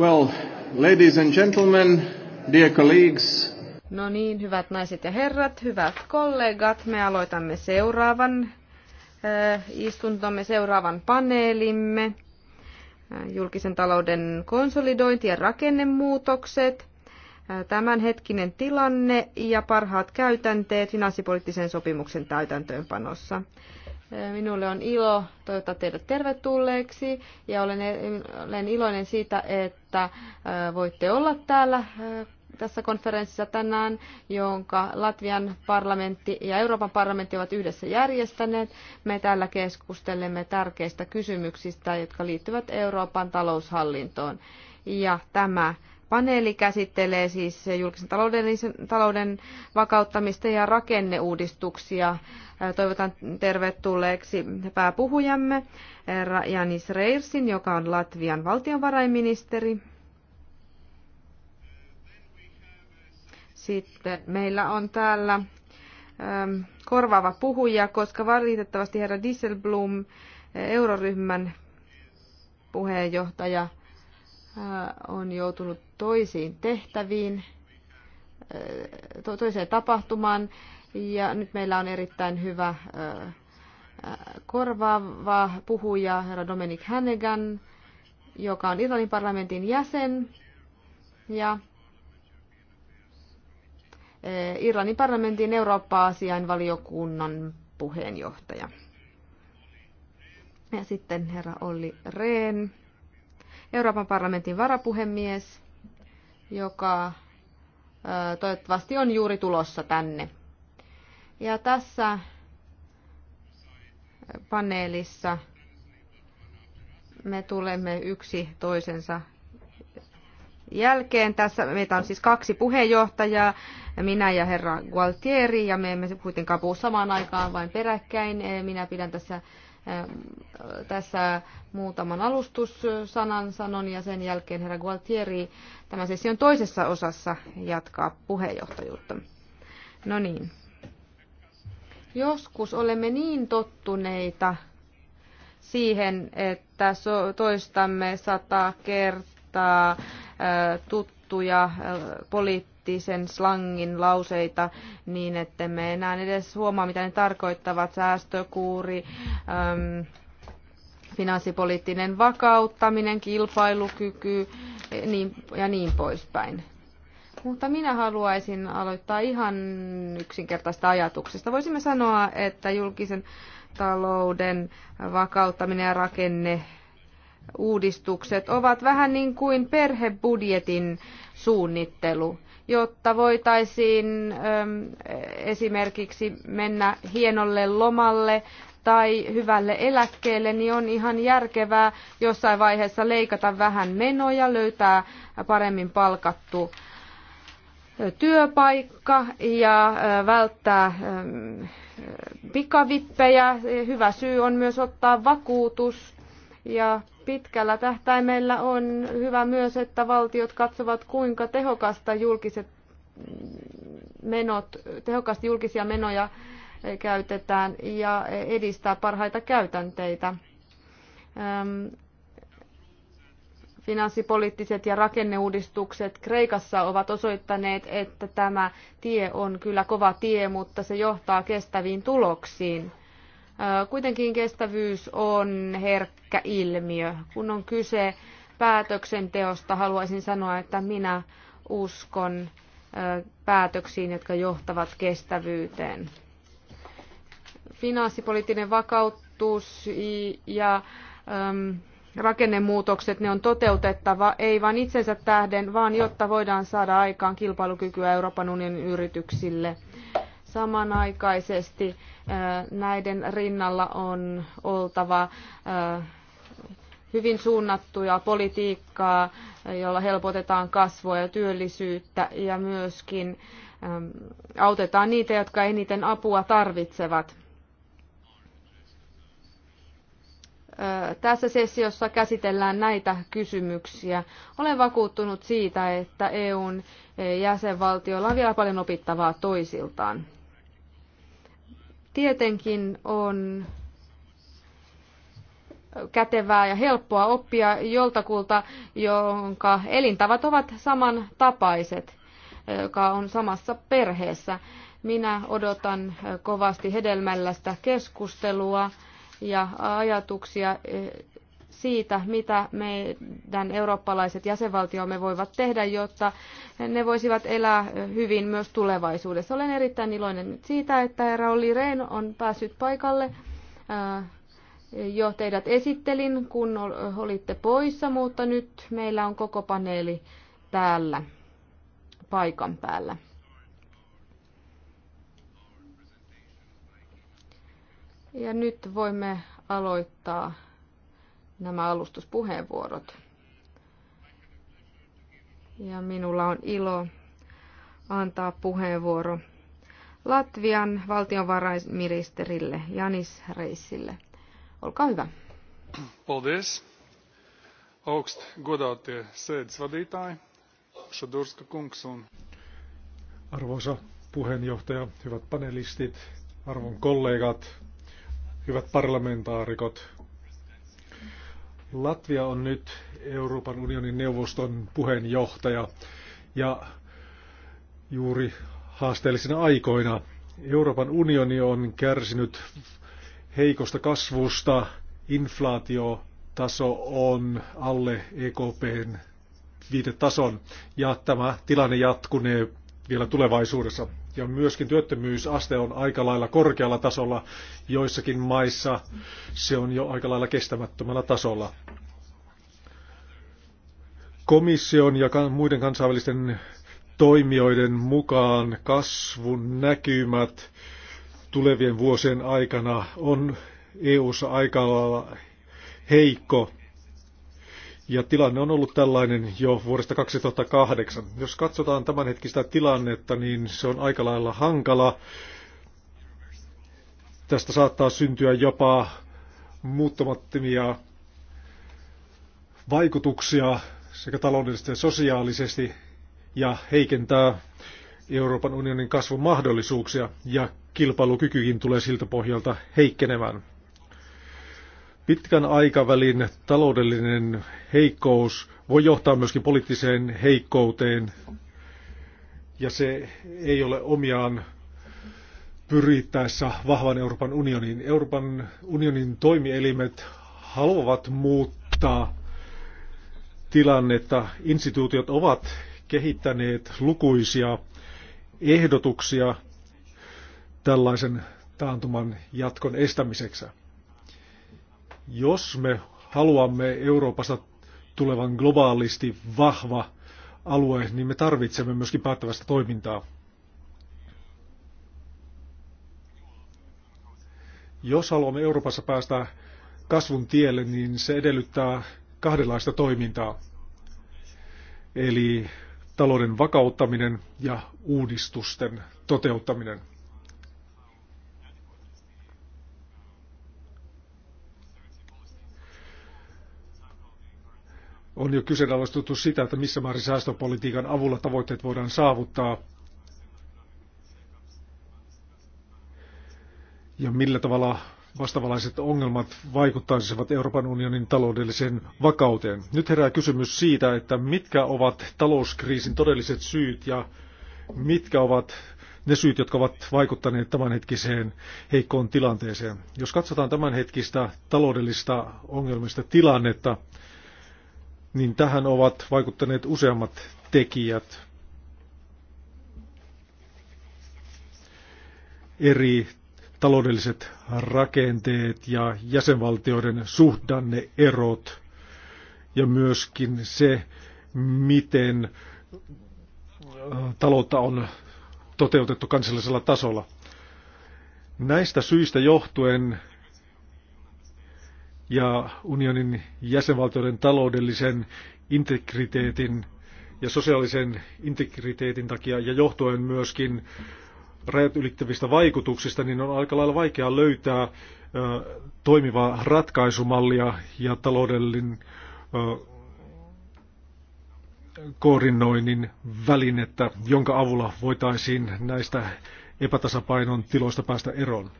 Well, ladies and gentlemen, dear colleagues. No niin, hyvät naiset ja herrat, hyvät kollegat, me aloitamme seuraavan äh, istuntomme, seuraavan paneelimme. Äh, julkisen talouden konsolidointi ja rakennemuutokset, äh, tämänhetkinen tilanne ja parhaat käytänteet finanssipoliittisen sopimuksen täytäntöönpanossa. Minulle on ilo toivottaa teidät tervetulleeksi ja olen, olen iloinen siitä, että voitte olla täällä tässä konferenssissa tänään, jonka Latvian parlamentti ja Euroopan parlamentti ovat yhdessä järjestäneet. Me täällä keskustelemme tärkeistä kysymyksistä, jotka liittyvät Euroopan taloushallintoon. Ja tämä Paneeli käsittelee siis julkisen talouden, talouden vakauttamista ja rakenneuudistuksia. Toivotan tervetulleeksi pääpuhujamme Janis Reirsin, joka on Latvian valtionvarainministeri. Sitten meillä on täällä korvaava puhuja, koska valitettavasti herra Dieselblum, euroryhmän puheenjohtaja, Äh, on joutunut toisiin tehtäviin, äh, toiseen tapahtumaan ja nyt meillä on erittäin hyvä äh, korvaava puhuja, herra Dominic Hannigan, joka on Irlannin parlamentin jäsen ja Irlannin parlamentin Eurooppa-asian valiokunnan puheenjohtaja. Ja sitten herra Olli Rehn, Euroopan parlamentin varapuhemies, joka toivottavasti on juuri tulossa tänne. Ja tässä paneelissa me tulemme yksi toisensa jälkeen. Tässä meitä on siis kaksi puheenjohtajaa, minä ja herra Gualtieri, ja me emme kuitenkaan puhu samaan aikaan, vain peräkkäin. Minä pidän tässä Ehm, tässä muutaman alustussanan sanon ja sen jälkeen herra Gualtieri tämän session toisessa osassa jatkaa puheenjohtajuutta. No niin. Joskus olemme niin tottuneita siihen, että toistamme sata kertaa ehm, tuttuja ehm, poliittisia sen slangin lauseita niin, että me enää edes huomaa, mitä ne tarkoittavat. Säästökuuri, äm, finanssipoliittinen vakauttaminen, kilpailukyky e, niin, ja niin poispäin. Mutta minä haluaisin aloittaa ihan yksinkertaista ajatuksesta. Voisimme sanoa, että julkisen talouden vakauttaminen ja rakenne uudistukset ovat vähän niin kuin perhebudjetin suunnittelu jotta voitaisiin ähm, esimerkiksi mennä hienolle lomalle tai hyvälle eläkkeelle, niin on ihan järkevää jossain vaiheessa leikata vähän menoja, löytää paremmin palkattu työpaikka ja välttää pikavippejä. Hyvä syy on myös ottaa vakuutus ja pitkällä tähtäimellä on hyvä myös, että valtiot katsovat, kuinka tehokasta julkiset menot, tehokkaasti julkisia menoja käytetään ja edistää parhaita käytänteitä. Finanssipoliittiset ja rakenneuudistukset Kreikassa ovat osoittaneet, että tämä tie on kyllä kova tie, mutta se johtaa kestäviin tuloksiin Äh, kuitenkin kestävyys on herkkä ilmiö. Kun on kyse päätöksenteosta, haluaisin sanoa, että minä uskon äh, päätöksiin, jotka johtavat kestävyyteen. Finanssipoliittinen vakautus ja ähm, rakennemuutokset, ne on toteutettava ei vain itsensä tähden, vaan jotta voidaan saada aikaan kilpailukykyä Euroopan unionin yrityksille – Samanaikaisesti äh, näiden rinnalla on oltava äh, hyvin suunnattuja politiikkaa, jolla helpotetaan kasvua ja työllisyyttä ja myöskin ähm, autetaan niitä, jotka eniten apua tarvitsevat. Äh, tässä sessiossa käsitellään näitä kysymyksiä. Olen vakuuttunut siitä, että EUn jäsenvaltioilla on vielä paljon opittavaa toisiltaan. Tietenkin on kätevää ja helppoa oppia joltakulta, jonka elintavat ovat samantapaiset, joka on samassa perheessä. Minä odotan kovasti hedelmällästä keskustelua ja ajatuksia siitä, mitä meidän eurooppalaiset jäsenvaltiomme voivat tehdä, jotta ne voisivat elää hyvin myös tulevaisuudessa. Olen erittäin iloinen siitä, että herra Olli Rehn on päässyt paikalle. Äh, jo teidät esittelin, kun olitte poissa, mutta nyt meillä on koko paneeli täällä paikan päällä. Ja nyt voimme aloittaa nämä alustuspuheenvuorot. Ja minulla on ilo antaa puheenvuoro Latvian valtionvarainministerille Janis Reissille. Olkaa hyvä. Paldies. Augst godātie sēdesvadītāji, Šadurska kungs un... Arvoisa puheenjohtaja, hyvät panelistit, arvon kollegat, hyvät parlamentaarikot, Latvia on nyt Euroopan unionin neuvoston puheenjohtaja ja juuri haasteellisina aikoina Euroopan unioni on kärsinyt heikosta kasvusta, inflaatiotaso on alle EKPn viitetason ja tämä tilanne jatkunee vielä tulevaisuudessa ja myöskin työttömyysaste on aika lailla korkealla tasolla. Joissakin maissa se on jo aika lailla kestämättömällä tasolla. Komission ja muiden kansainvälisten toimijoiden mukaan kasvun näkymät tulevien vuosien aikana on EU-ssa aika lailla heikko. Ja tilanne on ollut tällainen jo vuodesta 2008. Jos katsotaan tämänhetkistä tilannetta, niin se on aika lailla hankala. Tästä saattaa syntyä jopa muuttamattomia vaikutuksia sekä taloudellisesti ja sosiaalisesti ja heikentää Euroopan unionin kasvun mahdollisuuksia ja kilpailukykykin tulee siltä pohjalta heikkenemään. Pitkän aikavälin taloudellinen heikkous voi johtaa myöskin poliittiseen heikkouteen, ja se ei ole omiaan pyrittäessä vahvan Euroopan unionin. Euroopan unionin toimielimet haluavat muuttaa tilannetta. Instituutiot ovat kehittäneet lukuisia ehdotuksia tällaisen taantuman jatkon estämiseksi. Jos me haluamme Euroopasta tulevan globaalisti vahva alue, niin me tarvitsemme myöskin päättävästä toimintaa. Jos haluamme Euroopassa päästä kasvun tielle, niin se edellyttää kahdenlaista toimintaa. Eli talouden vakauttaminen ja uudistusten toteuttaminen. on jo kyseenalaistettu sitä, että missä määrin säästöpolitiikan avulla tavoitteet voidaan saavuttaa ja millä tavalla vastavalaiset ongelmat vaikuttaisivat Euroopan unionin taloudelliseen vakauteen. Nyt herää kysymys siitä, että mitkä ovat talouskriisin todelliset syyt ja mitkä ovat ne syyt, jotka ovat vaikuttaneet tämänhetkiseen heikkoon tilanteeseen. Jos katsotaan tämänhetkistä taloudellista ongelmista tilannetta, niin tähän ovat vaikuttaneet useammat tekijät. Eri taloudelliset rakenteet ja jäsenvaltioiden suhdanneerot ja myöskin se, miten äh, taloutta on toteutettu kansallisella tasolla. Näistä syistä johtuen ja unionin jäsenvaltioiden taloudellisen integriteetin ja sosiaalisen integriteetin takia ja johtuen myöskin rajat ylittävistä vaikutuksista, niin on aika lailla vaikea löytää toimivaa ratkaisumallia ja taloudellinen koordinoinnin välinettä, jonka avulla voitaisiin näistä epätasapainon tiloista päästä eroon.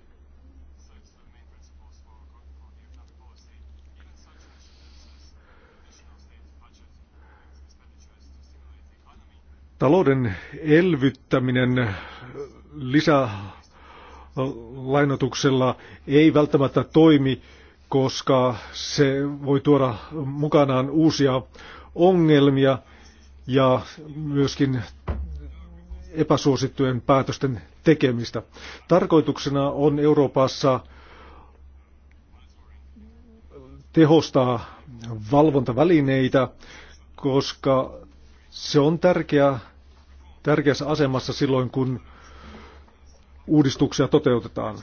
Talouden elvyttäminen lisälainotuksella ei välttämättä toimi, koska se voi tuoda mukanaan uusia ongelmia ja myöskin epäsuosittujen päätösten tekemistä. Tarkoituksena on Euroopassa tehostaa valvontavälineitä, koska se on tärkeä, tärkeässä asemassa silloin, kun uudistuksia toteutetaan.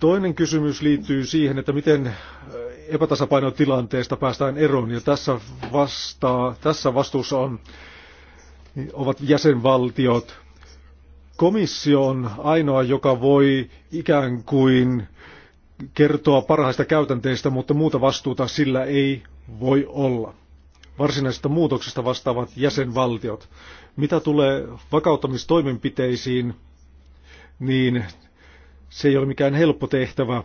Toinen kysymys liittyy siihen, että miten äh, epätasapainotilanteesta päästään eroon. Ja tässä, vastaa, tässä vastuussa on, ovat jäsenvaltiot. Komissio on ainoa, joka voi ikään kuin kertoa parhaista käytänteistä, mutta muuta vastuuta sillä ei voi olla varsinaisesta muutoksesta vastaavat jäsenvaltiot. Mitä tulee vakauttamistoimenpiteisiin, niin se ei ole mikään helppo tehtävä.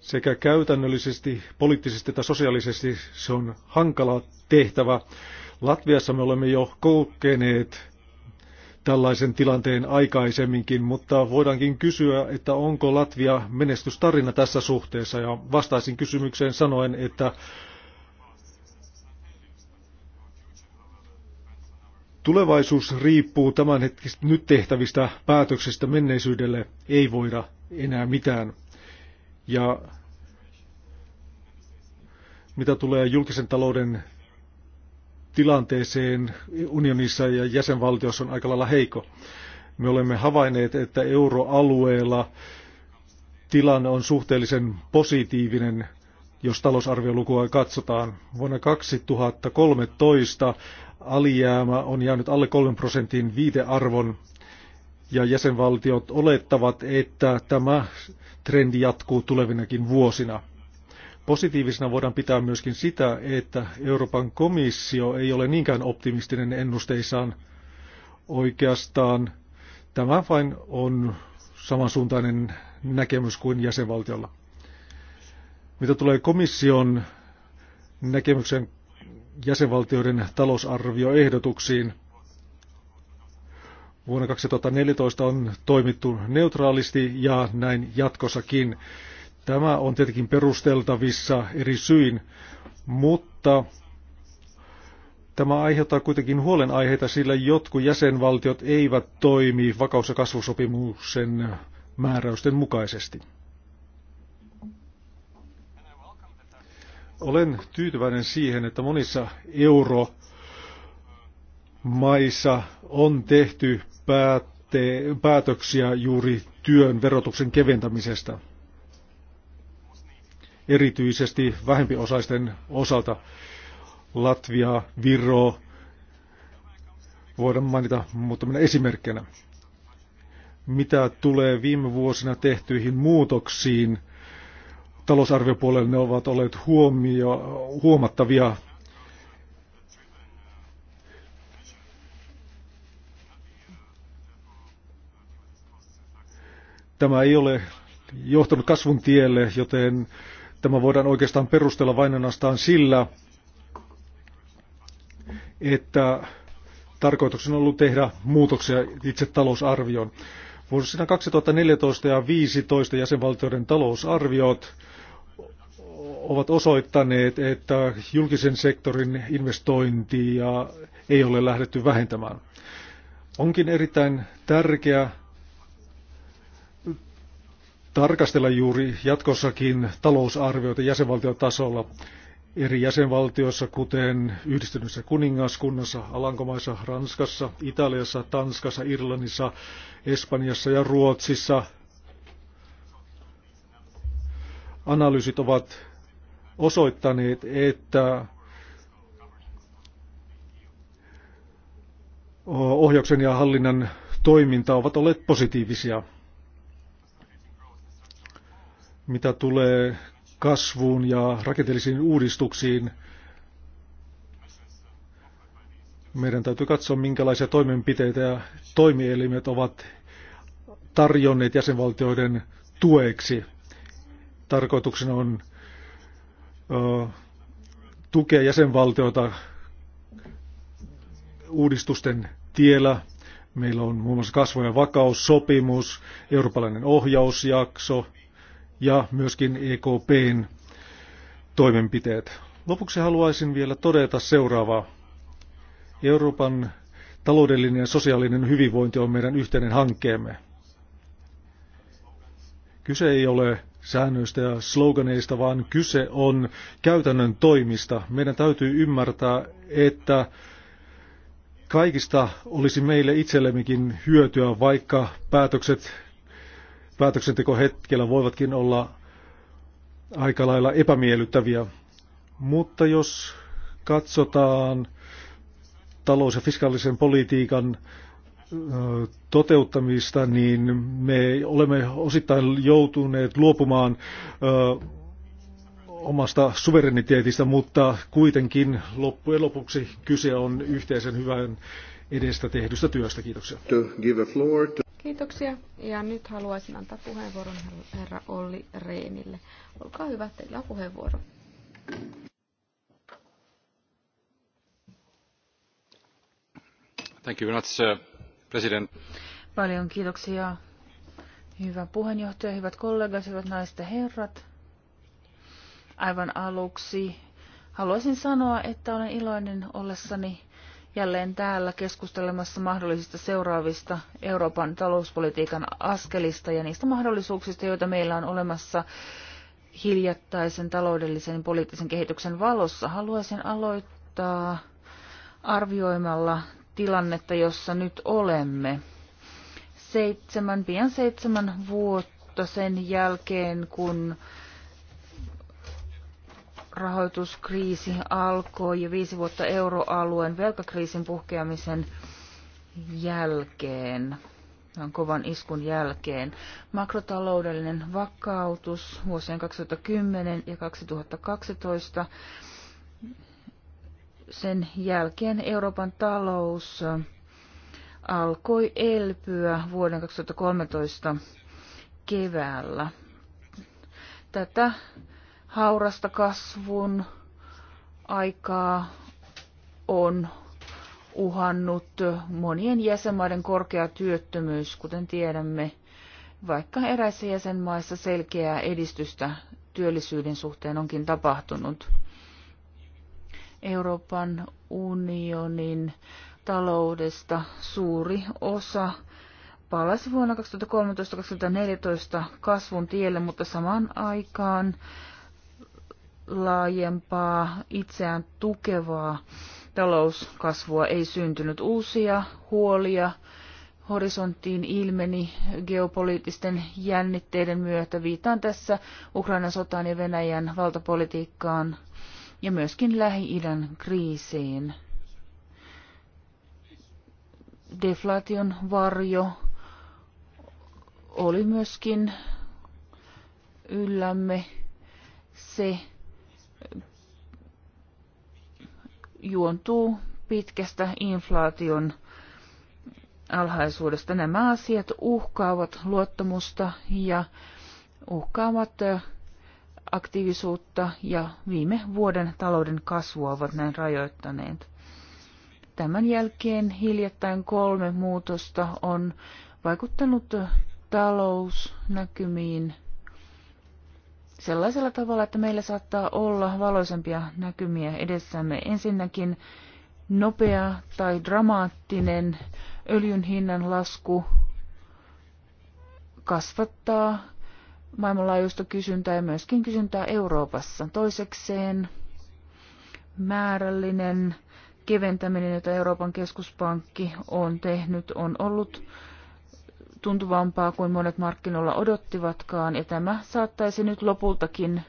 Sekä käytännöllisesti, poliittisesti että sosiaalisesti se on hankala tehtävä. Latviassa me olemme jo kokeneet tällaisen tilanteen aikaisemminkin, mutta voidaankin kysyä, että onko Latvia menestystarina tässä suhteessa. Ja vastaisin kysymykseen sanoen, että Tulevaisuus riippuu tämänhetkistä nyt tehtävistä päätöksistä menneisyydelle ei voida enää mitään. Ja mitä tulee julkisen talouden tilanteeseen unionissa ja jäsenvaltiossa on aika lailla heikko. Me olemme havainneet, että euroalueella tilanne on suhteellisen positiivinen, jos talousarviolukua katsotaan. Vuonna 2013 alijäämä on jäänyt alle 3 prosentin viitearvon ja jäsenvaltiot olettavat, että tämä trendi jatkuu tulevinakin vuosina. Positiivisena voidaan pitää myöskin sitä, että Euroopan komissio ei ole niinkään optimistinen ennusteissaan. Oikeastaan tämä vain on samansuuntainen näkemys kuin jäsenvaltiolla. Mitä tulee komission näkemyksen jäsenvaltioiden talousarvioehdotuksiin. Vuonna 2014 on toimittu neutraalisti ja näin jatkossakin. Tämä on tietenkin perusteltavissa eri syin, mutta tämä aiheuttaa kuitenkin huolenaiheita, sillä jotkut jäsenvaltiot eivät toimi vakaus- ja kasvusopimuksen määräysten mukaisesti. Olen tyytyväinen siihen, että monissa euromaissa on tehty päätöksiä juuri työn verotuksen keventämisestä. Erityisesti vähempiosaisten osalta Latvia, Viro, voidaan mainita muutamina esimerkkeinä. Mitä tulee viime vuosina tehtyihin muutoksiin – talousarviopuolella ne ovat olleet huomio, huomattavia. Tämä ei ole johtanut kasvun tielle, joten tämä voidaan oikeastaan perustella vain ainoastaan sillä, että tarkoituksena on ollut tehdä muutoksia itse talousarvioon. Vuosina 2014 ja 2015 jäsenvaltioiden talousarviot ovat osoittaneet, että julkisen sektorin investointia ei ole lähdetty vähentämään. Onkin erittäin tärkeää tarkastella juuri jatkossakin talousarvioita jäsenvaltiotasolla. tasolla eri jäsenvaltioissa, kuten Yhdistyneessä kuningaskunnassa, Alankomaissa, Ranskassa, Italiassa, Tanskassa, Irlannissa, Espanjassa ja Ruotsissa. Analyysit ovat osoittaneet, että ohjauksen ja hallinnan toiminta ovat olleet positiivisia. Mitä tulee kasvuun ja rakenteellisiin uudistuksiin. Meidän täytyy katsoa, minkälaisia toimenpiteitä ja toimielimet ovat tarjonneet jäsenvaltioiden tueksi. Tarkoituksena on ö, tukea jäsenvaltioita uudistusten tiellä. Meillä on muun muassa kasvo- ja vakaussopimus, eurooppalainen ohjausjakso, ja myöskin EKPn toimenpiteet. Lopuksi haluaisin vielä todeta seuraavaa. Euroopan taloudellinen ja sosiaalinen hyvinvointi on meidän yhteinen hankkeemme. Kyse ei ole säännöistä ja sloganeista, vaan kyse on käytännön toimista. Meidän täytyy ymmärtää, että kaikista olisi meille itsellemmekin hyötyä, vaikka päätökset päätöksentekohetkellä voivatkin olla aika lailla epämiellyttäviä. Mutta jos katsotaan talous- ja fiskaalisen politiikan toteuttamista, niin me olemme osittain joutuneet luopumaan omasta suvereniteetista, mutta kuitenkin loppujen lopuksi kyse on yhteisen hyvän edestä tehdystä työstä. Kiitoksia. Kiitoksia. Ja nyt haluaisin antaa puheenvuoron herra Olli Reenille. Olkaa hyvä, teillä on puheenvuoro. Thank you much, president. Paljon kiitoksia. Hyvä puheenjohtaja, hyvät kollegat, hyvät naiset ja herrat. Aivan aluksi haluaisin sanoa, että olen iloinen ollessani jälleen täällä keskustelemassa mahdollisista seuraavista Euroopan talouspolitiikan askelista ja niistä mahdollisuuksista, joita meillä on olemassa hiljattaisen taloudellisen ja poliittisen kehityksen valossa. Haluaisin aloittaa arvioimalla tilannetta, jossa nyt olemme. Seitsemän, pian seitsemän vuotta sen jälkeen, kun rahoituskriisi alkoi ja viisi vuotta euroalueen velkakriisin puhkeamisen jälkeen, tämän kovan iskun jälkeen. Makrotaloudellinen vakautus vuosien 2010 ja 2012. Sen jälkeen Euroopan talous alkoi elpyä vuoden 2013 keväällä. Tätä haurasta kasvun aikaa on uhannut monien jäsenmaiden korkea työttömyys, kuten tiedämme, vaikka eräissä jäsenmaissa selkeää edistystä työllisyyden suhteen onkin tapahtunut. Euroopan unionin taloudesta suuri osa palasi vuonna 2013-2014 kasvun tielle, mutta samaan aikaan laajempaa itseään tukevaa talouskasvua ei syntynyt. Uusia huolia horisonttiin ilmeni geopoliittisten jännitteiden myötä. Viitaan tässä Ukrainan sotaan ja Venäjän valtapolitiikkaan ja myöskin Lähi-idän kriisiin. Deflaation varjo oli myöskin yllämme se juontuu pitkästä inflaation alhaisuudesta. Nämä asiat uhkaavat luottamusta ja uhkaavat aktiivisuutta ja viime vuoden talouden kasvua ovat näin rajoittaneet. Tämän jälkeen hiljattain kolme muutosta on vaikuttanut talousnäkymiin – sellaisella tavalla, että meillä saattaa olla valoisempia näkymiä edessämme. Ensinnäkin nopea tai dramaattinen öljyn hinnan lasku kasvattaa maailmanlaajuista kysyntää ja myöskin kysyntää Euroopassa. Toisekseen määrällinen keventäminen, jota Euroopan keskuspankki on tehnyt, on ollut tuntuvampaa kuin monet markkinoilla odottivatkaan, ja tämä saattaisi nyt lopultakin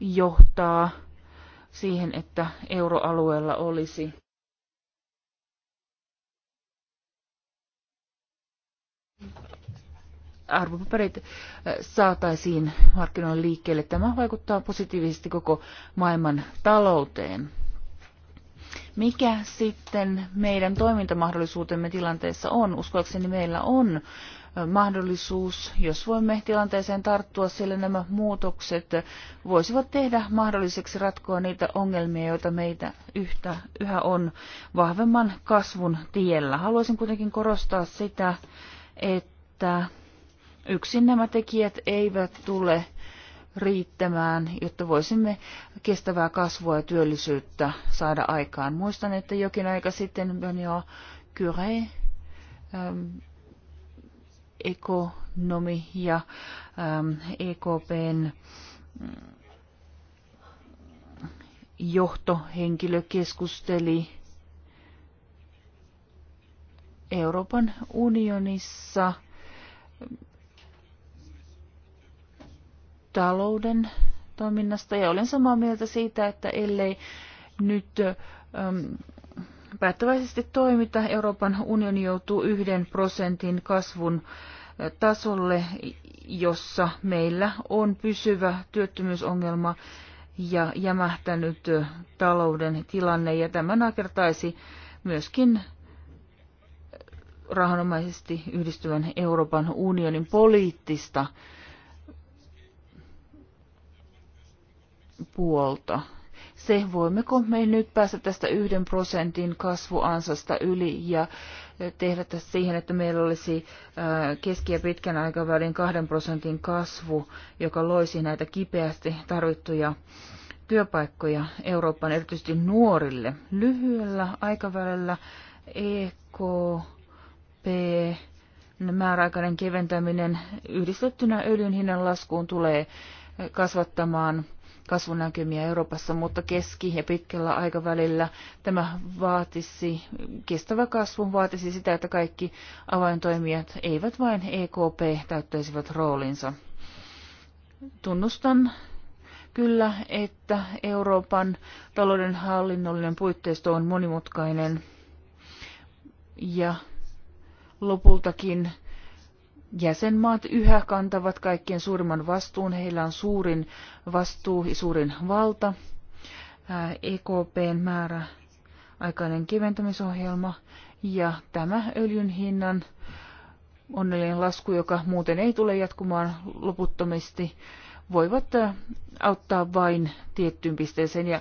johtaa siihen, että euroalueella olisi arvopaperit äh, saataisiin markkinoille liikkeelle. Tämä vaikuttaa positiivisesti koko maailman talouteen. Mikä sitten meidän toimintamahdollisuutemme tilanteessa on? Uskoakseni meillä on mahdollisuus, jos voimme tilanteeseen tarttua, sillä nämä muutokset voisivat tehdä mahdolliseksi ratkoa niitä ongelmia, joita meitä yhtä, yhä on vahvemman kasvun tiellä. Haluaisin kuitenkin korostaa sitä, että yksin nämä tekijät eivät tule riittämään, jotta voisimme kestävää kasvua ja työllisyyttä saada aikaan. Muistan, että jokin aika sitten Benio Curé, ähm, ekonomi ja ähm, EKPn mm, johtohenkilö keskusteli Euroopan unionissa talouden toiminnasta. Ja olen samaa mieltä siitä, että ellei nyt äm, päättäväisesti toimita, Euroopan unioni joutuu yhden prosentin kasvun äh, tasolle, jossa meillä on pysyvä työttömyysongelma ja jämähtänyt äh, talouden tilanne. Ja tämä nakertaisi myöskin äh, rahanomaisesti yhdistyvän Euroopan unionin poliittista puolta. Se, voimmeko me nyt päästä tästä yhden prosentin kasvuansasta yli ja eh, tehdä tästä siihen, että meillä olisi eh, keski- ja pitkän aikavälin kahden prosentin kasvu, joka loisi näitä kipeästi tarvittuja työpaikkoja Euroopan erityisesti nuorille. Lyhyellä aikavälillä EKP määräaikainen keventäminen yhdistettynä öljyn hinnan laskuun tulee eh, kasvattamaan kasvunäkymiä Euroopassa, mutta keski- ja pitkällä aikavälillä tämä vaatisi, kestävä kasvu vaatisi sitä, että kaikki avaintoimijat eivät vain EKP täyttäisivät roolinsa. Tunnustan kyllä, että Euroopan talouden hallinnollinen puitteisto on monimutkainen ja lopultakin jäsenmaat yhä kantavat kaikkien suurimman vastuun. Heillä on suurin vastuu ja suurin valta. EKPn määrä aikainen keventämisohjelma ja tämä öljyn hinnan onnellinen lasku, joka muuten ei tule jatkumaan loputtomasti, voivat auttaa vain tiettyyn pisteeseen ja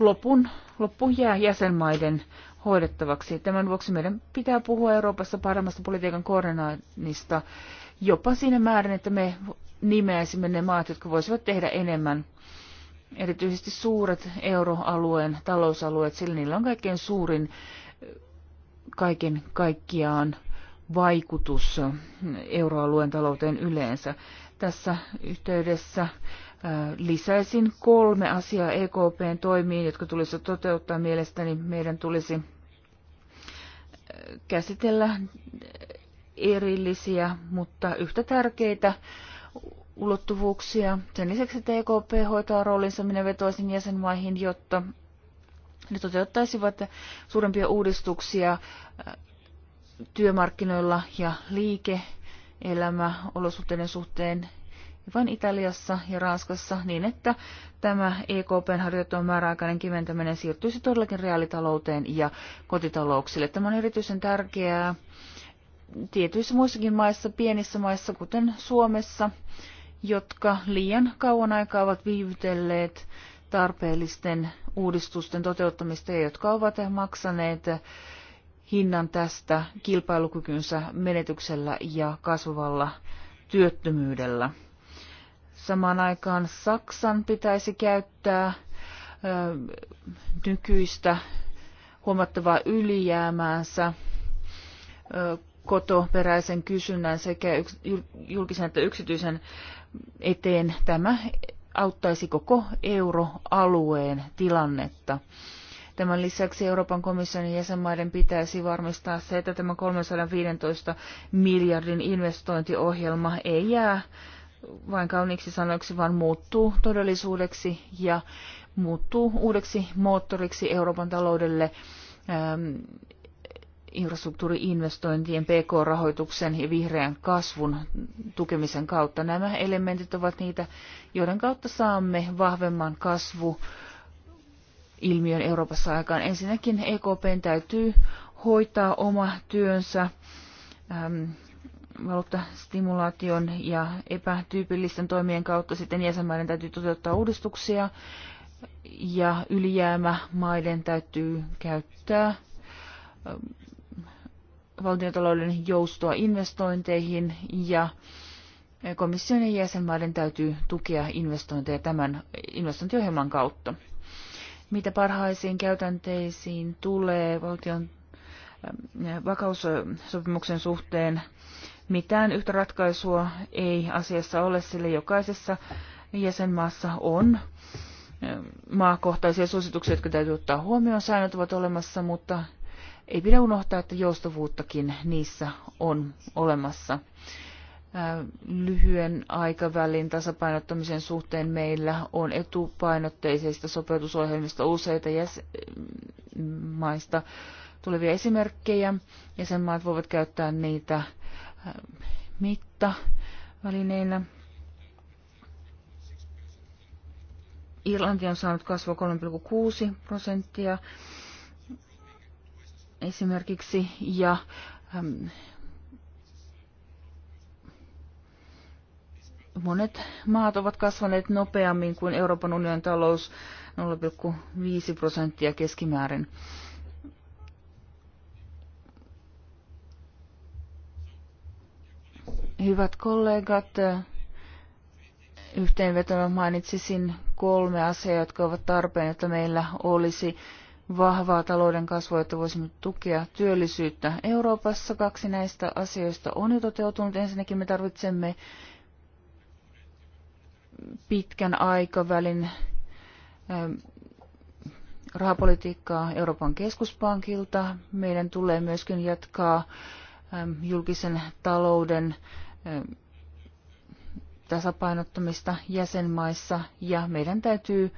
lopun, loppu jää jäsenmaiden hoidettavaksi. Tämän vuoksi meidän pitää puhua Euroopassa paremmasta politiikan koordinaatista jopa siinä määrin, että me nimeäisimme ne maat, jotka voisivat tehdä enemmän. Erityisesti suuret euroalueen talousalueet, sillä niillä on kaikkein suurin kaiken kaikkiaan vaikutus euroalueen talouteen yleensä. Tässä yhteydessä Lisäisin kolme asiaa EKPn toimiin, jotka tulisi toteuttaa mielestäni. Meidän tulisi käsitellä erillisiä, mutta yhtä tärkeitä ulottuvuuksia. Sen lisäksi, että EKP hoitaa roolinsa, minä vetoisin jäsenmaihin, jotta ne toteuttaisivat suurempia uudistuksia työmarkkinoilla ja liike-elämäolosuhteiden suhteen vain Italiassa ja Ranskassa niin, että tämä EKPn harjoittama määräaikainen kiventäminen siirtyisi todellakin reaalitalouteen ja kotitalouksille. Tämä on erityisen tärkeää tietyissä muissakin maissa, pienissä maissa, kuten Suomessa, jotka liian kauan aikaa ovat viivytelleet tarpeellisten uudistusten toteuttamista ja jotka ovat maksaneet hinnan tästä kilpailukykynsä menetyksellä ja kasvavalla työttömyydellä. Samaan aikaan Saksan pitäisi käyttää nykyistä huomattavaa ylijäämäänsä kotoperäisen kysynnän sekä julkisen että yksityisen eteen. Tämä auttaisi koko euroalueen tilannetta. Tämän lisäksi Euroopan komission jäsenmaiden pitäisi varmistaa se, että tämä 315 miljardin investointiohjelma ei jää vain kauniiksi sanoiksi, vaan muuttuu todellisuudeksi ja muuttuu uudeksi moottoriksi Euroopan taloudelle ähm, infrastruktuuriinvestointien, PK-rahoituksen ja vihreän kasvun tukemisen kautta. Nämä elementit ovat niitä, joiden kautta saamme vahvemman kasvu ilmiön Euroopassa aikaan. Ensinnäkin EKP täytyy hoitaa oma työnsä ähm, valuuttastimulaation ja epätyypillisten toimien kautta sitten jäsenmaiden täytyy toteuttaa uudistuksia ja ylijäämämaiden täytyy käyttää ähm, valtiontalouden joustoa investointeihin ja komission ja jäsenmaiden täytyy tukea investointeja tämän investointiohjelman kautta. Mitä parhaisiin käytänteisiin tulee valtion ähm, vakaussopimuksen suhteen, mitään yhtä ratkaisua ei asiassa ole, sillä jokaisessa jäsenmaassa on ähm, maakohtaisia suosituksia, jotka täytyy ottaa huomioon. Säännöt ovat olemassa, mutta ei pidä unohtaa, että joustavuuttakin niissä on olemassa. Äh, lyhyen aikavälin tasapainottamisen suhteen meillä on etupainotteisista sopeutusohjelmista useita jäsenmaista tulevia esimerkkejä. Jäsenmaat voivat käyttää niitä mittavälineinä. Irlanti on saanut kasvua 3,6 prosenttia esimerkiksi, ja äm, monet maat ovat kasvaneet nopeammin kuin Euroopan unionin talous 0,5 prosenttia keskimäärin. Hyvät kollegat, yhteenvetona mainitsisin kolme asiaa, jotka ovat tarpeen, että meillä olisi vahvaa talouden kasvua, jotta voisimme tukea työllisyyttä Euroopassa. Kaksi näistä asioista on jo toteutunut. Ensinnäkin me tarvitsemme pitkän aikavälin ähm, rahapolitiikkaa Euroopan keskuspankilta. Meidän tulee myöskin jatkaa ähm, julkisen talouden tasapainottamista jäsenmaissa ja meidän täytyy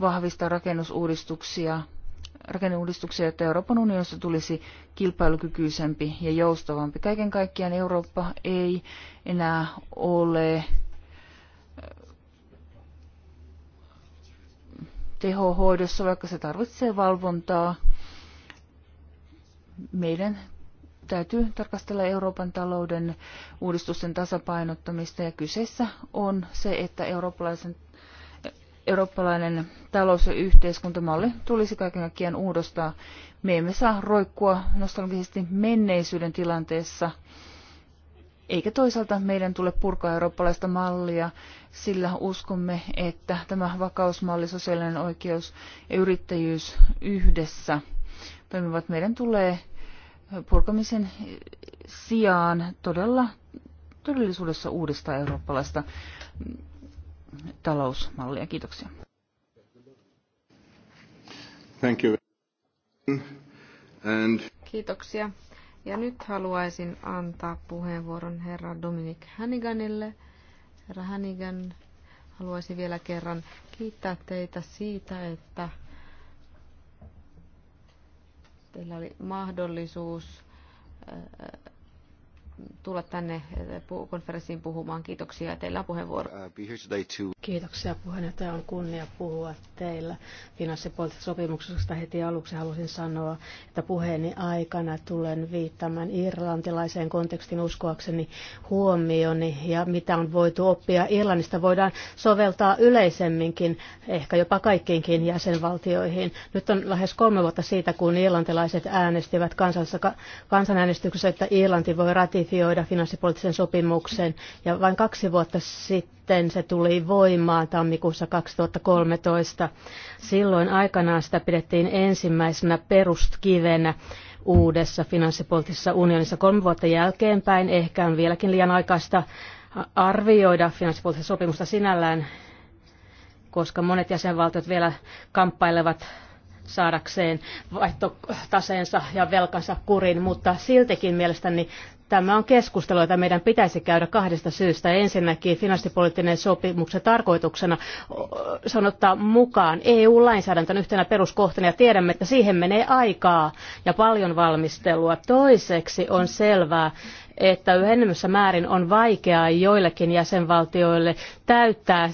vahvistaa rakennusuudistuksia, rakenneuudistuksia, jotta Euroopan unionista tulisi kilpailukykyisempi ja joustavampi. Kaiken kaikkiaan Eurooppa ei enää ole tehohoidossa, vaikka se tarvitsee valvontaa. Meidän täytyy tarkastella Euroopan talouden uudistusten tasapainottamista ja kyseessä on se, että eurooppalaisen eurooppalainen talous- ja yhteiskuntamalli tulisi kaiken kaikkiaan uudostaa. Me emme saa roikkua nostalgisesti menneisyyden tilanteessa, eikä toisaalta meidän tule purkaa eurooppalaista mallia, sillä uskomme, että tämä vakausmalli, sosiaalinen oikeus ja yrittäjyys yhdessä toimivat. Meidän tulee purkamisen sijaan todella todellisuudessa uudistaa eurooppalaista talousmallia. Kiitoksia. Thank you. And... Kiitoksia. Ja nyt haluaisin antaa puheenvuoron herra Dominic Hanniganille. Herra Hannigan, haluaisin vielä kerran kiittää teitä siitä, että Teillä oli mahdollisuus tulla tänne eh, konferenssiin puhumaan. Kiitoksia teillä on puheenvuoro. Uh, Kiitoksia puheenjohtaja. On kunnia puhua teillä finanssipoliittisesta sopimuksesta. Heti aluksi halusin sanoa, että puheeni aikana tulen viittamaan irlantilaiseen kontekstin uskoakseni huomioni ja mitä on voitu oppia. Irlannista voidaan soveltaa yleisemminkin, ehkä jopa kaikkiinkin jäsenvaltioihin. Nyt on lähes kolme vuotta siitä, kun irlantilaiset äänestivät kansanäänestyksessä, että Irlanti voi ratifioida ratifioida finanssipoliittisen sopimuksen ja vain kaksi vuotta sitten se tuli voimaan tammikuussa 2013. Silloin aikanaan sitä pidettiin ensimmäisenä perustkivenä uudessa finanssipoliittisessa unionissa. Kolme vuotta jälkeenpäin ehkä on vieläkin liian aikaista arvioida finanssipoliittisen sopimusta sinällään, koska monet jäsenvaltiot vielä kamppailevat saadakseen vaihtotaseensa ja velkansa kurin, mutta siltikin mielestäni Tämä on keskustelu, jota meidän pitäisi käydä kahdesta syystä. Ensinnäkin finanssipoliittinen sopimuksen tarkoituksena on ottaa mukaan EU-lainsäädäntön yhtenä peruskohtana ja tiedämme, että siihen menee aikaa ja paljon valmistelua. Toiseksi on selvää, että yhä enemmässä määrin on vaikeaa joillekin jäsenvaltioille täyttää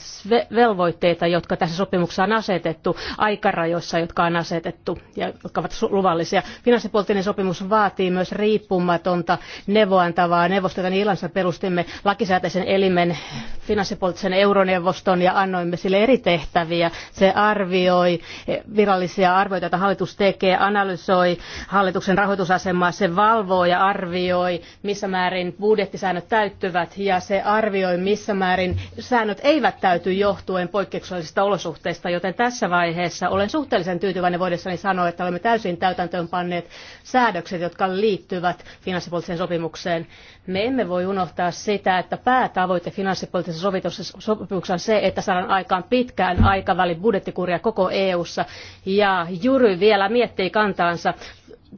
velvoitteita, jotka tässä sopimuksessa on asetettu, aikarajoissa, jotka on asetettu ja jotka ovat luvallisia. Finanssipoliittinen sopimus vaatii myös riippumatonta neuvoantavaa neuvostota. Niin Ilansa perustimme lakisääteisen elimen finanssipoliittisen euroneuvoston ja annoimme sille eri tehtäviä. Se arvioi eh, virallisia arvioita, joita hallitus tekee, analysoi hallituksen rahoitusasemaa, se valvoo ja arvioi, missä määrin budjettisäännöt täyttyvät ja se arvioi, missä määrin säännöt eivät täyty johtuen poikkeuksellisista olosuhteista, joten tässä vaiheessa olen suhteellisen tyytyväinen voidessani sanoa, että olemme täysin täytäntöön panneet säädökset, jotka liittyvät finanssipoliittiseen sopimukseen. Me emme voi unohtaa sitä, että päätavoite finanssipoliittisessa sopimuksessa on se, että saadaan aikaan pitkään aikavälin budjettikuria koko EU-ssa ja Jury vielä miettii kantaansa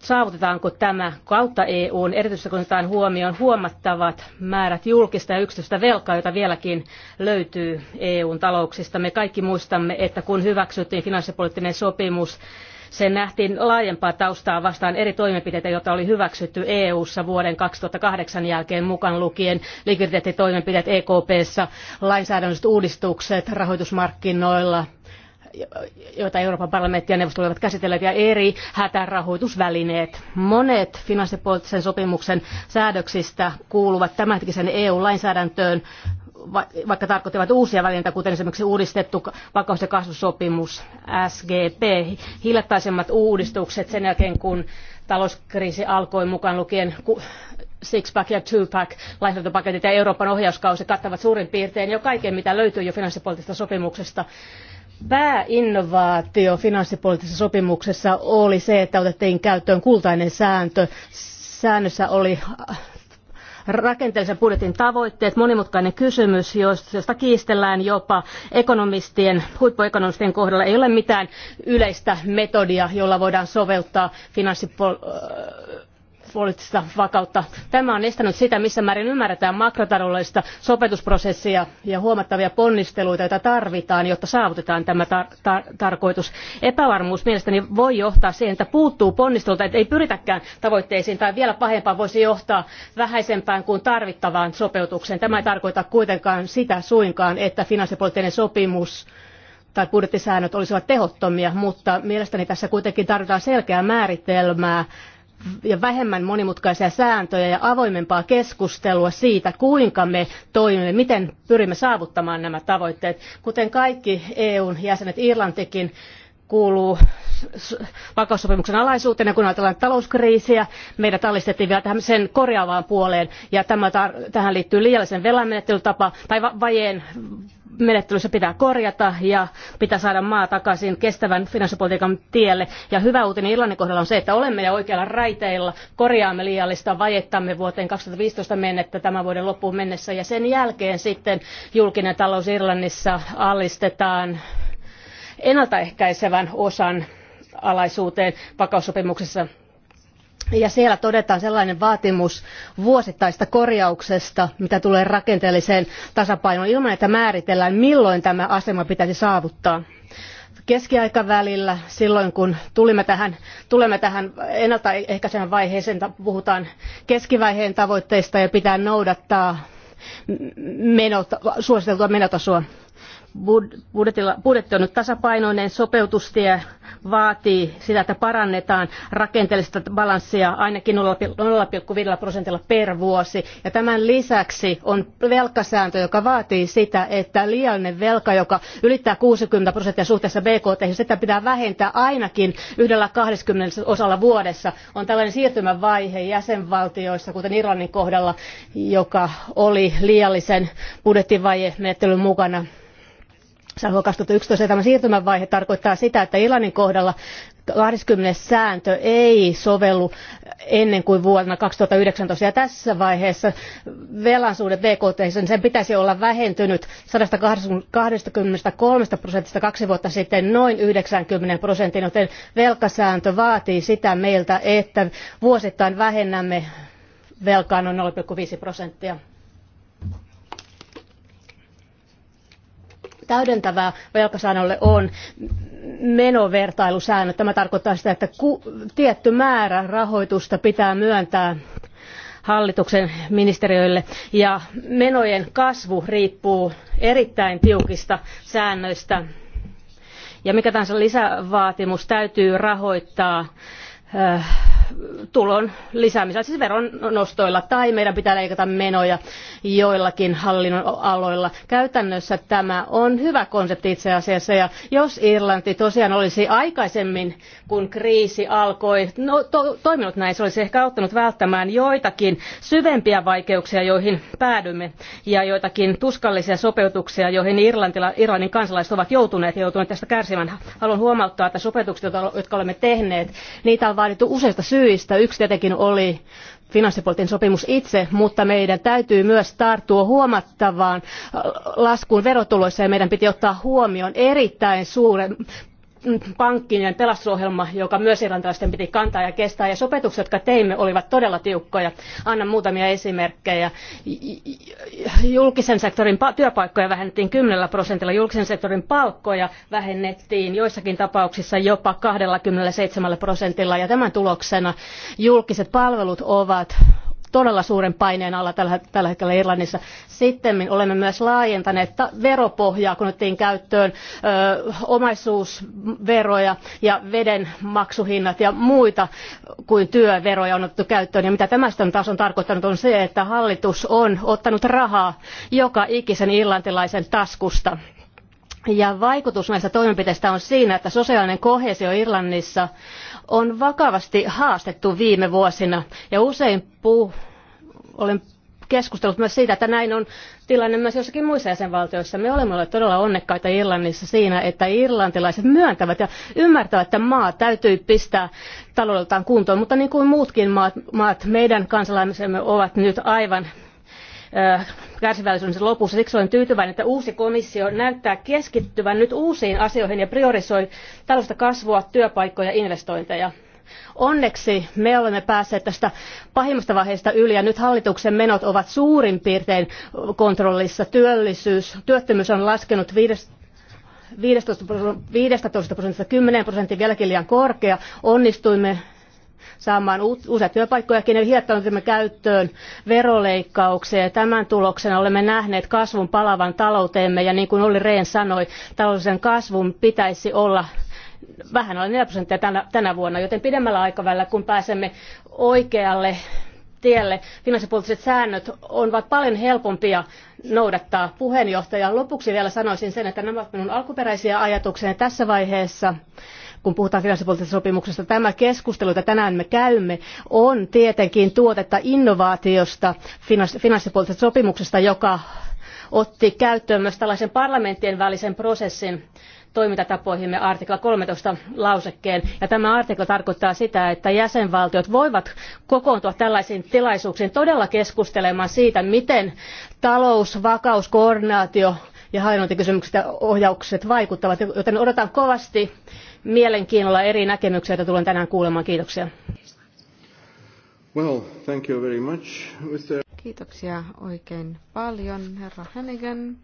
saavutetaanko tämä kautta EUn, erityisesti kun otetaan huomioon huomattavat määrät julkista ja yksityistä velkaa, jota vieläkin löytyy EUn talouksista. Me kaikki muistamme, että kun hyväksyttiin finanssipoliittinen sopimus, sen nähtiin laajempaa taustaa vastaan eri toimenpiteitä, joita oli hyväksytty EU-ssa vuoden 2008 jälkeen mukaan lukien likviditeettitoimenpiteet EKP-ssa, lainsäädännölliset uudistukset rahoitusmarkkinoilla, joita Euroopan parlamentti ja neuvosto olivat käsitelleet, ja eri hätärahoitusvälineet. Monet finanssipoliittisen sopimuksen säädöksistä kuuluvat tämänhetkisen EU-lainsäädäntöön, vaikka tarkoittavat uusia välineitä, kuten esimerkiksi uudistettu vakaus- ja kasvusopimus, SGP, hiljattaisemmat uudistukset sen jälkeen, kun talouskriisi alkoi mukaan lukien six-pack ja two-pack lainsäädäntöpaketit ja Euroopan ohjauskausi kattavat suurin piirtein jo kaiken, mitä löytyy jo finanssipoliittisesta sopimuksesta pääinnovaatio finanssipoliittisessa sopimuksessa oli se, että otettiin käyttöön kultainen sääntö. Säännössä oli rakenteellisen budjetin tavoitteet, monimutkainen kysymys, josta kiistellään jopa ekonomistien, huippuekonomistien kohdalla. Ei ole mitään yleistä metodia, jolla voidaan soveltaa finanssipol- poliittista vakautta. Tämä on estänyt sitä, missä määrin ymmärretään makrotaloudellista sopeutusprosessia ja huomattavia ponnisteluita, joita tarvitaan, jotta saavutetaan tämä tar- tar- tarkoitus. Epävarmuus mielestäni voi johtaa siihen, että puuttuu ponnisteluita, että ei pyritäkään tavoitteisiin tai vielä pahempaa voisi johtaa vähäisempään kuin tarvittavaan sopeutukseen. Tämä ei tarkoita kuitenkaan sitä suinkaan, että finanssipoliittinen sopimus tai budjettisäännöt olisivat tehottomia, mutta mielestäni tässä kuitenkin tarvitaan selkeää määritelmää ja vähemmän monimutkaisia sääntöjä ja avoimempaa keskustelua siitä, kuinka me toimimme, miten pyrimme saavuttamaan nämä tavoitteet. Kuten kaikki EUn jäsenet, Irlantikin kuuluu vakaussopimuksen alaisuuteen ja kun ajatellaan talouskriisiä, meidät alistettiin vielä tähän sen korjaavaan puoleen ja tämä tähän liittyy liiallisen velanmenettelytapa tai va- vajeen menettelyssä pitää korjata ja pitää saada maa takaisin kestävän finanssipolitiikan tielle. Ja hyvä uutinen Irlannin kohdalla on se, että olemme jo oikeilla raiteilla, korjaamme liiallista vajettamme vuoteen 2015 mennettä tämän vuoden loppuun mennessä ja sen jälkeen sitten julkinen talous Irlannissa alistetaan ennaltaehkäisevän osan alaisuuteen vakaussopimuksessa ja siellä todetaan sellainen vaatimus vuosittaista korjauksesta, mitä tulee rakenteelliseen tasapainoon, ilman että määritellään, milloin tämä asema pitäisi saavuttaa keskiaikavälillä silloin kun tulimme tähän, tulemme tähän ennaltaehkäisevän vaiheeseen puhutaan keskivaiheen tavoitteista ja pitää noudattaa menot, suositeltua menotasoa. Budjetti on nyt tasapainoinen sopeutustie vaatii sitä, että parannetaan rakenteellista balanssia ainakin 0,5 prosentilla per vuosi. Ja tämän lisäksi on velkasääntö, joka vaatii sitä, että liiallinen velka, joka ylittää 60 prosenttia suhteessa BKT, niin sitä pitää vähentää ainakin yhdellä 20 osalla vuodessa. On tällainen siirtymävaihe jäsenvaltioissa, kuten Irlannin kohdalla, joka oli liiallisen budjettivajemenettelyn mukana sanoi 2011 tämä siirtymävaihe tarkoittaa sitä, että Irlannin kohdalla 20. sääntö ei sovellu ennen kuin vuonna 2019. Ja tässä vaiheessa velan suhde BKT, sen pitäisi olla vähentynyt 123 prosentista kaksi vuotta sitten noin 90 prosentin, joten velkasääntö vaatii sitä meiltä, että vuosittain vähennämme velkaa noin 0,5 prosenttia. täydentävää velkasäännölle on menovertailusäännöt. Tämä tarkoittaa sitä, että tietty määrä rahoitusta pitää myöntää hallituksen ministeriöille ja menojen kasvu riippuu erittäin tiukista säännöistä ja mikä tahansa lisävaatimus täytyy rahoittaa äh, tulon lisäämisellä, siis nostoilla, tai meidän pitää leikata menoja joillakin hallinnon aloilla. Käytännössä tämä on hyvä konsepti itse asiassa, ja jos Irlanti tosiaan olisi aikaisemmin, kun kriisi alkoi, no, to, toiminut näin, se olisi ehkä auttanut välttämään joitakin syvempiä vaikeuksia, joihin päädymme, ja joitakin tuskallisia sopeutuksia, joihin Irlantila, Irlannin kansalaiset ovat joutuneet, joutuneet tästä kärsimään. Haluan huomauttaa, että sopeutukset, jotka olemme tehneet, niitä on vaadittu useista syistä syistä. Yksi tietenkin oli finanssipoliittinen sopimus itse, mutta meidän täytyy myös tarttua huomattavaan äh, laskuun verotuloissa ja meidän piti ottaa huomioon erittäin suuren pankkien pelastusohjelma, joka myös irlantilaisten piti kantaa ja kestää. Ja sopetukset, jotka teimme, olivat todella tiukkoja. Annan muutamia esimerkkejä. Julkisen sektorin työpaikkoja vähennettiin kymmenellä prosentilla, julkisen sektorin palkkoja vähennettiin joissakin tapauksissa jopa 27 prosentilla. Ja tämän tuloksena julkiset palvelut ovat todella suuren paineen alla tällä, tällä hetkellä Irlannissa. Sitten olemme myös laajentaneet veropohjaa, kun otettiin käyttöön ö, omaisuusveroja ja veden maksuhinnat ja muita kuin työveroja on otettu käyttöön. Ja mitä tämä sitten taas on tarkoittanut on se, että hallitus on ottanut rahaa joka ikisen irlantilaisen taskusta. Ja vaikutus näistä toimenpiteistä on siinä, että sosiaalinen kohesio Irlannissa on vakavasti haastettu viime vuosina ja usein puu, olen keskustellut myös siitä, että näin on tilanne myös jossakin muissa jäsenvaltioissa. Me olemme olleet todella onnekkaita Irlannissa siinä, että irlantilaiset myöntävät ja ymmärtävät, että maa täytyy pistää taloudeltaan kuntoon, mutta niin kuin muutkin maat, maat meidän kansalaisemme ovat nyt aivan kärsivällisyyden lopussa. Siksi olen tyytyväinen, että uusi komissio näyttää keskittyvän nyt uusiin asioihin ja priorisoi talousta kasvua, työpaikkoja ja investointeja. Onneksi me olemme päässeet tästä pahimmasta vaiheesta yli ja nyt hallituksen menot ovat suurin piirtein kontrollissa. Työllisyys, työttömyys on laskenut 15 prosentista 10 prosenttia vieläkin liian korkea. Onnistuimme saamaan uusia työpaikkojakin. kenen hiljattain otimme käyttöön veroleikkauksia ja tämän tuloksena olemme nähneet kasvun palavan talouteemme ja niin kuin Olli Rehn sanoi, taloudellisen kasvun pitäisi olla vähän alle 4 prosenttia tänä, tänä vuonna, joten pidemmällä aikavälillä, kun pääsemme oikealle tielle. Finanssipoliittiset säännöt ovat paljon helpompia noudattaa puheenjohtaja. Lopuksi vielä sanoisin sen, että nämä ovat minun alkuperäisiä ajatukseni tässä vaiheessa kun puhutaan finanssipoliittisesta sopimuksesta. Tämä keskustelu, jota tänään me käymme, on tietenkin tuotetta innovaatiosta finanssipoliittisesta sopimuksesta, joka otti käyttöön myös tällaisen parlamenttien välisen prosessin toimintatapoihimme artikla 13 lausekkeen. Ja tämä artikla tarkoittaa sitä, että jäsenvaltiot voivat kokoontua tällaisiin tilaisuuksiin todella keskustelemaan siitä, miten talous, vakaus, koordinaatio ja hallinnointikysymykset ja ohjaukset vaikuttavat. Joten odotan kovasti mielenkiinnolla eri näkemyksiä, joita tulen tänään kuulemaan. Kiitoksia. Well, thank you very much, Mr. Kiitoksia oikein paljon, herra Hannigan.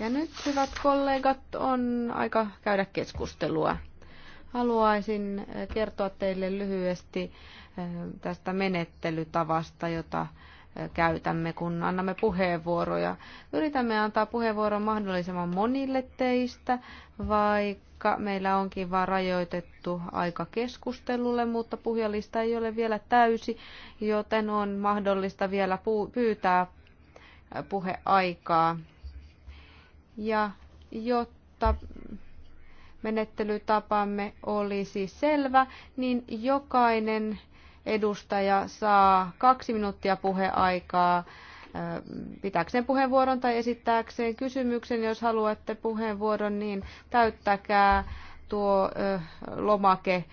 Ja nyt, hyvät kollegat, on aika käydä keskustelua. Haluaisin eh, kertoa teille lyhyesti eh, tästä menettelytavasta, jota eh, käytämme, kun annamme puheenvuoroja. Yritämme antaa puheenvuoron mahdollisimman monille teistä, vaikka vaikka meillä onkin vain rajoitettu aika keskustelulle, mutta puhujalista ei ole vielä täysi, joten on mahdollista vielä pyytää puheaikaa. Ja jotta menettelytapamme olisi selvä, niin jokainen edustaja saa kaksi minuuttia puheaikaa pitääkseen puheenvuoron tai esittääkseen kysymyksen. Jos haluatte puheenvuoron, niin täyttäkää tuo lomake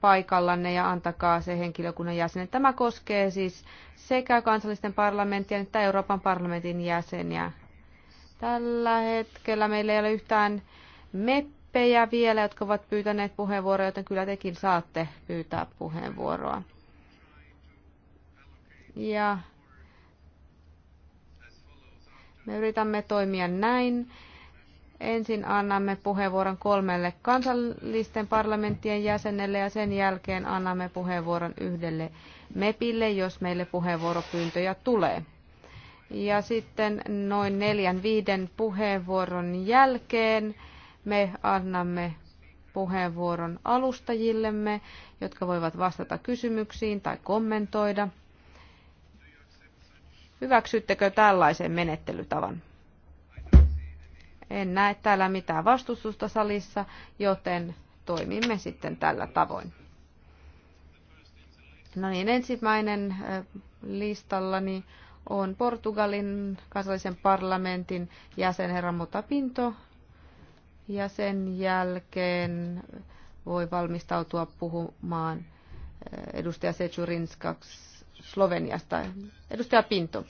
paikallanne ja antakaa se henkilökunnan jäsenen. Tämä koskee siis sekä kansallisten parlamenttien että Euroopan parlamentin jäseniä. Tällä hetkellä meillä ei ole yhtään meppejä vielä, jotka ovat pyytäneet puheenvuoroa, joten kyllä tekin saatte pyytää puheenvuoroa. Ja me yritämme toimia näin. Ensin annamme puheenvuoron kolmelle kansallisten parlamenttien jäsenelle ja sen jälkeen annamme puheenvuoron yhdelle MEPille, jos meille puheenvuoropyyntöjä tulee. Ja sitten noin neljän viiden puheenvuoron jälkeen me annamme puheenvuoron alustajillemme, jotka voivat vastata kysymyksiin tai kommentoida – Hyväksyttekö tällaisen menettelytavan? En näe täällä mitään vastustusta salissa, joten toimimme sitten tällä tavoin. No niin, ensimmäinen listallani on Portugalin kansallisen parlamentin jäsen herra Motapinto. Ja sen jälkeen voi valmistautua puhumaan edustaja Sechurinskaks Sloveniasta. Edustaja Pinto.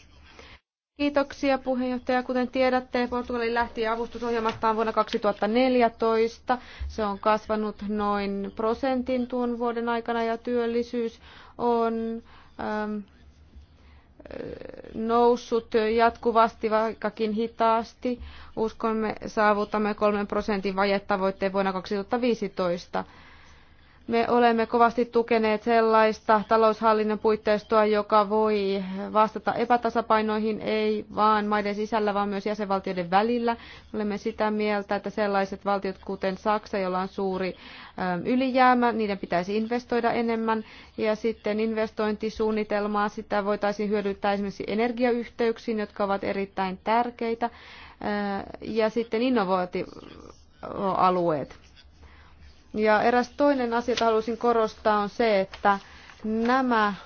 Kiitoksia puheenjohtaja. Kuten tiedätte, Portugali lähti avustusohjelmastaan vuonna 2014. Se on kasvanut noin prosentin tuon vuoden aikana ja työllisyys on ähm, äh, noussut jatkuvasti, vaikkakin hitaasti. Uskomme saavutamme kolmen prosentin vajetavoitteen vuonna 2015. Me olemme kovasti tukeneet sellaista taloushallinnon puitteistoa, joka voi vastata epätasapainoihin, ei vaan maiden sisällä, vaan myös jäsenvaltioiden välillä. Olemme sitä mieltä, että sellaiset valtiot kuten Saksa, jolla on suuri ylijäämä, niiden pitäisi investoida enemmän. Ja sitten investointisuunnitelmaa, sitä voitaisiin hyödyntää esimerkiksi energiayhteyksiin, jotka ovat erittäin tärkeitä. Ja sitten innovointialueet ja eräs toinen asia, jota haluaisin korostaa, on se, että nämä äh,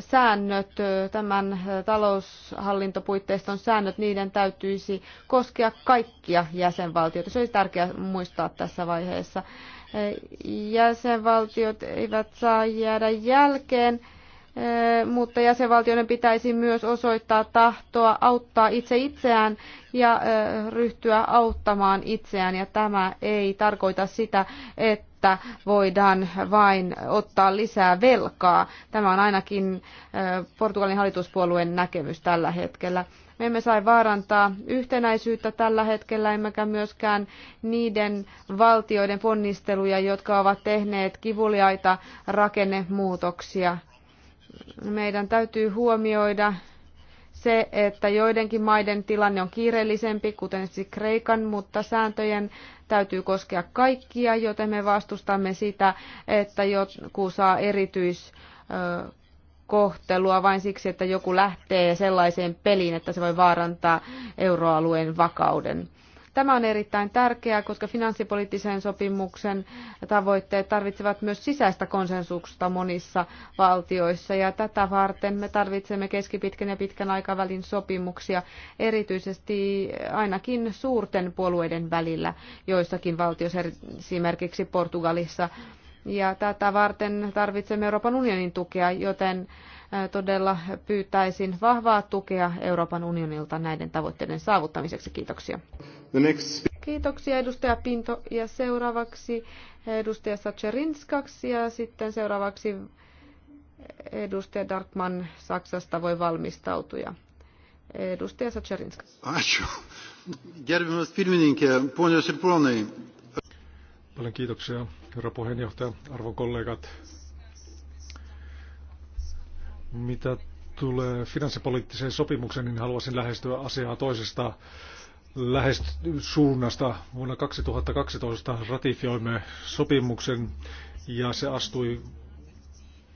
säännöt, äh, tämän äh, taloushallintopuitteiston säännöt, niiden täytyisi koskea kaikkia jäsenvaltioita. Se olisi tärkeää muistaa tässä vaiheessa. Jäsenvaltiot eivät saa jäädä jälkeen mutta jäsenvaltioiden pitäisi myös osoittaa tahtoa auttaa itse itseään ja ryhtyä auttamaan itseään. Ja tämä ei tarkoita sitä, että voidaan vain ottaa lisää velkaa. Tämä on ainakin Portugalin hallituspuolueen näkemys tällä hetkellä. Me emme saa vaarantaa yhtenäisyyttä tällä hetkellä, emmekä myöskään niiden valtioiden ponnisteluja, jotka ovat tehneet kivuliaita rakennemuutoksia meidän täytyy huomioida se, että joidenkin maiden tilanne on kiireellisempi, kuten siis Kreikan, mutta sääntöjen täytyy koskea kaikkia, joten me vastustamme sitä, että joku saa erityiskohtelua vain siksi, että joku lähtee sellaiseen peliin, että se voi vaarantaa euroalueen vakauden. Tämä on erittäin tärkeää, koska finanssipoliittisen sopimuksen tavoitteet tarvitsevat myös sisäistä konsensusta monissa valtioissa ja tätä varten me tarvitsemme keskipitkän ja pitkän aikavälin sopimuksia erityisesti ainakin suurten puolueiden välillä joissakin valtioissa, esimerkiksi Portugalissa. Ja tätä varten tarvitsemme Euroopan unionin tukea, joten todella pyytäisin vahvaa tukea Euroopan unionilta näiden tavoitteiden saavuttamiseksi. Kiitoksia. Kiitoksia edustaja Pinto ja seuraavaksi edustaja Sacherinskaksi ja sitten seuraavaksi edustaja Darkman Saksasta voi valmistautua. Edustaja Sacherinska. Paljon kiitoksia, herra puheenjohtaja, arvon kollegat. Mitä tulee finanssipoliittiseen sopimukseen, niin haluaisin lähestyä asiaa toisesta lähest- suunnasta. Vuonna 2012 ratifioimme sopimuksen ja se astui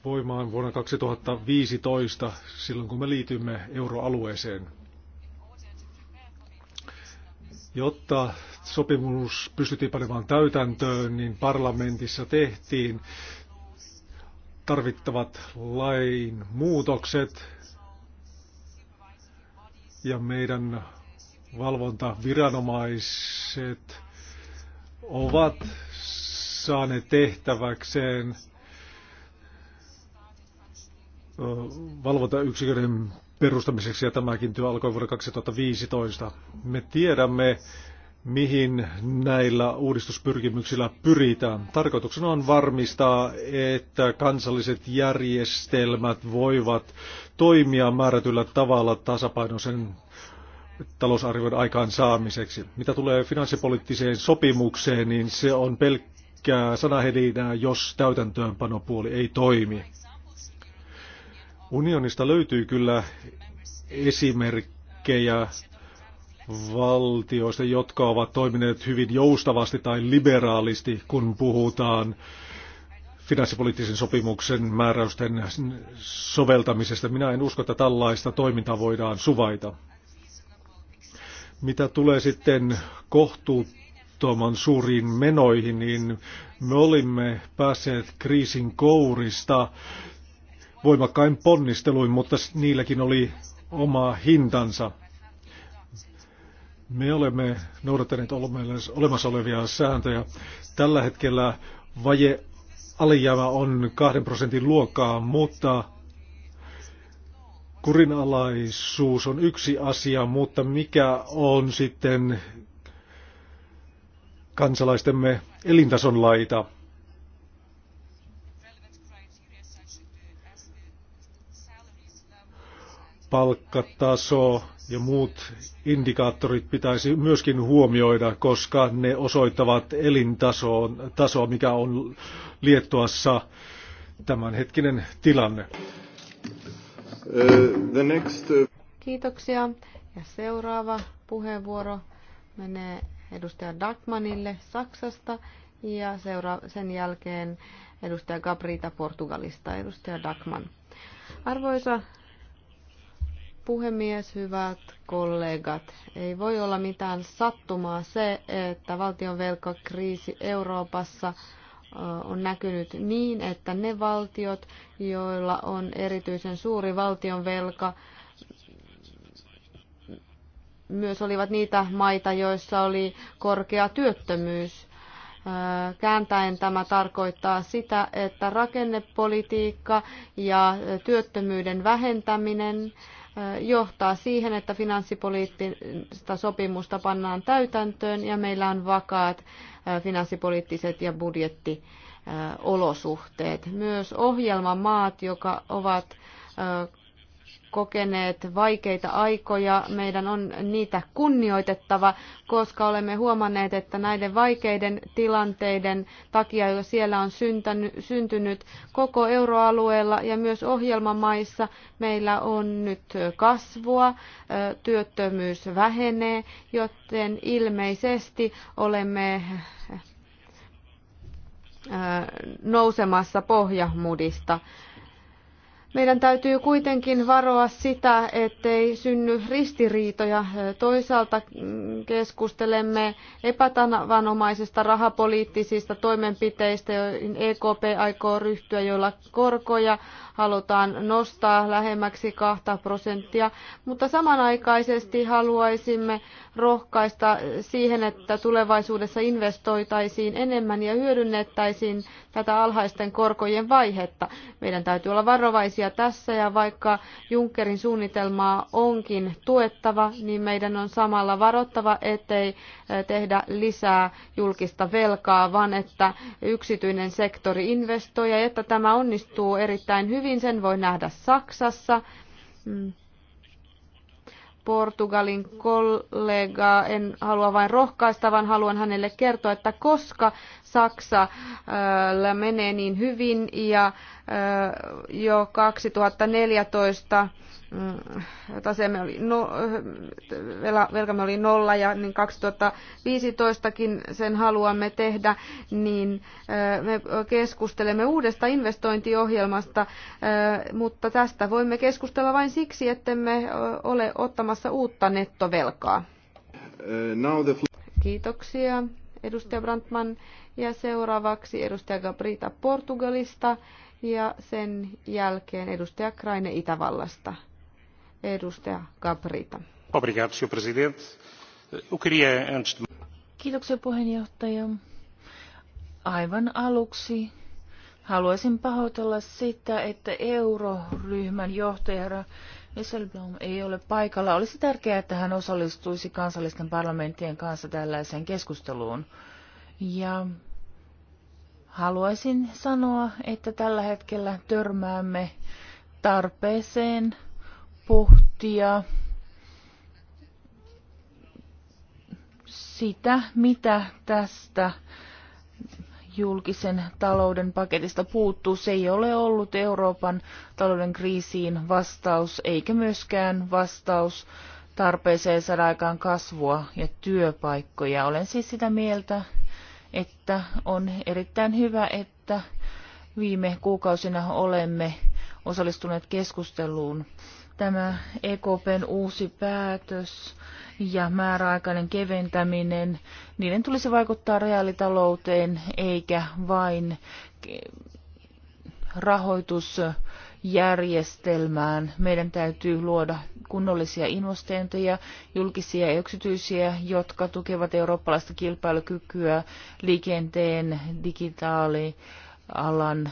voimaan vuonna 2015, silloin kun me liitymme euroalueeseen. Jotta sopimus pystyttiin panemaan täytäntöön, niin parlamentissa tehtiin tarvittavat lain muutokset ja meidän valvontaviranomaiset ovat saaneet tehtäväkseen valvontayksiköiden perustamiseksi ja tämäkin työ alkoi vuonna 2015. Me tiedämme, mihin näillä uudistuspyrkimyksillä pyritään. Tarkoituksena on varmistaa, että kansalliset järjestelmät voivat toimia määrätyllä tavalla tasapainoisen talousarvion aikaansaamiseksi. Mitä tulee finanssipoliittiseen sopimukseen, niin se on pelkkää sanahelinää, jos täytäntöönpanopuoli ei toimi. Unionista löytyy kyllä esimerkkejä valtioista, jotka ovat toimineet hyvin joustavasti tai liberaalisti, kun puhutaan finanssipoliittisen sopimuksen määräysten soveltamisesta. Minä en usko, että tällaista toimintaa voidaan suvaita. Mitä tulee sitten kohtuuttoman suuriin menoihin, niin me olimme päässeet kriisin kourista voimakkain ponnisteluin, mutta niilläkin oli oma hintansa. Me olemme noudattaneet olemassa olevia sääntöjä. Tällä hetkellä vaje alijäämä on kahden prosentin luokkaa, mutta kurinalaisuus on yksi asia, mutta mikä on sitten kansalaistemme elintason laita? Palkkataso, ja muut indikaattorit pitäisi myöskin huomioida, koska ne osoittavat elintasoon, tasoa, mikä on Liettuassa tämänhetkinen tilanne. Uh, the next, uh, Kiitoksia. Ja seuraava puheenvuoro menee edustaja Dagmanille Saksasta ja seura- sen jälkeen edustaja Gabriita Portugalista. Edustaja Dagman. Arvoisa puhemies, hyvät kollegat. Ei voi olla mitään sattumaa se, että valtion velkakriisi Euroopassa on näkynyt niin, että ne valtiot, joilla on erityisen suuri valtion velka, myös olivat niitä maita, joissa oli korkea työttömyys. Kääntäen tämä tarkoittaa sitä, että rakennepolitiikka ja työttömyyden vähentäminen johtaa siihen, että finanssipoliittista sopimusta pannaan täytäntöön ja meillä on vakaat finanssipoliittiset ja budjettiolosuhteet. Myös ohjelmamaat, jotka ovat kokeneet vaikeita aikoja, meidän on niitä kunnioitettava, koska olemme huomanneet, että näiden vaikeiden tilanteiden takia, jo siellä on syntynyt koko euroalueella ja myös ohjelmamaissa, meillä on nyt kasvua, työttömyys vähenee, joten ilmeisesti olemme nousemassa pohjamudista. Meidän täytyy kuitenkin varoa sitä, ettei synny ristiriitoja. Toisaalta keskustelemme epätavanomaisista rahapoliittisista toimenpiteistä, joihin EKP aikoo ryhtyä, joilla korkoja halutaan nostaa lähemmäksi 2 prosenttia, mutta samanaikaisesti haluaisimme rohkaista siihen, että tulevaisuudessa investoitaisiin enemmän ja hyödynnettäisiin tätä alhaisten korkojen vaihetta. Meidän täytyy olla varovaisia tässä ja vaikka Junckerin suunnitelmaa onkin tuettava, niin meidän on samalla varottava, ettei tehdä lisää julkista velkaa, vaan että yksityinen sektori investoi ja että tämä onnistuu erittäin hyvin, sen voi nähdä Saksassa. Mm Portugalin kollegaa en halua vain rohkaista, vaan haluan hänelle kertoa, että koska Saksalla äh, menee niin hyvin ja jo 2014 mm, tasemme oli no, velkamme oli nolla ja niin 2015kin sen haluamme tehdä, niin me keskustelemme uudesta investointiohjelmasta, mutta tästä voimme keskustella vain siksi, että me ole ottamassa uutta nettovelkaa. Kiitoksia edustaja Brantman ja seuraavaksi edustaja Gabrita Portugalista ja sen jälkeen edustaja Kraine Itävallasta. Edustaja Gabrita. Kiitoksia puheenjohtaja. Aivan aluksi haluaisin pahoitella sitä, että euroryhmän johtaja Esselblom ei ole paikalla. Olisi tärkeää, että hän osallistuisi kansallisten parlamenttien kanssa tällaiseen keskusteluun. Ja haluaisin sanoa, että tällä hetkellä törmäämme tarpeeseen pohtia sitä, mitä tästä julkisen talouden paketista puuttuu. Se ei ole ollut Euroopan talouden kriisiin vastaus, eikä myöskään vastaus tarpeeseen saada aikaan kasvua ja työpaikkoja. Olen siis sitä mieltä, että on erittäin hyvä, että viime kuukausina olemme osallistuneet keskusteluun. Tämä EKPn uusi päätös ja määräaikainen keventäminen, niiden tulisi vaikuttaa reaalitalouteen eikä vain rahoitus- järjestelmään. Meidän täytyy luoda kunnollisia investointeja, julkisia ja yksityisiä, jotka tukevat eurooppalaista kilpailukykyä liikenteen, digitaalialan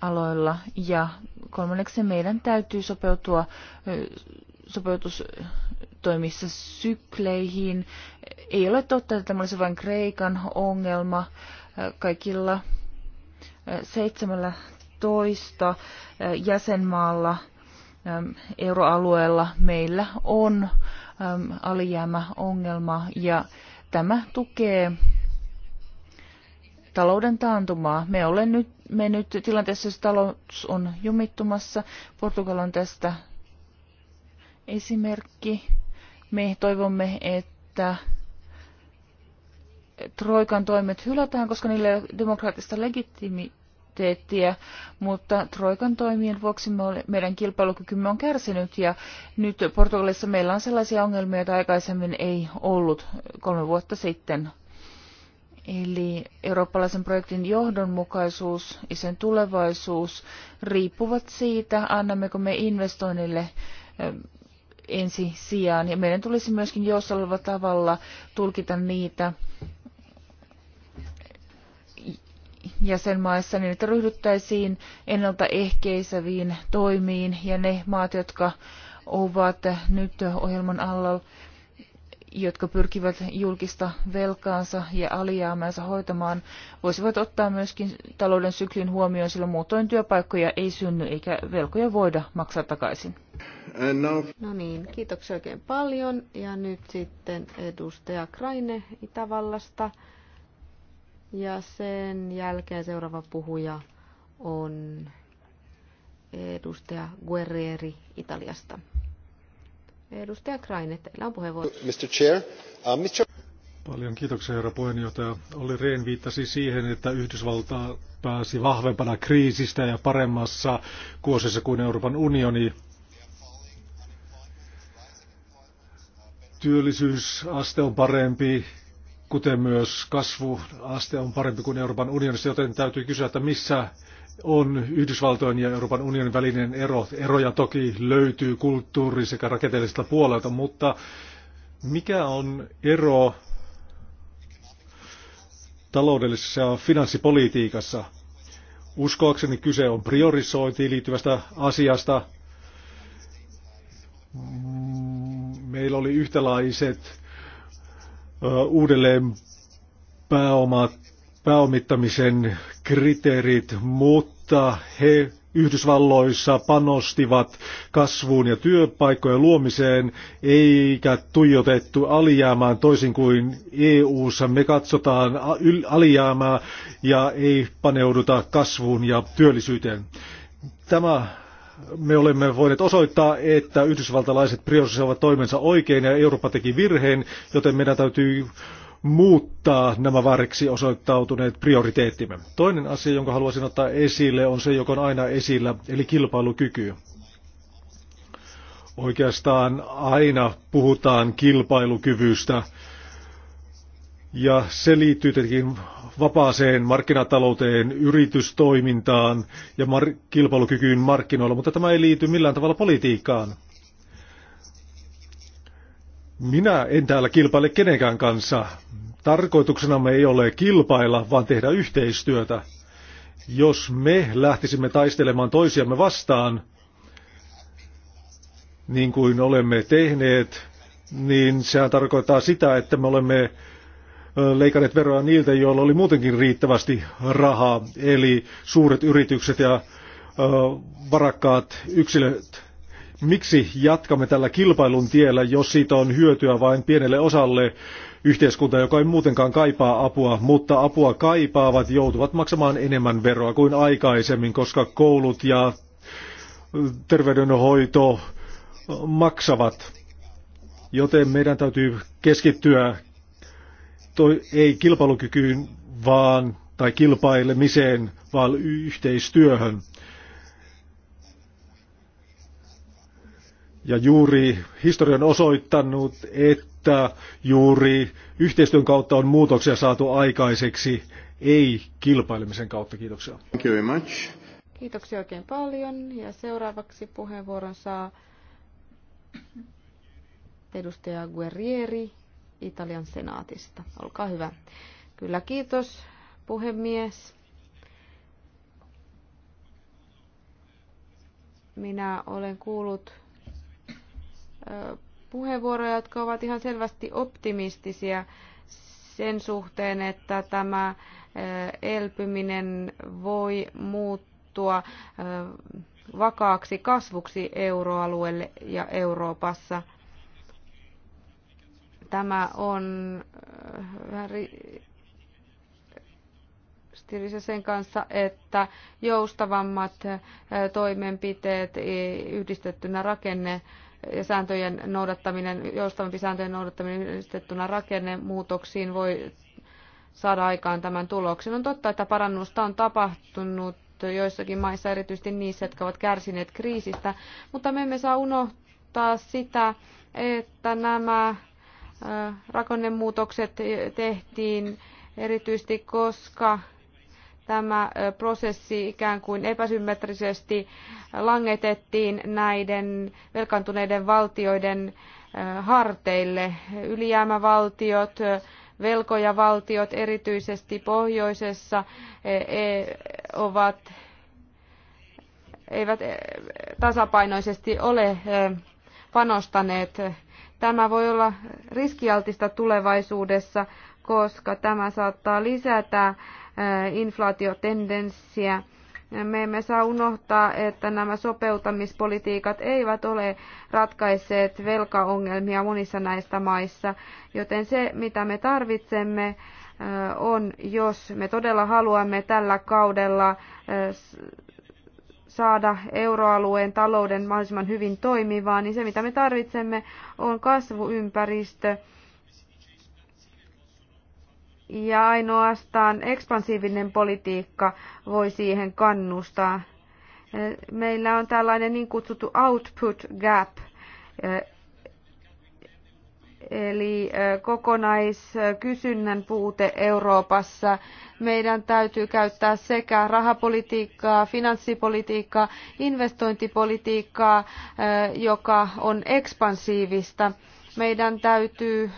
aloilla. Ja kolmanneksi meidän täytyy sopeutua sopeutustoimissa sykleihin. Ei ole totta, että tämä olisi vain Kreikan ongelma. Kaikilla 17 eh, jäsenmaalla eh, euroalueella meillä on eh, alijäämäongelma ja tämä tukee talouden taantumaa. Me olemme nyt, me nyt tilanteessa, jossa talous on jumittumassa. Portugal on tästä esimerkki. Me toivomme, että Troikan toimet hylätään, koska niillä ei ole demokraattista legitimiteettiä, mutta Troikan toimien vuoksi me ole, meidän kilpailukykymme on kärsinyt ja nyt Portugalissa meillä on sellaisia ongelmia, joita aikaisemmin ei ollut kolme vuotta sitten. Eli eurooppalaisen projektin johdonmukaisuus ja sen tulevaisuus riippuvat siitä, annammeko me investoinnille ensi sijaan. Ja meidän tulisi myöskin joustavalla tavalla tulkita niitä jäsenmaissa, niin että ryhdyttäisiin ennaltaehkäiseviin toimiin ja ne maat, jotka ovat nyt ohjelman alla, jotka pyrkivät julkista velkaansa ja alijäämänsä hoitamaan, voisivat ottaa myöskin talouden syklin huomioon, sillä muutoin työpaikkoja ei synny eikä velkoja voida maksaa takaisin. No niin, kiitoksia oikein paljon. Ja nyt sitten edustaja Kraine Itävallasta. Ja sen jälkeen seuraava puhuja on edustaja Guerrieri Italiasta. Edustaja Kraine, teillä on puheenvuoro. Mr. Chair, uh, Mr. Paljon kiitoksia, herra puheenjohtaja. Oli Rehn viittasi siihen, että Yhdysvalta pääsi vahvempana kriisistä ja paremmassa kuosessa kuin Euroopan unioni. Työllisyysaste on parempi, kuten myös kasvuaste on parempi kuin Euroopan unionissa, joten täytyy kysyä, että missä on Yhdysvaltojen ja Euroopan unionin välinen ero. Eroja toki löytyy kulttuuri sekä rakenteelliselta puolelta, mutta mikä on ero taloudellisessa ja finanssipolitiikassa? Uskoakseni kyse on priorisointiin liittyvästä asiasta. Meillä oli yhtälaiset uudelleen pääoma, pääomittamisen kriteerit, mutta he Yhdysvalloissa panostivat kasvuun ja työpaikkojen luomiseen, eikä tuijotettu alijäämään toisin kuin eu Me katsotaan alijäämää ja ei paneuduta kasvuun ja työllisyyteen. Tämä me olemme voineet osoittaa, että yhdysvaltalaiset priorisoivat toimensa oikein ja Eurooppa teki virheen, joten meidän täytyy muuttaa nämä variksi osoittautuneet prioriteettimme. Toinen asia, jonka haluaisin ottaa esille, on se, joka on aina esillä, eli kilpailukyky. Oikeastaan aina puhutaan kilpailukyvystä ja se liittyy tietenkin vapaaseen markkinatalouteen, yritystoimintaan ja mar- kilpailukykyyn markkinoilla, mutta tämä ei liity millään tavalla politiikkaan. Minä en täällä kilpaile kenenkään kanssa. Tarkoituksenamme ei ole kilpailla, vaan tehdä yhteistyötä. Jos me lähtisimme taistelemaan toisiamme vastaan, niin kuin olemme tehneet, niin sehän tarkoittaa sitä, että me olemme leikanneet veroja niiltä, joilla oli muutenkin riittävästi rahaa, eli suuret yritykset ja varakkaat yksilöt. Miksi jatkamme tällä kilpailun tiellä, jos siitä on hyötyä vain pienelle osalle yhteiskuntaa, joka ei muutenkaan kaipaa apua, mutta apua kaipaavat joutuvat maksamaan enemmän veroa kuin aikaisemmin, koska koulut ja terveydenhoito maksavat. Joten meidän täytyy keskittyä toi, ei kilpailukykyyn vaan tai kilpailemiseen, vaan yhteistyöhön. Ja juuri historia on osoittanut, että juuri yhteistyön kautta on muutoksia saatu aikaiseksi, ei kilpailemisen kautta. Kiitoksia. Thank you very much. Kiitoksia oikein paljon. Ja seuraavaksi puheenvuoron saa edustaja Guerrieri Italian senaatista. Olkaa hyvä. Kyllä, kiitos puhemies. Minä olen kuullut puheenvuoroja, jotka ovat ihan selvästi optimistisia sen suhteen, että tämä elpyminen voi muuttua vakaaksi kasvuksi euroalueelle ja Euroopassa – Tämä on äh, vähän ristiriidassa sen kanssa, että joustavammat äh, toimenpiteet e, yhdistettynä rakenne ja sääntöjen noudattaminen, joustavampi sääntöjen noudattaminen yhdistettynä rakennemuutoksiin voi saada aikaan tämän tuloksen. On totta, että parannusta on tapahtunut joissakin maissa, erityisesti niissä, jotka ovat kärsineet kriisistä, mutta me emme saa unohtaa sitä, että nämä Äh, rakennemuutokset tehtiin erityisesti, koska tämä äh, prosessi ikään kuin epäsymmetrisesti langetettiin näiden velkaantuneiden valtioiden äh, harteille. Ylijäämävaltiot, velkojavaltiot erityisesti pohjoisessa e, e, ovat, eivät e, tasapainoisesti ole panostaneet Tämä voi olla riskialtista tulevaisuudessa, koska tämä saattaa lisätä inflaatiotendenssiä. Me emme saa unohtaa, että nämä sopeutamispolitiikat eivät ole ratkaisseet velkaongelmia monissa näistä maissa, joten se, mitä me tarvitsemme, on, jos me todella haluamme tällä kaudella saada euroalueen talouden mahdollisimman hyvin toimivaan, niin se mitä me tarvitsemme on kasvuympäristö. Ja ainoastaan ekspansiivinen politiikka voi siihen kannustaa. Meillä on tällainen niin kutsuttu output gap eli kokonaiskysynnän puute Euroopassa. Meidän täytyy käyttää sekä rahapolitiikkaa, finanssipolitiikkaa, investointipolitiikkaa, joka on ekspansiivista. Meidän täytyy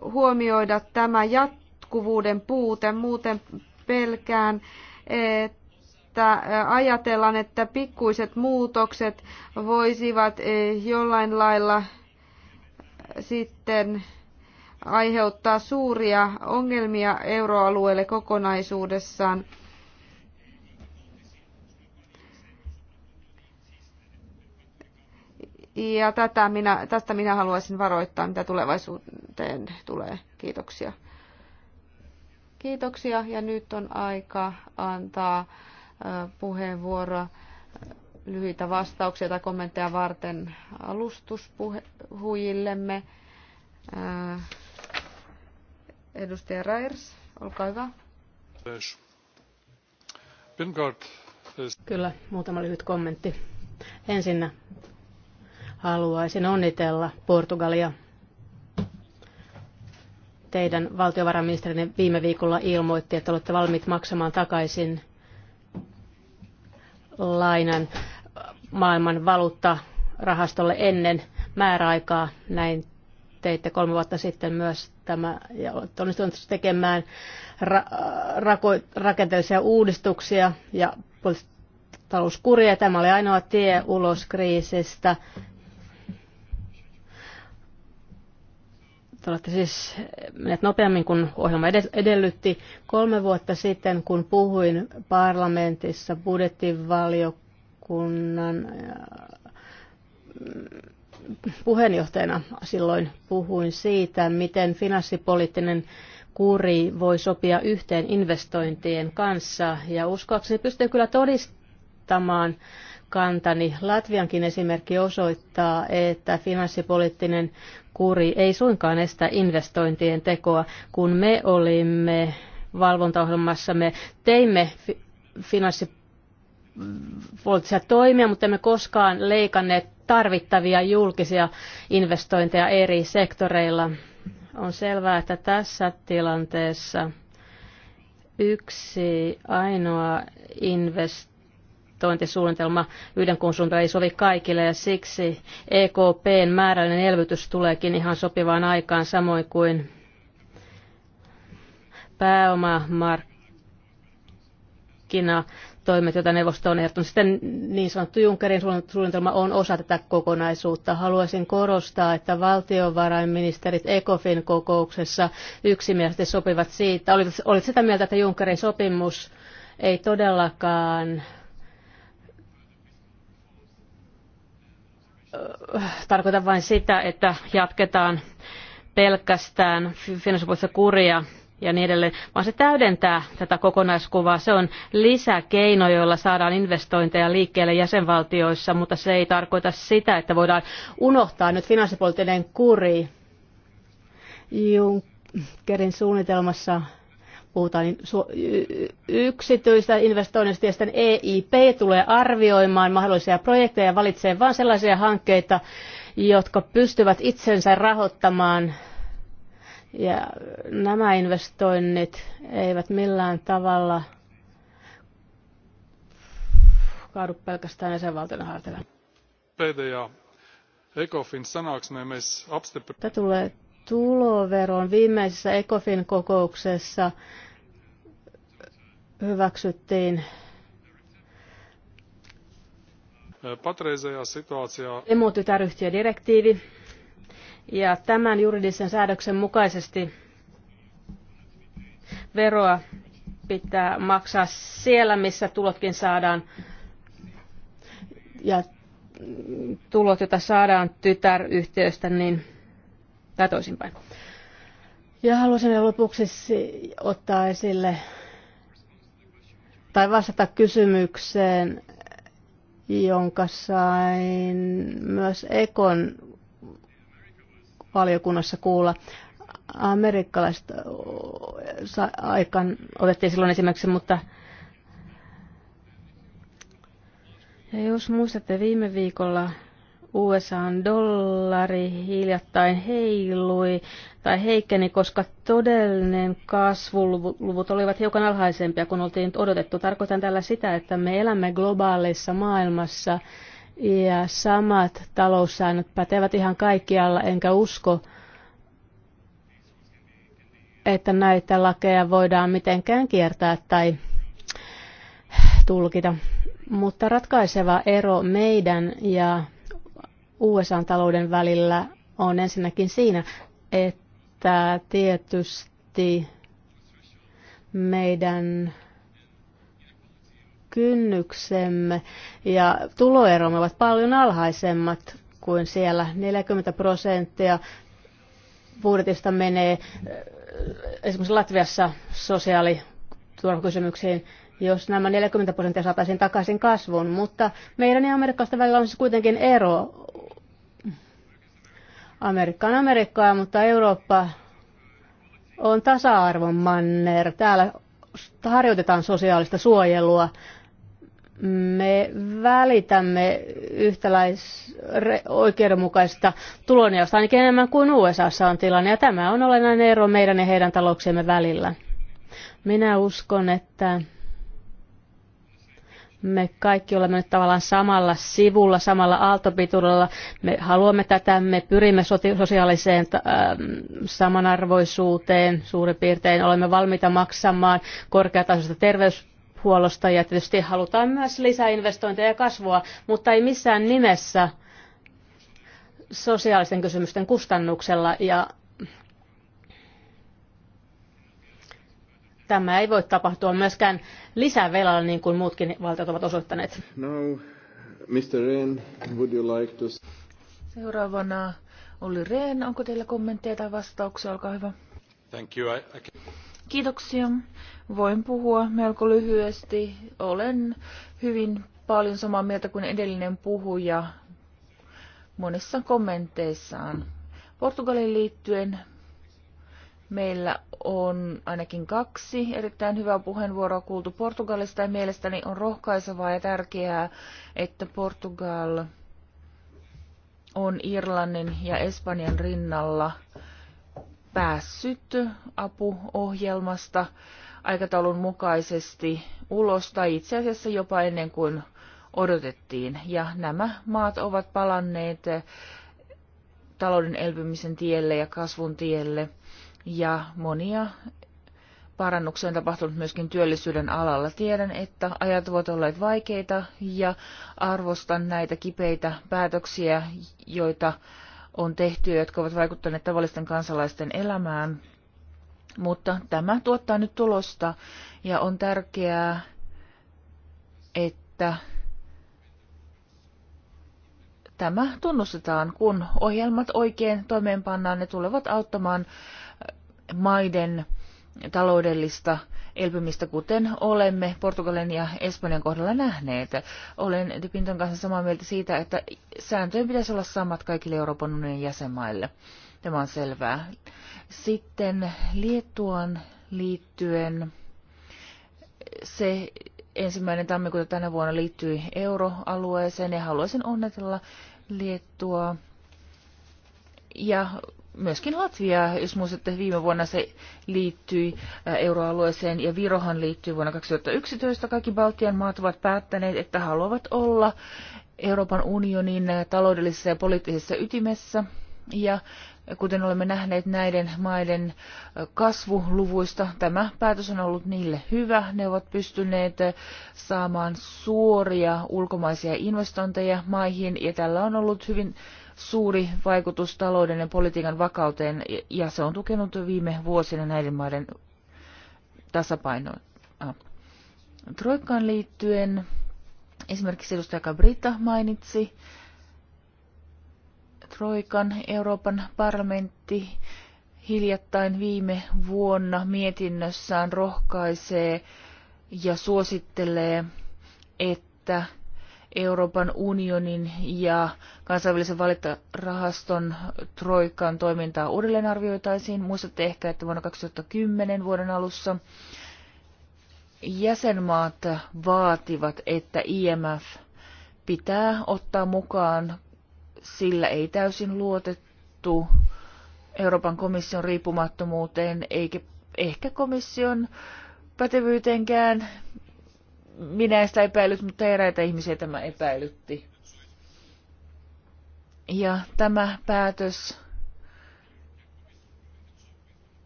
huomioida tämä jatkuvuuden puute, muuten pelkään, että että ajatellaan, että pikkuiset muutokset voisivat jollain lailla sitten aiheuttaa suuria ongelmia euroalueelle kokonaisuudessaan. Ja tätä minä, tästä minä haluaisin varoittaa, mitä tulevaisuuteen tulee. Kiitoksia. Kiitoksia ja nyt on aika antaa puheenvuoro lyhyitä vastauksia tai kommentteja varten alustuspuhujillemme. Äh, edustaja Rairs, olkaa hyvä. Kyllä, muutama lyhyt kommentti. Ensinnä haluaisin onnitella Portugalia. Teidän valtiovarainministerinne viime viikolla ilmoitti, että olette valmiit maksamaan takaisin lainan maailman valuuttarahastolle ennen määräaikaa. Näin teitte kolme vuotta sitten myös tämä, ja olette onnistuneet tekemään ra- rako- rakenteellisia uudistuksia ja talouskuria. Tämä oli ainoa tie ulos kriisistä. te olette siis menet nopeammin kuin ohjelma edellytti. Kolme vuotta sitten, kun puhuin parlamentissa budjettivalio, valiokunnan äh, puheenjohtajana silloin puhuin siitä, miten finanssipoliittinen kuri voi sopia yhteen investointien kanssa. Ja uskoakseni pystyy kyllä todistamaan kantani. Latviankin esimerkki osoittaa, että finanssipoliittinen kuri ei suinkaan estä investointien tekoa. Kun me olimme valvontaohjelmassamme, teimme finanssipoliittisen poliittisia toimia, mutta emme koskaan leikanneet tarvittavia julkisia investointeja eri sektoreilla. On selvää, että tässä tilanteessa yksi ainoa investointisuunnitelma yhden kunsuuntaan ei sovi kaikille ja siksi EKPn määrällinen elvytys tuleekin ihan sopivaan aikaan samoin kuin pääomamarkkina toimet, joita neuvosto on ehdottanut. Sitten niin sanottu Junckerin suunnitelma on osa tätä kokonaisuutta. Haluaisin korostaa, että valtiovarainministerit ECOFIN kokouksessa yksimielisesti sopivat siitä. Olit, olit sitä mieltä, että Junckerin sopimus ei todellakaan äh, tarkoita vain sitä, että jatketaan pelkästään finanssipuolista kuria ja niin edelleen, vaan se täydentää tätä kokonaiskuvaa. Se on lisäkeino, jolla saadaan investointeja liikkeelle jäsenvaltioissa, mutta se ei tarkoita sitä, että voidaan unohtaa nyt finanssipoliittinen kuri. Junckerin suunnitelmassa puhutaan niin yksityistä investoinnista ja sitten EIP tulee arvioimaan mahdollisia projekteja ja valitsee vain sellaisia hankkeita, jotka pystyvät itsensä rahoittamaan ja nämä investoinnit eivät millään tavalla kaadu pelkästään jäsenvaltioiden harteille. ECOFIN sanauksemme myös Tämä tulee tuloveron viimeisessä ECOFIN kokouksessa hyväksyttiin patreisajaa situaatiaa. Emotytäryhtiödirektiivi. Ja tämän juridisen säädöksen mukaisesti veroa pitää maksaa siellä, missä tulotkin saadaan. Ja tulot, joita saadaan tytäryhtiöstä, niin, tai toisinpäin. Ja haluaisin lopuksi ottaa esille tai vastata kysymykseen, jonka sain myös Ekon valiokunnassa kuulla. Amerikkalaiset aikaan otettiin silloin esimerkiksi, mutta ja jos muistatte viime viikolla on dollari hiljattain heilui tai heikkeni, koska todellinen kasvuluvut olivat hiukan alhaisempia kuin oltiin odotettu. Tarkoitan tällä sitä, että me elämme globaalissa maailmassa, ja samat taloussäännöt pätevät ihan kaikkialla, enkä usko, että näitä lakeja voidaan mitenkään kiertää tai tulkita. Mutta ratkaiseva ero meidän ja USA-talouden välillä on ensinnäkin siinä, että tietysti meidän kynnyksemme ja tuloeromme ovat paljon alhaisemmat kuin siellä. 40 prosenttia budjetista menee eh, esimerkiksi Latviassa sosiaaliturvakysymyksiin, jos nämä 40 prosenttia saataisiin takaisin kasvuun, mutta meidän ja amerikkalaisten välillä on siis kuitenkin ero. Amerikka on Amerikkaa, mutta Eurooppa on tasa-arvon manner. Täällä harjoitetaan sosiaalista suojelua me välitämme yhtäläis oikeudenmukaista tulonjaosta ainakin enemmän kuin USAssa on tilanne, ja tämä on olennainen ero meidän ja heidän talouksiemme välillä. Minä uskon, että me kaikki olemme nyt tavallaan samalla sivulla, samalla aaltopituudella. Me haluamme tätä, me pyrimme sosiaaliseen äh, samanarvoisuuteen suurin piirtein. Olemme valmiita maksamaan korkeatasoista terveys huollosta ja tietysti halutaan myös lisää investointeja ja kasvua, mutta ei missään nimessä sosiaalisten kysymysten kustannuksella ja tämä ei voi tapahtua myöskään lisävelalla niin kuin muutkin valtiot ovat osoittaneet. Now, Mr. Rehn, would you like to... Seuraavana Olli Rehn, onko teillä kommentteja tai vastauksia? Olkaa hyvä. Thank you. I, I can... Kiitoksia. Voin puhua melko lyhyesti. Olen hyvin paljon samaa mieltä kuin edellinen puhuja monissa kommenteissaan. Portugalin liittyen meillä on ainakin kaksi erittäin hyvää puheenvuoroa kuultu Portugalista ja mielestäni on rohkaisevaa ja tärkeää, että Portugal on Irlannin ja Espanjan rinnalla – päässyt apuohjelmasta aikataulun mukaisesti ulos tai itse asiassa jopa ennen kuin odotettiin. Ja nämä maat ovat palanneet talouden elpymisen tielle ja kasvun tielle ja monia parannuksia on tapahtunut myöskin työllisyyden alalla. Tiedän, että ajat ovat olleet vaikeita ja arvostan näitä kipeitä päätöksiä, joita on tehty, jotka ovat vaikuttaneet tavallisten kansalaisten elämään. Mutta tämä tuottaa nyt tulosta ja on tärkeää, että tämä tunnustetaan, kun ohjelmat oikein toimeenpannaan, ne tulevat auttamaan maiden taloudellista elpymistä, kuten olemme Portugalin ja Espanjan kohdalla nähneet. Olen De Pinton kanssa samaa mieltä siitä, että sääntöjen pitäisi olla samat kaikille Euroopan unionin jäsenmaille. Tämä on selvää. Sitten Liettuan liittyen se ensimmäinen tammikuuta tänä vuonna liittyi euroalueeseen ja haluaisin onnitella Liettua ja myöskin Latvia, jos muistatte, viime vuonna se liittyi äh, euroalueeseen ja Virohan liittyi vuonna 2011. Kaikki Baltian maat ovat päättäneet, että haluavat olla Euroopan unionin äh, taloudellisessa ja poliittisessa ytimessä. Ja kuten olemme nähneet näiden maiden äh, kasvuluvuista, tämä päätös on ollut niille hyvä. Ne ovat pystyneet saamaan suoria ulkomaisia investointeja maihin ja tällä on ollut hyvin suuri vaikutus talouden ja politiikan vakauteen, ja se on tukenut viime vuosina näiden maiden tasapainoa. Troikkaan liittyen esimerkiksi edustaja Cabrita mainitsi Troikan Euroopan parlamentti hiljattain viime vuonna mietinnössään rohkaisee ja suosittelee, että Euroopan unionin ja kansainvälisen valittarahaston Troikan toimintaa uudelleen arvioitaisiin. Muistatte ehkä, että vuonna 2010 vuoden alussa jäsenmaat vaativat, että IMF pitää ottaa mukaan, sillä ei täysin luotettu Euroopan komission riippumattomuuteen eikä ehkä komission pätevyyteenkään minä en sitä epäilyt, mutta eräitä ihmisiä tämä epäilytti. Ja tämä päätös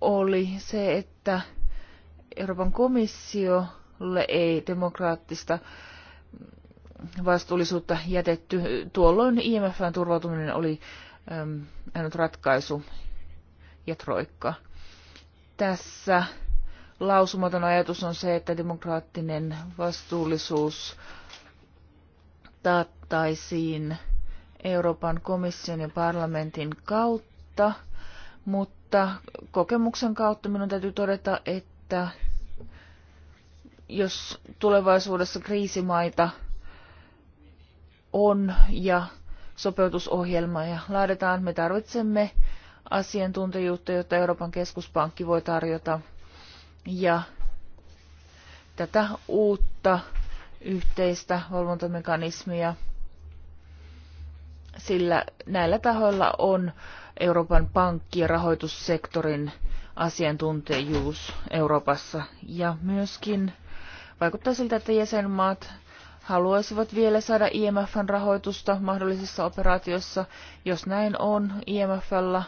oli se, että Euroopan komissiolle ei demokraattista vastuullisuutta jätetty. Tuolloin IMFn turvautuminen oli ainut ratkaisu ja troikka. Tässä lausumaton ajatus on se, että demokraattinen vastuullisuus taattaisiin Euroopan komission ja parlamentin kautta, mutta kokemuksen kautta minun täytyy todeta, että jos tulevaisuudessa kriisimaita on ja sopeutusohjelma ja laaditaan, me tarvitsemme asiantuntijuutta, jotta Euroopan keskuspankki voi tarjota ja tätä uutta yhteistä valvontamekanismia, sillä näillä tahoilla on Euroopan pankki- ja rahoitussektorin asiantuntijuus Euroopassa ja myöskin vaikuttaa siltä, että jäsenmaat haluaisivat vielä saada IMFn rahoitusta mahdollisessa operaatiossa. Jos näin on, IMFllä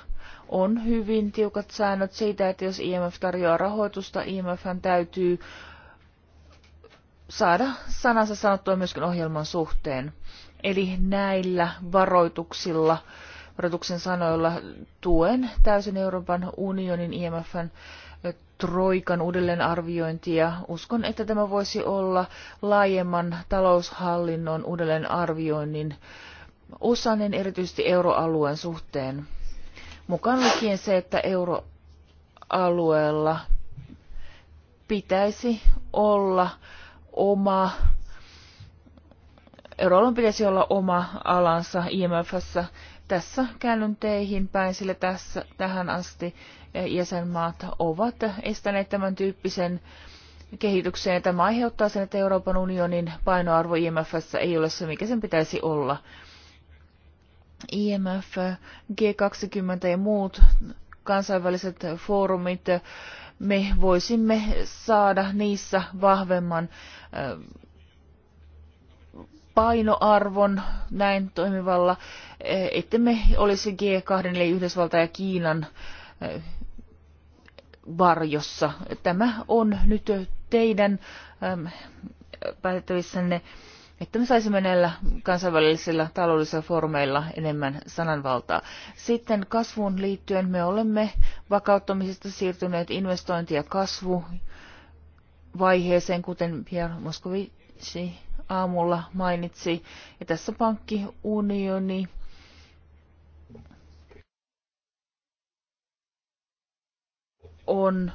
on hyvin tiukat säännöt siitä, että jos IMF tarjoaa rahoitusta, IMFn täytyy saada sanansa sanottua myöskin ohjelman suhteen. Eli näillä varoituksilla, varoituksen sanoilla tuen täysin Euroopan unionin IMFn Troikan ja Uskon, että tämä voisi olla laajemman taloushallinnon uudelleenarvioinnin osanen erityisesti euroalueen suhteen. Mukaan lukien se, että euroalueella pitäisi olla oma, euroalueen pitäisi olla oma alansa IMFssä. Tässä käännyn teihin päin, sillä tässä, tähän asti jäsenmaat ovat estäneet tämän tyyppisen kehitykseen. Tämä aiheuttaa sen, että Euroopan unionin painoarvo IMFssä ei ole se, mikä sen pitäisi olla. IMF, G20 ja muut kansainväliset foorumit, me voisimme saada niissä vahvemman painoarvon näin toimivalla, ettemme olisi G2 eli Yhdysvalta ja Kiinan varjossa. Tämä on nyt teidän ähm, päätettävissänne, että me saisimme näillä kansainvälisillä taloudellisilla foorumeilla enemmän sananvaltaa. Sitten kasvuun liittyen me olemme vakauttamisesta siirtyneet investointi- ja kasvuvaiheeseen, kuten Pierre Moskovici aamulla mainitsi. Ja tässä pankkiunioni on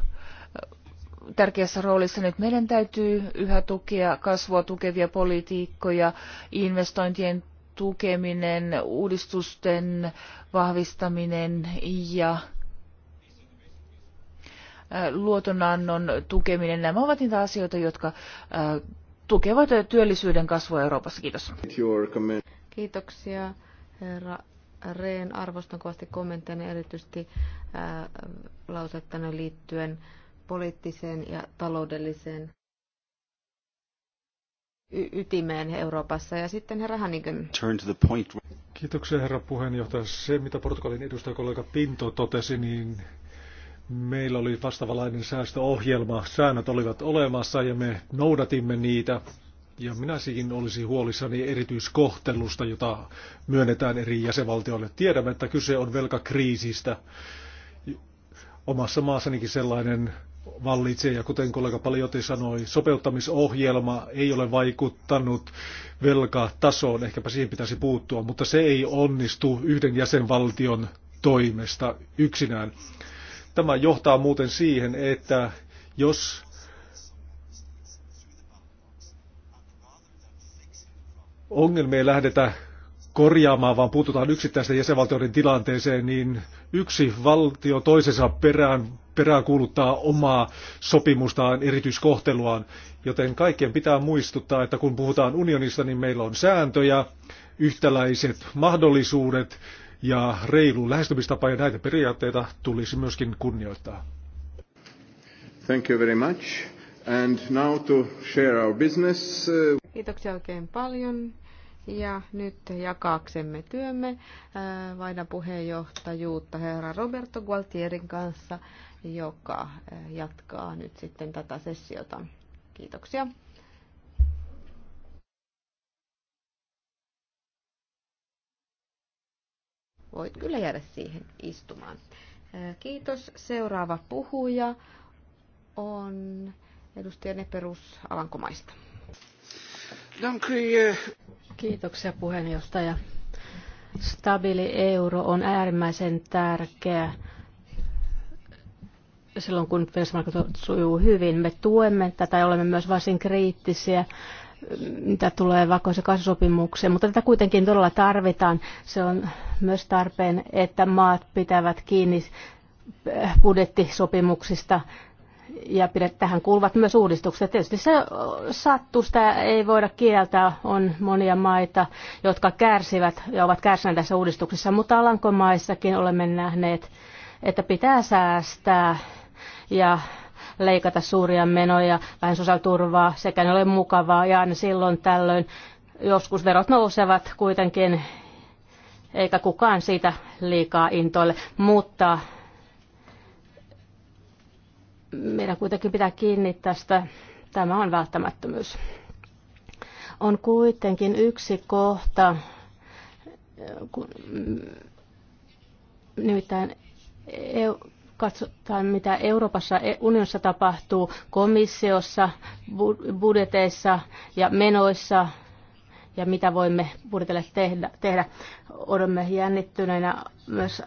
tärkeässä roolissa nyt. Meidän täytyy yhä tukea kasvua tukevia politiikkoja, investointien tukeminen, uudistusten vahvistaminen ja äh, luotonannon tukeminen. Nämä ovat niitä asioita, jotka äh, tukevat työllisyyden kasvua Euroopassa. Kiitos. Kiitoksia herra Reen arvostan kovasti kommentteja, erityisesti lausettana liittyen poliittiseen ja taloudelliseen ytimeen Euroopassa. Ja sitten herra Hannigan. Turn to the point. Kiitoksia herra puheenjohtaja. Se, mitä Portugalin edustajakollega Pinto totesi, niin meillä oli vastavalainen säästöohjelma. Säännöt olivat olemassa ja me noudatimme niitä. Ja minä siihen olisi huolissani erityiskohtelusta, jota myönnetään eri jäsenvaltioille. Tiedämme, että kyse on velkakriisistä. Omassa maassanikin sellainen vallitsee, ja kuten kollega Paljoti sanoi, sopeuttamisohjelma ei ole vaikuttanut velkatasoon, ehkäpä siihen pitäisi puuttua, mutta se ei onnistu yhden jäsenvaltion toimesta yksinään. Tämä johtaa muuten siihen, että jos ongelmia ei lähdetä korjaamaan, vaan puututaan yksittäisten jäsenvaltioiden tilanteeseen, niin yksi valtio toisensa perään, perään kuuluttaa omaa sopimustaan, erityiskohteluaan. Joten kaikkien pitää muistuttaa, että kun puhutaan unionista, niin meillä on sääntöjä, yhtäläiset mahdollisuudet ja reilu lähestymistapa, ja näitä periaatteita tulisi myöskin kunnioittaa. Thank you very much. And now to share our business. Kiitoksia oikein paljon. Ja nyt jakaaksemme työmme äh, vaihdan puheenjohtajuutta herra Roberto Gualtierin kanssa, joka äh, jatkaa nyt sitten tätä sessiota. Kiitoksia. Voit kyllä jäädä siihen istumaan. Äh, kiitos. Seuraava puhuja on edustaja Neperus Alankomaista. Eh. Kiitoksia puheenjohtaja. Stabiili euro on äärimmäisen tärkeä silloin, kun finanssimarkkinat sujuu hyvin. Me tuemme tätä ja olemme myös varsin kriittisiä mitä tulee vakois- ja kasvusopimukseen, mutta tätä kuitenkin todella tarvitaan. Se on myös tarpeen, että maat pitävät kiinni budjettisopimuksista ja tähän kuuluvat myös uudistukset. Tietysti se sattuu, sitä ei voida kieltää. On monia maita, jotka kärsivät ja ovat kärsineet tässä uudistuksessa, mutta Alankomaissakin olemme nähneet, että pitää säästää ja leikata suuria menoja, vähän sosiaaliturvaa, sekä ne ole mukavaa ja aina silloin tällöin joskus verot nousevat kuitenkin, eikä kukaan siitä liikaa intoille, mutta meidän kuitenkin pitää kiinni tästä. Tämä on välttämättömyys. On kuitenkin yksi kohta, kun, mm, nimittäin EU, katsotaan, mitä Euroopassa e, unionissa tapahtuu, komissiossa, budjeteissa ja menoissa ja mitä voimme budjetille tehdä. tehdä. Odomme jännittyneinä myös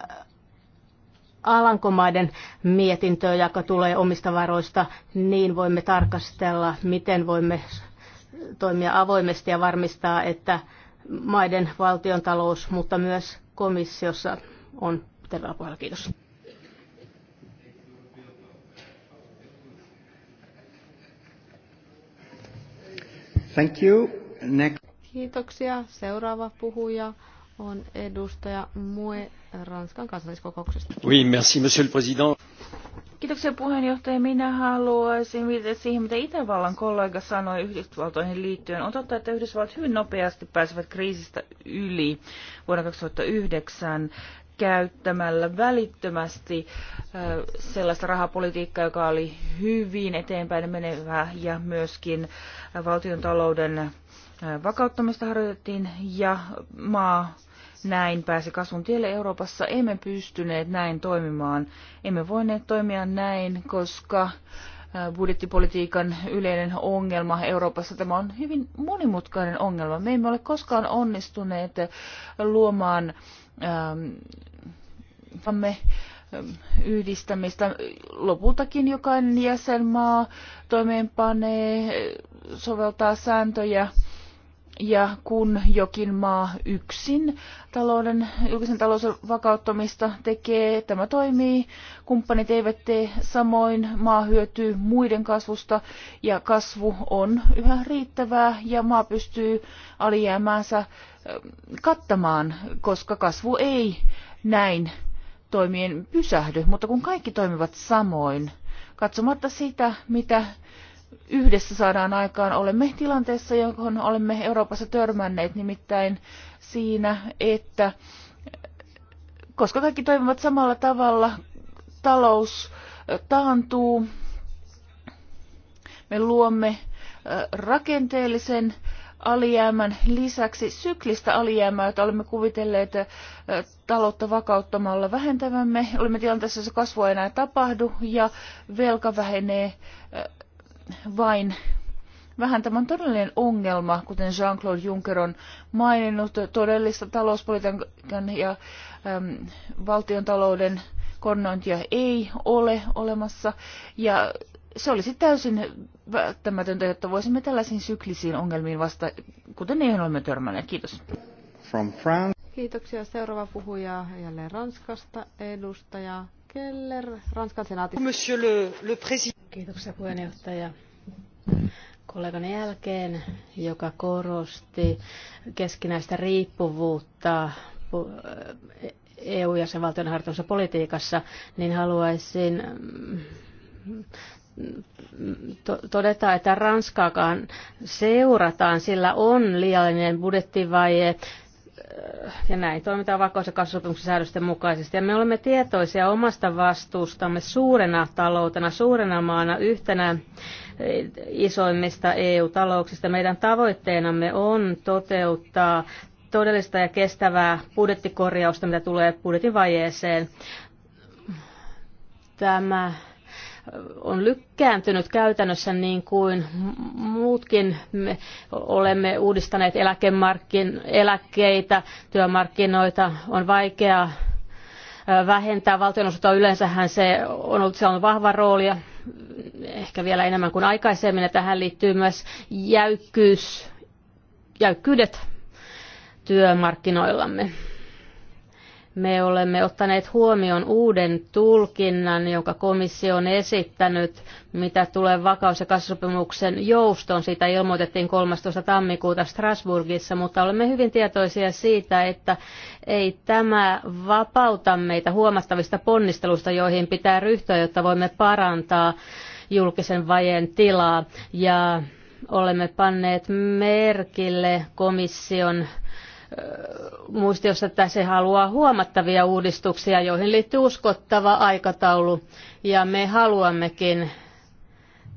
Alankomaiden mietintö, joka tulee omista varoista, niin voimme tarkastella, miten voimme toimia avoimesti ja varmistaa, että maiden valtion talous, mutta myös komissiossa on terveellä pohjalla. Kiitos. Thank you. Next. Kiitoksia. Seuraava puhuja on edustaja Mue Ranskan kansalliskokouksesta. Oui, merci, monsieur le président. Kiitoksia puheenjohtaja. Minä haluaisin viitata siihen, mitä Itävallan kollega sanoi Yhdysvaltoihin liittyen. On totta, että Yhdysvallat hyvin nopeasti pääsevät kriisistä yli vuonna 2009 käyttämällä välittömästi sellaista rahapolitiikkaa, joka oli hyvin eteenpäin menevää ja myöskin valtion talouden vakauttamista harjoitettiin ja maa näin pääsi kasvun tielle Euroopassa. Emme pystyneet näin toimimaan. Emme voineet toimia näin, koska budjettipolitiikan yleinen ongelma Euroopassa. Tämä on hyvin monimutkainen ongelma. Me emme ole koskaan onnistuneet luomaan ähm, yhdistämistä. Lopultakin jokainen jäsenmaa toimeenpanee, soveltaa sääntöjä ja kun jokin maa yksin talouden, julkisen talouden vakauttamista tekee, tämä toimii. Kumppanit eivät tee samoin, maa hyötyy muiden kasvusta ja kasvu on yhä riittävää ja maa pystyy alijäämäänsä ähm, kattamaan, koska kasvu ei näin toimien pysähdy. Mutta kun kaikki toimivat samoin, katsomatta sitä, mitä yhdessä saadaan aikaan. Olemme tilanteessa, johon olemme Euroopassa törmänneet, nimittäin siinä, että koska kaikki toimivat samalla tavalla, talous taantuu, me luomme rakenteellisen alijäämän lisäksi syklistä alijäämää, jota olemme kuvitelleet taloutta vakauttamalla vähentävämme. Olemme tilanteessa, jossa kasvua ei enää tapahdu ja velka vähenee vain vähän tämän todellinen ongelma, kuten Jean-Claude Juncker on maininnut, todellista talouspolitiikan ja äm, valtion talouden konnointia ei ole olemassa. Ja se olisi täysin välttämätöntä, jotta voisimme tällaisiin syklisiin ongelmiin vasta, kuten niihin olemme törmänneet. Kiitos. From France. Kiitoksia. Seuraava puhuja jälleen Ranskasta, edustaja Keller, Ranskan senaatin. Monsieur le, le président. Kiitoksia puheenjohtaja kollegan jälkeen, joka korosti keskinäistä riippuvuutta eu sen harjoittamassa politiikassa, niin haluaisin mm, todeta, että Ranskaakaan seurataan, sillä on liiallinen budjettivaje Äh, ja näin toimitaan vakaus- ja kasvusopimuksen säädösten mukaisesti. Ja me olemme tietoisia omasta vastuustamme suurena taloutena, suurena maana, yhtenä äh, isoimmista EU-talouksista. Meidän tavoitteenamme on toteuttaa todellista ja kestävää budjettikorjausta, mitä tulee budjetin vajeeseen. Tämä on lykkääntynyt käytännössä niin kuin muutkin. Me olemme uudistaneet eläkemarkkin, eläkkeitä, työmarkkinoita. On vaikeaa vähentää valtionosuutta. Yleensähän se on ollut se on vahva rooli ja ehkä vielä enemmän kuin aikaisemmin. Ja tähän liittyy myös jäykkyys, jäykkyydet työmarkkinoillamme. Me olemme ottaneet huomioon uuden tulkinnan, jonka komissio on esittänyt, mitä tulee vakaus- ja kasvusopimuksen joustoon. Siitä ilmoitettiin 13. tammikuuta Strasbourgissa, mutta olemme hyvin tietoisia siitä, että ei tämä vapauta meitä huomattavista ponnisteluista, joihin pitää ryhtyä, jotta voimme parantaa julkisen vajeen tilaa. Ja olemme panneet merkille komission muistiossa, että se haluaa huomattavia uudistuksia, joihin liittyy uskottava aikataulu, ja me haluammekin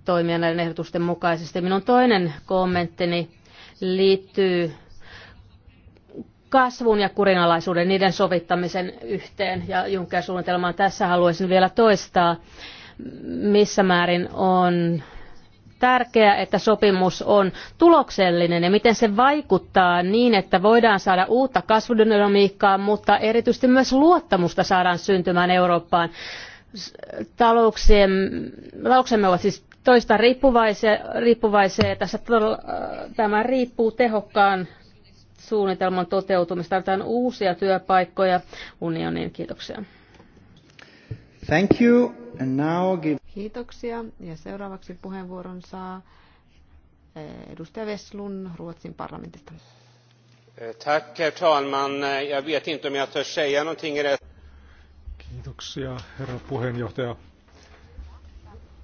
toimia näiden ehdotusten mukaisesti. Minun toinen kommenttini liittyy kasvun ja kurinalaisuuden, niiden sovittamisen yhteen ja Juncker-suunnitelmaan. Tässä haluaisin vielä toistaa, missä määrin on tärkeää, että sopimus on tuloksellinen ja miten se vaikuttaa niin, että voidaan saada uutta kasvudynamiikkaa, mutta erityisesti myös luottamusta saadaan syntymään Eurooppaan. talouksemme ovat siis toista riippuvaisia, riippuvaisia tässä äh, tämä riippuu tehokkaan suunnitelman toteutumista. Tarvitaan uusia työpaikkoja unioniin. Kiitoksia. Thank you. And now give... Kiitoksia. Ja seuraavaksi puheenvuoron saa eh, edustaja Veslun Ruotsin parlamentista. Eh, tack, herr talman. Eh, jag vet inte om jag törs säga någonting i det. Kiitoksia, herra puheenjohtaja.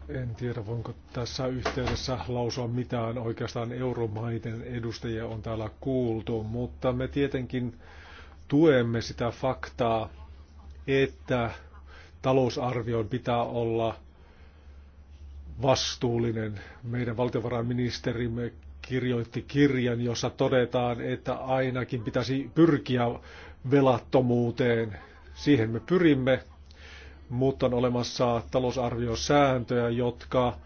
En tiedä, voinko tässä yhteydessä lausua mitään. Oikeastaan euromaiden edustajia on täällä kuultu, mutta me tietenkin tuemme sitä faktaa, että talousarvion pitää olla vastuullinen. Meidän valtiovarainministerimme kirjoitti kirjan, jossa todetaan, että ainakin pitäisi pyrkiä velattomuuteen. Siihen me pyrimme, mutta on olemassa talousarviosääntöjä, jotka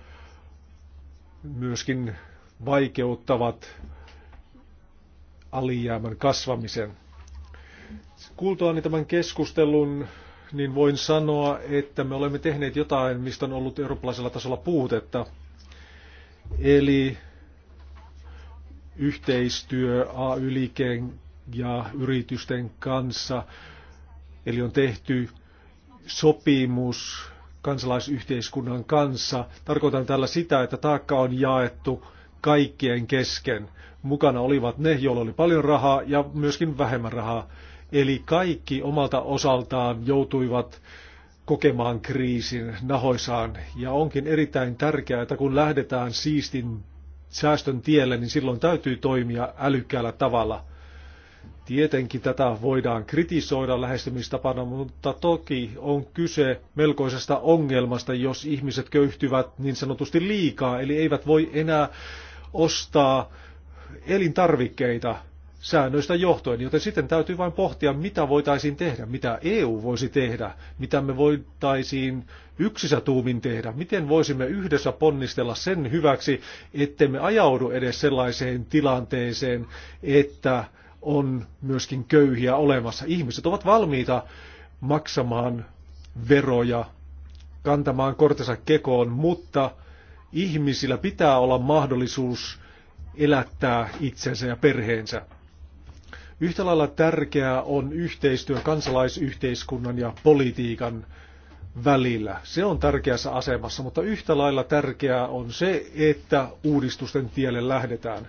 myöskin vaikeuttavat alijäämän kasvamisen. Kuultuani tämän keskustelun niin voin sanoa, että me olemme tehneet jotain, mistä on ollut eurooppalaisella tasolla puutetta. Eli yhteistyö ay liikeen ja yritysten kanssa. Eli on tehty sopimus kansalaisyhteiskunnan kanssa. Tarkoitan tällä sitä, että taakka on jaettu kaikkien kesken. Mukana olivat ne, joilla oli paljon rahaa ja myöskin vähemmän rahaa. Eli kaikki omalta osaltaan joutuivat kokemaan kriisin nahoisaan. Ja onkin erittäin tärkeää, että kun lähdetään siistin säästön tielle, niin silloin täytyy toimia älykkäällä tavalla. Tietenkin tätä voidaan kritisoida lähestymistapana, mutta toki on kyse melkoisesta ongelmasta, jos ihmiset köyhtyvät niin sanotusti liikaa, eli eivät voi enää ostaa elintarvikkeita säännöistä johtuen, joten sitten täytyy vain pohtia, mitä voitaisiin tehdä, mitä EU voisi tehdä, mitä me voitaisiin yksissä tuumin tehdä, miten voisimme yhdessä ponnistella sen hyväksi, ettemme ajaudu edes sellaiseen tilanteeseen, että on myöskin köyhiä olemassa. Ihmiset ovat valmiita maksamaan veroja, kantamaan kortensa kekoon, mutta ihmisillä pitää olla mahdollisuus elättää itsensä ja perheensä. Yhtä lailla tärkeää on yhteistyö kansalaisyhteiskunnan ja politiikan välillä. Se on tärkeässä asemassa, mutta yhtä lailla tärkeää on se, että uudistusten tielle lähdetään.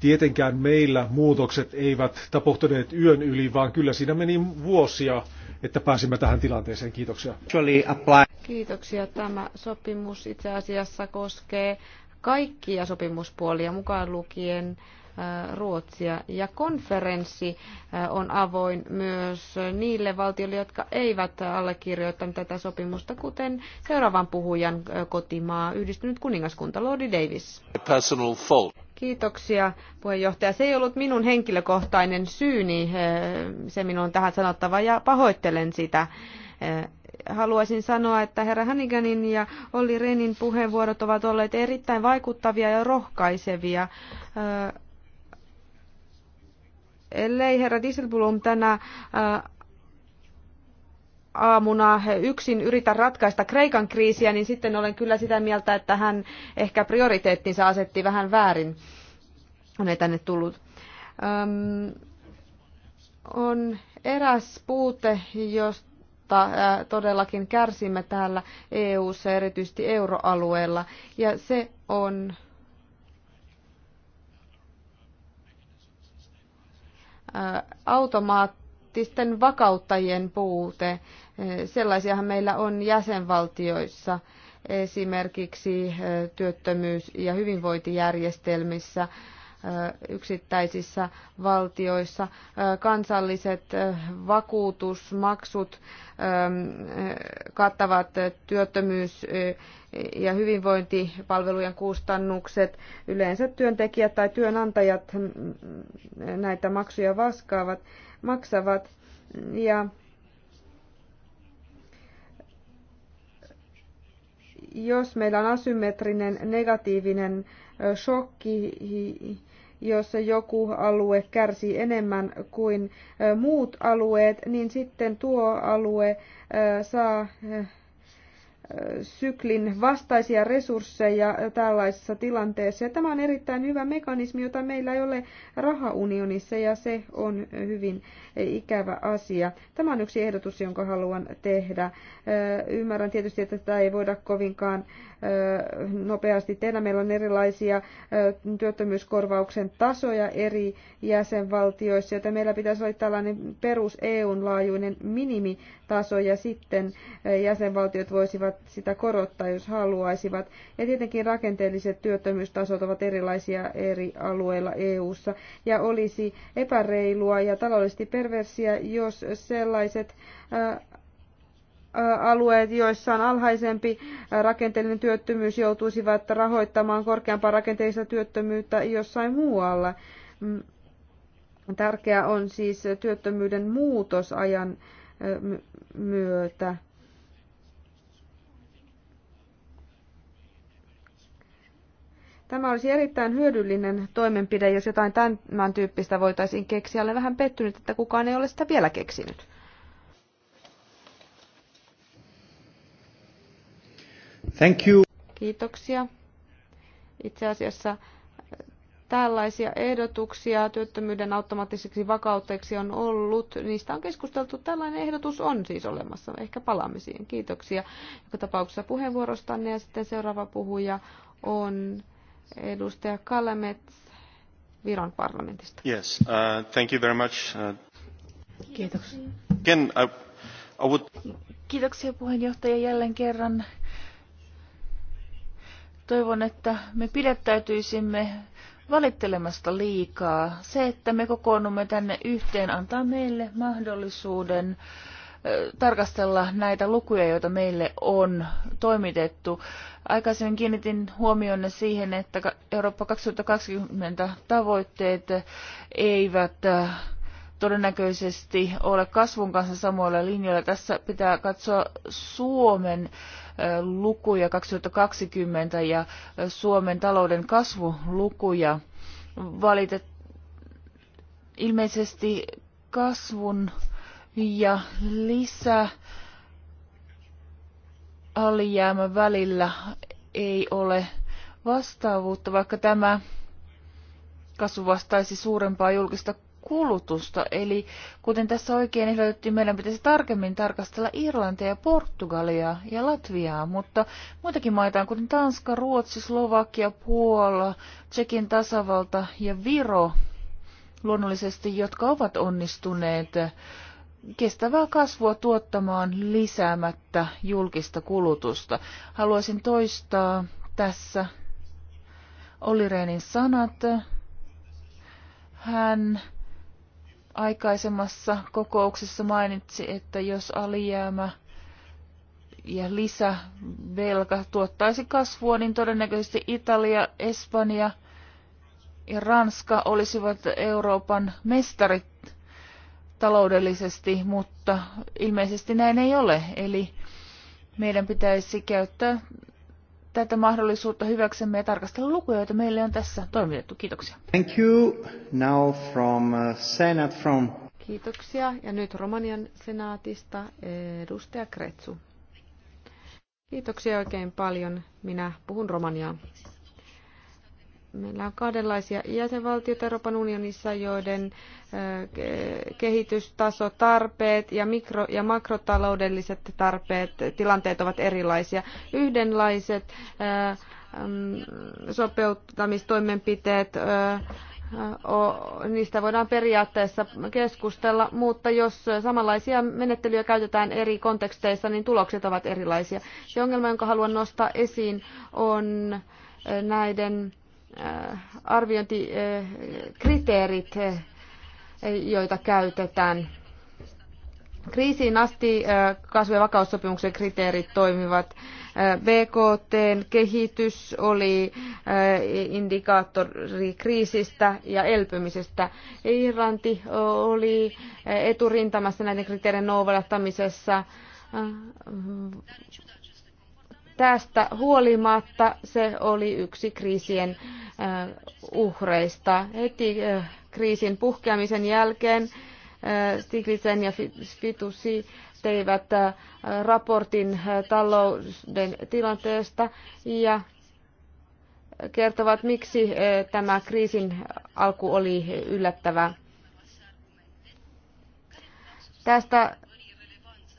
Tietenkään meillä muutokset eivät tapahtuneet yön yli, vaan kyllä siinä meni vuosia, että pääsimme tähän tilanteeseen. Kiitoksia. Kiitoksia. Tämä sopimus itse asiassa koskee kaikkia sopimuspuolia, mukaan lukien Äh, Ruotsia. Ja konferenssi äh, on avoin myös niille valtioille, jotka eivät allekirjoittanut tätä sopimusta, kuten seuraavan puhujan äh, kotimaa, yhdistynyt kuningaskunta, Lordi Davis. Personal fault. Kiitoksia puheenjohtaja. Se ei ollut minun henkilökohtainen syyni, se minun on tähän sanottava ja pahoittelen sitä haluaisin sanoa, että herra Hanniganin ja Olli Renin puheenvuorot ovat olleet erittäin vaikuttavia ja rohkaisevia ellei herra Dieselblom tänä aamuna yksin yritä ratkaista Kreikan kriisiä, niin sitten olen kyllä sitä mieltä, että hän ehkä prioriteettinsa asetti vähän väärin. On ei tänne tullut. Öm, on eräs puute, josta todellakin kärsimme täällä EU-ssa, erityisesti euroalueella, ja se on automaattisten vakauttajien puute. Sellaisiahan meillä on jäsenvaltioissa esimerkiksi työttömyys- ja hyvinvointijärjestelmissä yksittäisissä valtioissa. Kansalliset vakuutusmaksut kattavat työttömyys- ja hyvinvointipalvelujen kustannukset. Yleensä työntekijät tai työnantajat näitä maksuja vaskaavat, maksavat. Ja jos meillä on asymmetrinen negatiivinen shokki, jossa joku alue kärsii enemmän kuin muut alueet, niin sitten tuo alue saa syklin vastaisia resursseja tällaisessa tilanteessa. Ja tämä on erittäin hyvä mekanismi, jota meillä ei ole rahaunionissa ja se on hyvin ikävä asia. Tämä on yksi ehdotus, jonka haluan tehdä. Ymmärrän tietysti, että tätä ei voida kovinkaan nopeasti tehdä. Meillä on erilaisia työttömyyskorvauksen tasoja eri jäsenvaltioissa, joten meillä pitäisi olla tällainen perus EUn laajuinen minimitaso ja sitten jäsenvaltiot voisivat voisivat sitä korottaa, jos haluaisivat. Ja tietenkin rakenteelliset työttömyystasot ovat erilaisia eri alueilla EU:ssa ja olisi epäreilua ja taloudellisesti perversiä, jos sellaiset alueet, joissa on alhaisempi rakenteellinen työttömyys, joutuisivat rahoittamaan korkeampaa rakenteellista työttömyyttä jossain muualla. Mm. Tärkeää on siis työttömyyden muutos ajan myötä. Tämä olisi erittäin hyödyllinen toimenpide, jos jotain tämän tyyppistä voitaisiin keksiä. Olen vähän pettynyt, että kukaan ei ole sitä vielä keksinyt. Thank you. Kiitoksia. Itse asiassa äh, tällaisia ehdotuksia työttömyyden automaattiseksi vakautteeksi on ollut. Niistä on keskusteltu. Tällainen ehdotus on siis olemassa. Ehkä palaamme siihen. Kiitoksia joka tapauksessa puheenvuorostanne. Ja sitten seuraava puhuja on Edustaja Kalamet Viron parlamentista. Yes, uh, thank you very much. Uh, Kiitoksia. Again, I, I would... Kiitoksia puheenjohtaja jälleen kerran. Toivon, että me pidättäytyisimme valittelemasta liikaa. Se, että me kokoonnumme tänne yhteen, antaa meille mahdollisuuden äh, tarkastella näitä lukuja, joita meille on toimitettu. Aikaisemmin kiinnitin huomionne siihen, että Eurooppa 2020 tavoitteet eivät todennäköisesti ole kasvun kanssa samoilla linjoilla. Tässä pitää katsoa Suomen lukuja 2020 ja Suomen talouden kasvulukuja. Valitet, ilmeisesti kasvun ja lisä alijäämä välillä ei ole vastaavuutta, vaikka tämä kasvu vastaisi suurempaa julkista kulutusta. Eli kuten tässä oikein ehdotettiin, meidän pitäisi tarkemmin tarkastella Irlantia, Portugalia ja Latviaa, mutta muitakin maita on kuten Tanska, Ruotsi, Slovakia, Puola, Tsekin tasavalta ja Viro luonnollisesti, jotka ovat onnistuneet kestävää kasvua tuottamaan lisäämättä julkista kulutusta. Haluaisin toistaa tässä Olli Rehnin sanat. Hän aikaisemmassa kokouksessa mainitsi, että jos alijäämä ja lisävelka tuottaisi kasvua, niin todennäköisesti Italia, Espanja ja Ranska olisivat Euroopan mestarit taloudellisesti, mutta ilmeisesti näin ei ole. Eli meidän pitäisi käyttää tätä mahdollisuutta hyväksemme ja tarkastella lukuja, joita meille on tässä toimitettu. Kiitoksia. Thank you. Now from uh, Senate from... Kiitoksia. Ja nyt Romanian senaatista edustaja Kretsu. Kiitoksia oikein paljon. Minä puhun Romaniaa. Meillä on kahdenlaisia jäsenvaltioita Euroopan unionissa, joiden kehitystaso, tarpeet ja mikro- ja makrotaloudelliset tarpeet, tilanteet ovat erilaisia. Yhdenlaiset mm, sopeuttamistoimenpiteet niistä voidaan periaatteessa keskustella, mutta jos samanlaisia menettelyjä käytetään eri konteksteissa, niin tulokset ovat erilaisia. Se ongelma, jonka haluan nostaa esiin, on näiden arviointikriteerit, joita käytetään. Kriisiin asti kasvu- ja vakaussopimuksen kriteerit toimivat. BKTn kehitys oli indikaattori kriisistä ja elpymisestä. Irlanti oli eturintamassa näiden kriteerien noudattamisessa Tästä huolimatta se oli yksi kriisien äh, uhreista. Heti äh, kriisin puhkeamisen jälkeen äh, Stiglitsen ja Fitusi teivät raportin talouden tilanteesta ja kertovat, miksi tämä kriisin alku oli yllättävä. Tästä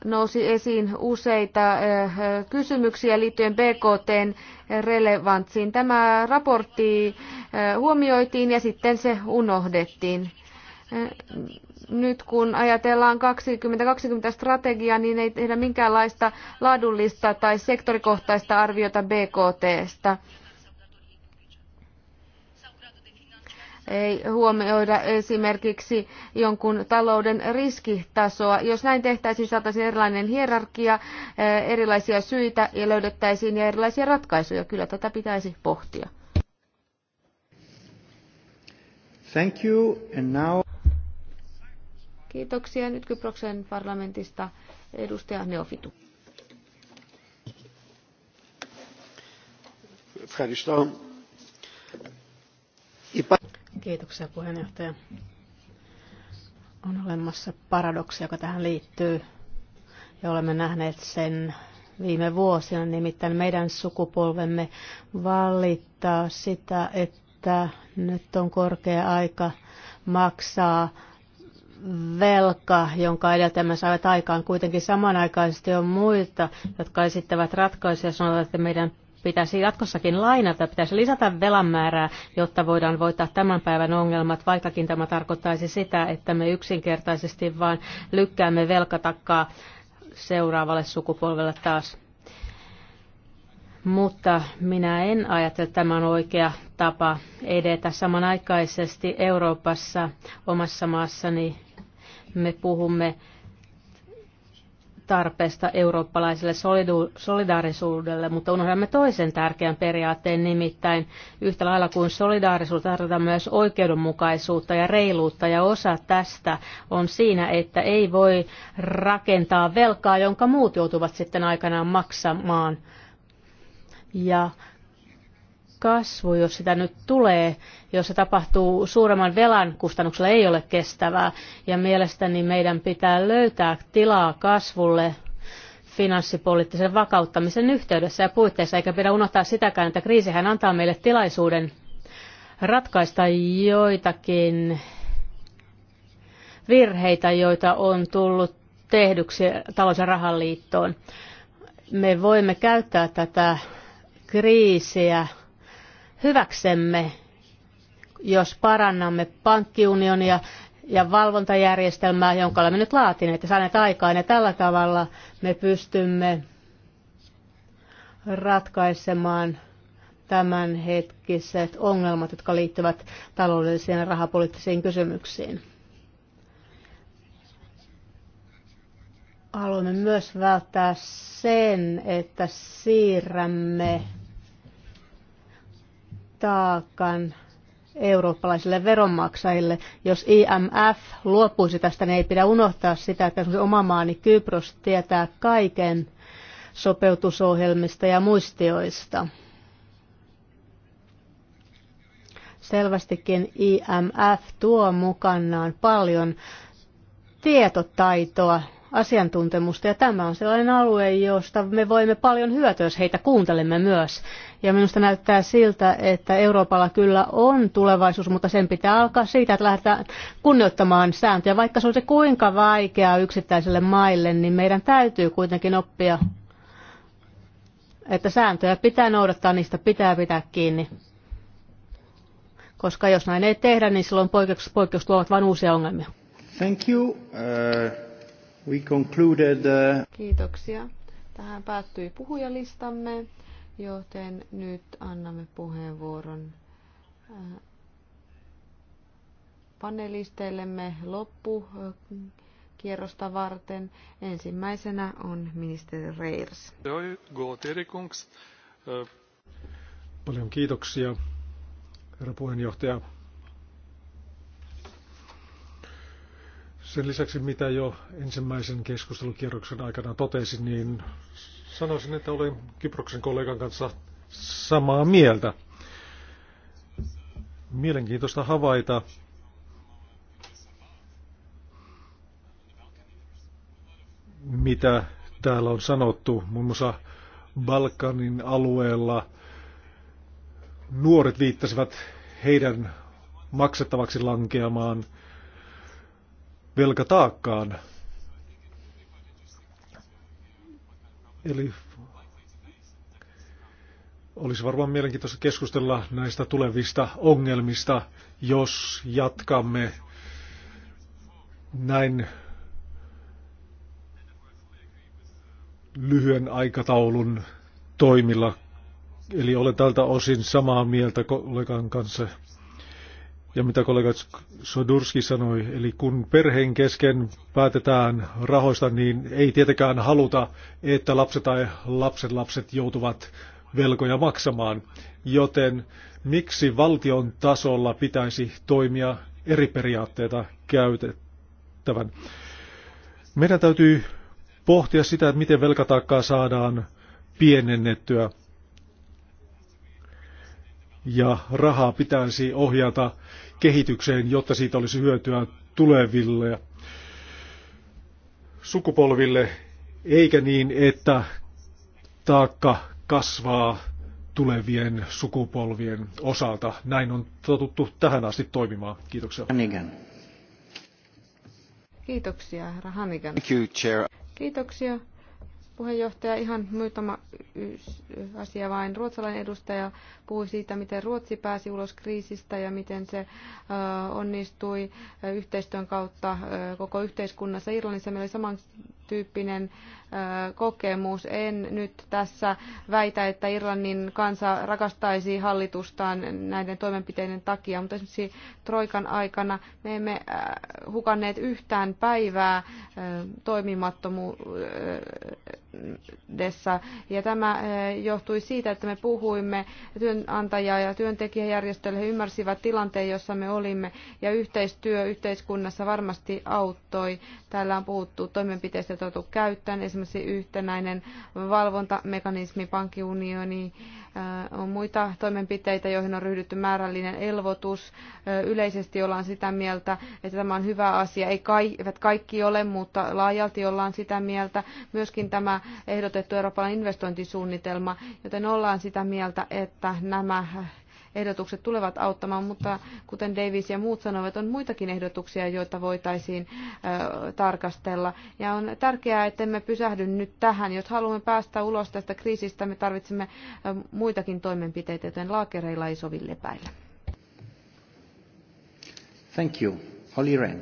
nousi esiin useita eh, eh, kysymyksiä liittyen BKTn relevanssiin. Tämä raportti eh, huomioitiin ja sitten se unohdettiin. Nyt kun ajatellaan 2020 strategiaa, niin ei tehdä minkäänlaista laadullista tai sektorikohtaista arviota BKTstä ei huomioida esimerkiksi jonkun talouden riskitasoa. Jos näin tehtäisiin, saataisiin erilainen hierarkia, eh, erilaisia syitä ja löydettäisiin ja erilaisia ratkaisuja. Kyllä tätä pitäisi pohtia. Thank you, and now... Kiitoksia. Nyt Kyproksen parlamentista edustaja Neofitu. Kiitoksia puheenjohtaja. On olemassa paradoksi, joka tähän liittyy, ja olemme nähneet sen viime vuosina. Nimittäin meidän sukupolvemme valittaa sitä, että nyt on korkea aika maksaa velka, jonka edeltämme saivat aikaan. Kuitenkin samanaikaisesti on muita, jotka esittävät ratkaisuja ja sanovat, että meidän pitäisi jatkossakin lainata, pitäisi lisätä velan määrää, jotta voidaan voittaa tämän päivän ongelmat, vaikkakin tämä tarkoittaisi sitä, että me yksinkertaisesti vain lykkäämme velkatakkaa seuraavalle sukupolvelle taas. Mutta minä en ajattele, tämän oikea tapa edetä. Samanaikaisesti Euroopassa, omassa maassani, me puhumme tarpeesta eurooppalaiselle solidaarisuudelle, mutta unohdamme toisen tärkeän periaatteen nimittäin. Yhtä lailla kuin solidaarisuus tarvitaan myös oikeudenmukaisuutta ja reiluutta ja osa tästä on siinä, että ei voi rakentaa velkaa, jonka muut joutuvat sitten aikanaan maksamaan. Ja kasvu, jos sitä nyt tulee, jos se tapahtuu suuremman velan kustannuksella, ei ole kestävää. Ja mielestäni meidän pitää löytää tilaa kasvulle finanssipoliittisen vakauttamisen yhteydessä ja puitteissa, eikä pidä unohtaa sitäkään, että kriisihän antaa meille tilaisuuden ratkaista joitakin virheitä, joita on tullut tehdyksi talous- ja rahaliittoon. Me voimme käyttää tätä kriisiä hyväksemme, jos parannamme pankkiunionia ja valvontajärjestelmää, jonka olemme nyt laatineet ja saaneet aikaan. Ja tällä tavalla me pystymme ratkaisemaan tämänhetkiset ongelmat, jotka liittyvät taloudellisiin ja rahapoliittisiin kysymyksiin. Haluamme myös välttää sen, että siirrämme taakan eurooppalaisille veronmaksajille. Jos IMF luopuisi tästä, niin ei pidä unohtaa sitä, että esimerkiksi oma maani Kypros tietää kaiken sopeutusohjelmista ja muistioista. Selvästikin IMF tuo mukanaan paljon tietotaitoa asiantuntemusta ja tämä on sellainen alue, josta me voimme paljon hyötyä, jos heitä kuuntelemme myös. Ja minusta näyttää siltä, että Euroopalla kyllä on tulevaisuus, mutta sen pitää alkaa siitä, että lähdetään kunnioittamaan sääntöjä. Vaikka se on se kuinka vaikeaa yksittäiselle maille, niin meidän täytyy kuitenkin oppia, että sääntöjä pitää noudattaa, niistä pitää pitää kiinni. Koska jos näin ei tehdä, niin silloin poikkeukset, poikkeus tuovat vain uusia ongelmia. Thank you. Uh... We concluded, uh... Kiitoksia. Tähän päättyi puhujalistamme, joten nyt annamme puheenvuoron äh, panelisteillemme loppukierrosta varten. Ensimmäisenä on ministeri Reirs. Paljon kiitoksia, herra puheenjohtaja. Sen lisäksi, mitä jo ensimmäisen keskustelukierroksen aikana totesin, niin sanoisin, että olen Kyproksen kollegan kanssa samaa mieltä. Mielenkiintoista havaita, mitä täällä on sanottu, muun muassa Balkanin alueella nuoret viittasivat heidän maksettavaksi lankeamaan – velkataakkaan. Eli olisi varmaan mielenkiintoista keskustella näistä tulevista ongelmista, jos jatkamme näin lyhyen aikataulun toimilla. Eli olen tältä osin samaa mieltä kollegan kanssa ja mitä kollega Sodurski sanoi, eli kun perheen kesken päätetään rahoista, niin ei tietenkään haluta, että lapset tai lapset lapset joutuvat velkoja maksamaan. Joten miksi valtion tasolla pitäisi toimia eri periaatteita käytettävän? Meidän täytyy pohtia sitä, että miten velkataakkaa saadaan pienennettyä. Ja rahaa pitäisi ohjata kehitykseen, jotta siitä olisi hyötyä tuleville sukupolville, eikä niin, että taakka kasvaa tulevien sukupolvien osalta. Näin on totuttu tähän asti toimimaan. Kiitoksia. Hannigan. Kiitoksia, herra Hannigan. Thank you, chair. Kiitoksia, puheenjohtaja, ihan muutama asia vain. Ruotsalainen edustaja puhui siitä, miten Ruotsi pääsi ulos kriisistä ja miten se onnistui yhteistyön kautta koko yhteiskunnassa. Irlannissa meillä oli saman tyyppinen kokemus. En nyt tässä väitä, että Irlannin kansa rakastaisi hallitustaan näiden toimenpiteiden takia, mutta esimerkiksi Troikan aikana me emme hukanneet yhtään päivää toimimattomuudessa. Ja tämä johtui siitä, että me puhuimme työnantaja- ja työntekijäjärjestöille, he ymmärsivät tilanteen, jossa me olimme, ja yhteistyö yhteiskunnassa varmasti auttoi. Täällä on puhuttu toimenpiteistä, otettu käyttöön. Esimerkiksi yhtenäinen valvontamekanismi, pankkiunioni, äh, on muita toimenpiteitä, joihin on ryhdytty määrällinen elvotus. Äh, yleisesti ollaan sitä mieltä, että tämä on hyvä asia. Ei eivät kaikki ole, mutta laajalti ollaan sitä mieltä. Myöskin tämä ehdotettu Euroopan investointisuunnitelma, joten ollaan sitä mieltä, että nämä ehdotukset tulevat auttamaan, mutta kuten Davis ja muut sanovat, on muitakin ehdotuksia, joita voitaisiin tarkastella. Ja on tärkeää, että pysähdy nyt tähän. Jos haluamme päästä ulos tästä kriisistä, me tarvitsemme muitakin toimenpiteitä, joten laakereilla ei sovi lepäillä. Thank you. Holly Rehn.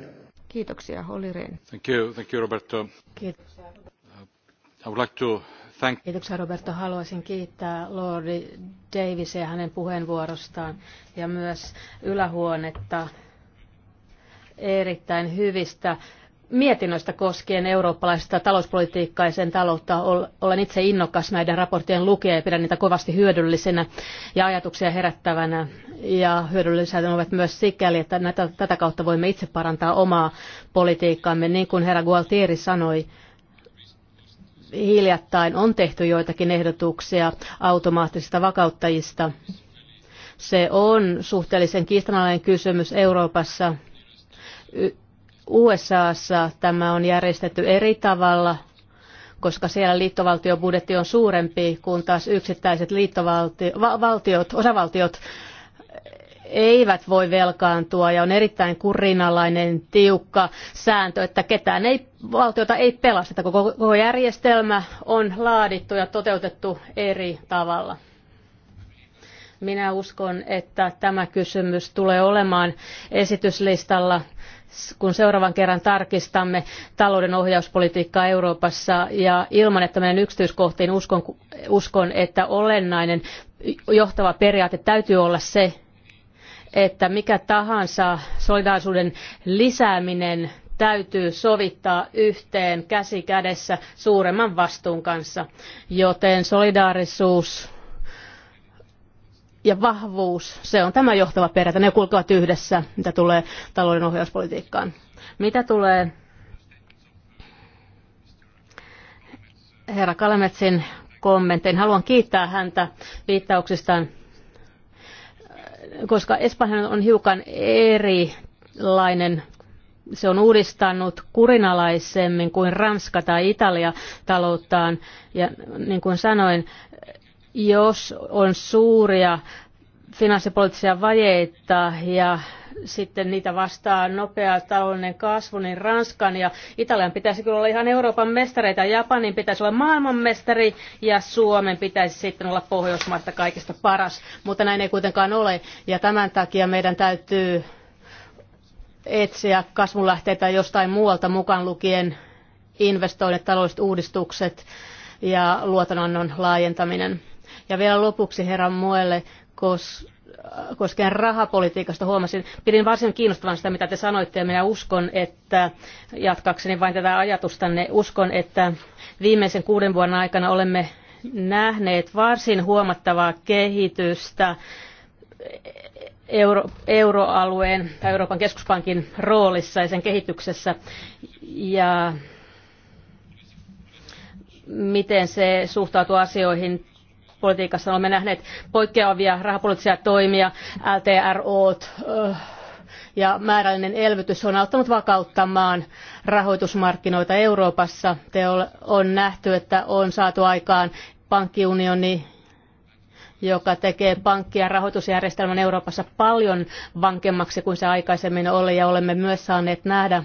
Kiitoksia, Holly Rehn. Thank you, thank you Roberto. Kiitoksia. Uh, I would like to Thank... Kiitoksia Roberto. Haluaisin kiittää Lordi Davisia hänen puheenvuorostaan ja myös ylähuonetta erittäin hyvistä mietinnöistä koskien eurooppalaista talouspolitiikkaa ja sen taloutta. Olen itse innokas näiden raporttien lukija ja pidän niitä kovasti hyödyllisenä ja ajatuksia herättävänä. Ja hyödyllisiä ne ovat myös sikäli, että näitä, tätä kautta voimme itse parantaa omaa politiikkaamme. Niin kuin herra Gualtieri sanoi, hiljattain on tehty joitakin ehdotuksia automaattisista vakauttajista. Se on suhteellisen kiistanalainen kysymys Euroopassa. USAssa tämä on järjestetty eri tavalla, koska siellä liittovaltiobudjetti on suurempi, kuin taas yksittäiset liittovaltiot, osavaltiot eivät voi velkaantua ja on erittäin kurinalainen tiukka sääntö, että ketään ei, valtiota ei pelasteta. Koko, koko järjestelmä on laadittu ja toteutettu eri tavalla. Minä uskon, että tämä kysymys tulee olemaan esityslistalla, kun seuraavan kerran tarkistamme talouden ohjauspolitiikkaa Euroopassa. Ja ilman, että menen yksityiskohtiin, uskon, uskon että olennainen johtava periaate täytyy olla se, että mikä tahansa solidaarisuuden lisääminen täytyy sovittaa yhteen käsi kädessä suuremman vastuun kanssa, joten solidaarisuus ja vahvuus, se on tämä johtava periaate. Ne kulkevat yhdessä, mitä tulee talouden ohjauspolitiikkaan. Mitä tulee herra Kalemetsin kommentteihin, haluan kiittää häntä viittauksistaan koska Espanja on hiukan erilainen se on uudistanut kurinalaisemmin kuin Ranska tai Italia talouttaan. Ja niin kuin sanoin, jos on suuria finanssipoliittisia vajeita ja sitten niitä vastaa nopea taloudellinen kasvu, niin Ranskan ja Italian pitäisi kyllä olla ihan Euroopan mestareita, Japanin pitäisi olla maailmanmestari ja Suomen pitäisi sitten olla Pohjoismaista kaikista paras, mutta näin ei kuitenkaan ole ja tämän takia meidän täytyy etsiä kasvunlähteitä jostain muualta mukaan lukien investoinnit, taloudelliset uudistukset ja luotonannon laajentaminen. Ja vielä lopuksi herran Muelle, koska koskien rahapolitiikasta huomasin, pidin varsin kiinnostavan sitä, mitä te sanoitte, ja minä uskon, että jatkakseni vain tätä ajatustanne, uskon, että viimeisen kuuden vuoden aikana olemme nähneet varsin huomattavaa kehitystä euro, euroalueen tai Euroopan keskuspankin roolissa ja sen kehityksessä ja miten se suhtautuu asioihin rahapolitiikassa olemme nähneet poikkeavia rahapoliittisia toimia, LTROt äh, ja määrällinen elvytys on auttanut vakauttamaan rahoitusmarkkinoita Euroopassa. Te on nähty, että on saatu aikaan pankkiunioni, joka tekee pankki- ja rahoitusjärjestelmän Euroopassa paljon vankemmaksi kuin se aikaisemmin oli ja olemme myös saaneet nähdä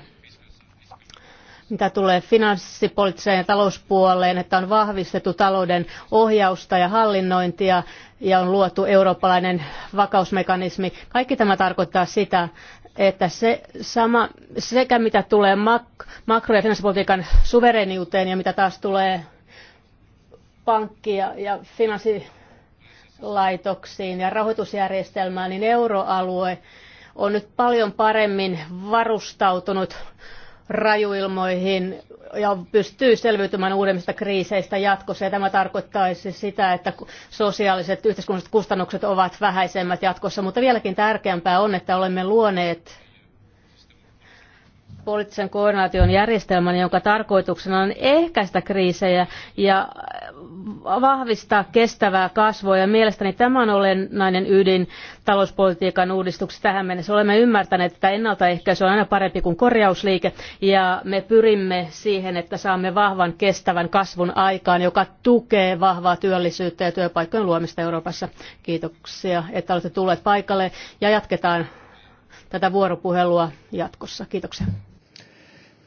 mitä tulee finanssipoliittiseen ja talouspuoleen, että on vahvistettu talouden ohjausta ja hallinnointia ja on luotu eurooppalainen vakausmekanismi. Kaikki tämä tarkoittaa sitä, että se sama, sekä mitä tulee mak- makro- ja finanssipolitiikan suvereniuteen ja mitä taas tulee pankki- ja, ja finanssilaitoksiin ja rahoitusjärjestelmään, niin euroalue on nyt paljon paremmin varustautunut rajuilmoihin ja pystyy selviytymään uudemmista kriiseistä jatkossa. Ja tämä tarkoittaisi sitä, että sosiaaliset yhteiskunnalliset kustannukset ovat vähäisemmät jatkossa, mutta vieläkin tärkeämpää on, että olemme luoneet poliittisen koordinaation järjestelmän, jonka tarkoituksena on ehkäistä kriisejä ja vahvistaa kestävää kasvua. Ja mielestäni tämä on olennainen ydin talouspolitiikan uudistuksessa tähän mennessä. Olemme ymmärtäneet, että ennaltaehkäisy on aina parempi kuin korjausliike ja me pyrimme siihen, että saamme vahvan kestävän kasvun aikaan, joka tukee vahvaa työllisyyttä ja työpaikkojen luomista Euroopassa. Kiitoksia, että olette tulleet paikalle ja jatketaan tätä vuoropuhelua jatkossa. Kiitoksia.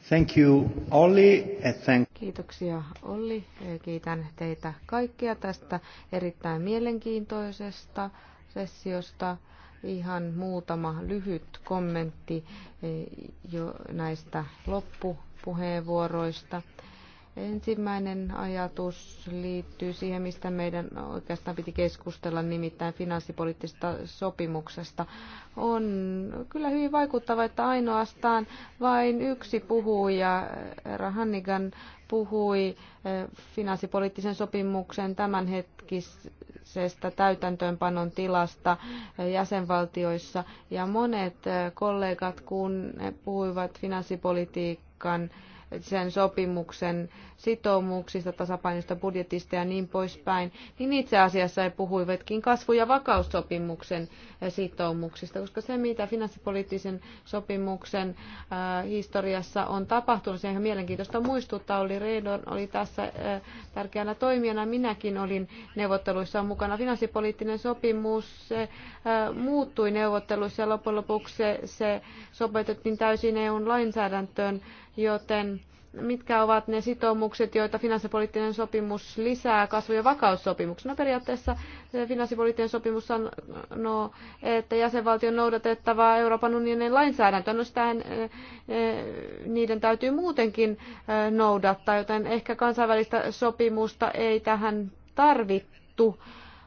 Thank you, Olli. Thank... Kiitoksia Olli. Kiitän teitä kaikkia tästä erittäin mielenkiintoisesta sessiosta. Ihan muutama lyhyt kommentti eh, jo näistä loppupuheenvuoroista. Ensimmäinen ajatus liittyy siihen, mistä meidän oikeastaan piti keskustella, nimittäin finanssipoliittisesta sopimuksesta. On kyllä hyvin vaikuttava, että ainoastaan vain yksi puhuja, Rahannigan, puhui finanssipoliittisen sopimuksen tämänhetkisestä täytäntöönpanon tilasta jäsenvaltioissa. Ja monet kollegat, kun puhuivat finanssipolitiikan sen sopimuksen sitoumuksista, tasapainosta budjetista ja niin poispäin, niin itse asiassa he puhuivatkin kasvu- ja vakaussopimuksen äh, sitoumuksista, koska se, mitä finanssipoliittisen sopimuksen äh, historiassa on tapahtunut, se on ihan mielenkiintoista muistuttaa. Oli Reidon oli tässä äh, tärkeänä toimijana. Minäkin olin neuvotteluissa mukana. Finanssipoliittinen sopimus se, muuttui neuvotteluissa ja loppujen lopuksi se, se sopeutettiin täysin EUn lainsäädäntöön joten mitkä ovat ne sitoumukset, joita finanssipoliittinen sopimus lisää kasvu- ja vakaussopimuksena. periaatteessa finanssipoliittinen sopimus sanoo, että jäsenvaltion noudatettavaa Euroopan unionin lainsäädäntöä, no sitä eh, niiden täytyy muutenkin eh, noudattaa, joten ehkä kansainvälistä sopimusta ei tähän tarvittu,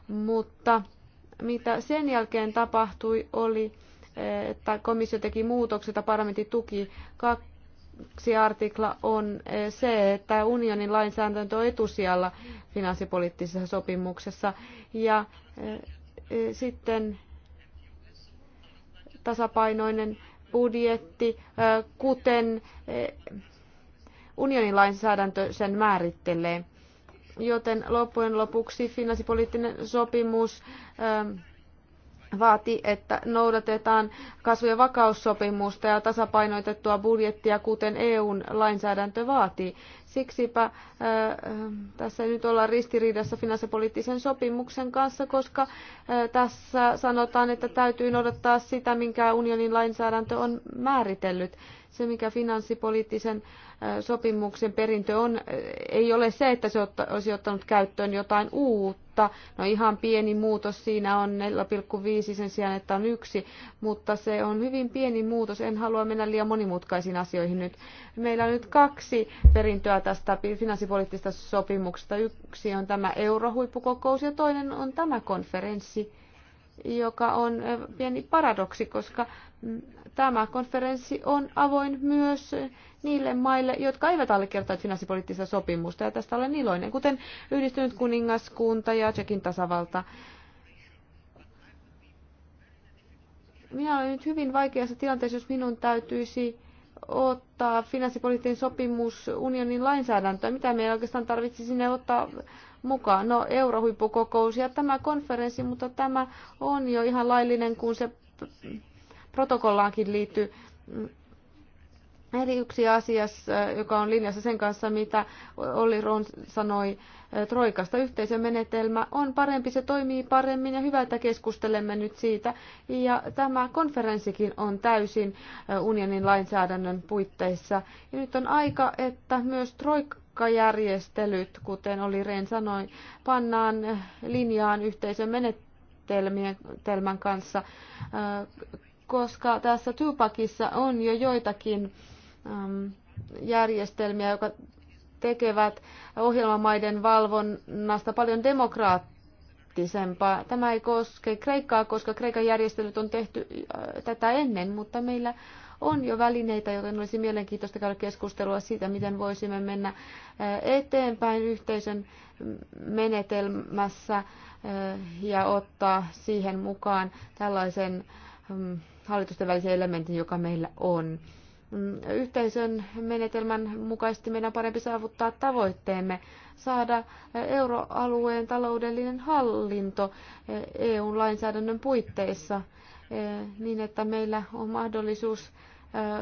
mutta mitä sen jälkeen tapahtui oli, eh, että komissio teki muutokset ja parlamentti tuki yksi artikla on eh, se, että unionin lainsäädäntö on etusijalla finanssipoliittisessa sopimuksessa. Ja eh, eh, sitten tasapainoinen budjetti, kuten unionin lainsäädäntö sen määrittelee. Joten loppujen lopuksi finanssipoliittinen sopimus ähm, vaati, että noudatetaan kasvu- ja vakaussopimusta ja tasapainoitettua budjettia, kuten EUn lainsäädäntö vaatii. Siksipä äh, tässä nyt ollaan ristiriidassa finanssipoliittisen sopimuksen kanssa, koska äh, tässä sanotaan, että täytyy noudattaa sitä, minkä unionin lainsäädäntö on määritellyt. Se, mikä finanssipoliittisen äh, sopimuksen perintö on, ei ole se, että se olisi ottanut käyttöön jotain uutta. No ihan pieni muutos siinä on 4,5 sen sijaan, että on yksi, mutta se on hyvin pieni muutos. En halua mennä liian monimutkaisiin asioihin nyt. Meillä on nyt kaksi perintöä tästä finanssipoliittisesta sopimuksesta. Yksi on tämä eurohuippukokous ja toinen on tämä konferenssi joka on pieni paradoksi, koska mm, tämä konferenssi on avoin myös niille maille, jotka eivät allekirjoita finanssipoliittista sopimusta, ja tästä olen iloinen, kuten yhdistynyt kuningaskunta ja Tsekin tasavalta. Minä olen nyt hyvin vaikeassa tilanteessa, jos minun täytyisi ottaa finanssipoliittinen sopimus unionin lainsäädäntöä. Mitä meidän oikeastaan tarvitsisi sinne ottaa mukaan? No, eurohuippukokous ja tämä konferenssi, mutta tämä on jo ihan laillinen, kun se protokollaankin liittyy. Eli yksi asia, äh, joka on linjassa sen kanssa, mitä Olli Ron sanoi äh, Troikasta, yhteisömenetelmä on parempi, se toimii paremmin ja hyvä, että keskustelemme nyt siitä. Ja tämä konferenssikin on täysin äh, unionin lainsäädännön puitteissa. Ja nyt on aika, että myös Troikka-järjestelyt, kuten oli Ren sanoi, pannaan linjaan yhteisön menetelmän kanssa koska tässä Tupakissa on jo joitakin Ähm, järjestelmiä, jotka tekevät ohjelmamaiden valvonnasta paljon demokraattisempaa. Tämä ei koske Kreikkaa, koska Kreikan järjestelyt on tehty äh, tätä ennen, mutta meillä on jo välineitä, joten olisi mielenkiintoista käydä keskustelua siitä, miten voisimme mennä äh, eteenpäin yhteisön menetelmässä äh, ja ottaa siihen mukaan tällaisen ähm, hallitusten välisen elementin, joka meillä on. Mm, yhteisön menetelmän mukaisesti meidän parempi saavuttaa tavoitteemme, saada euroalueen taloudellinen hallinto EU-lainsäädännön puitteissa niin, että meillä on mahdollisuus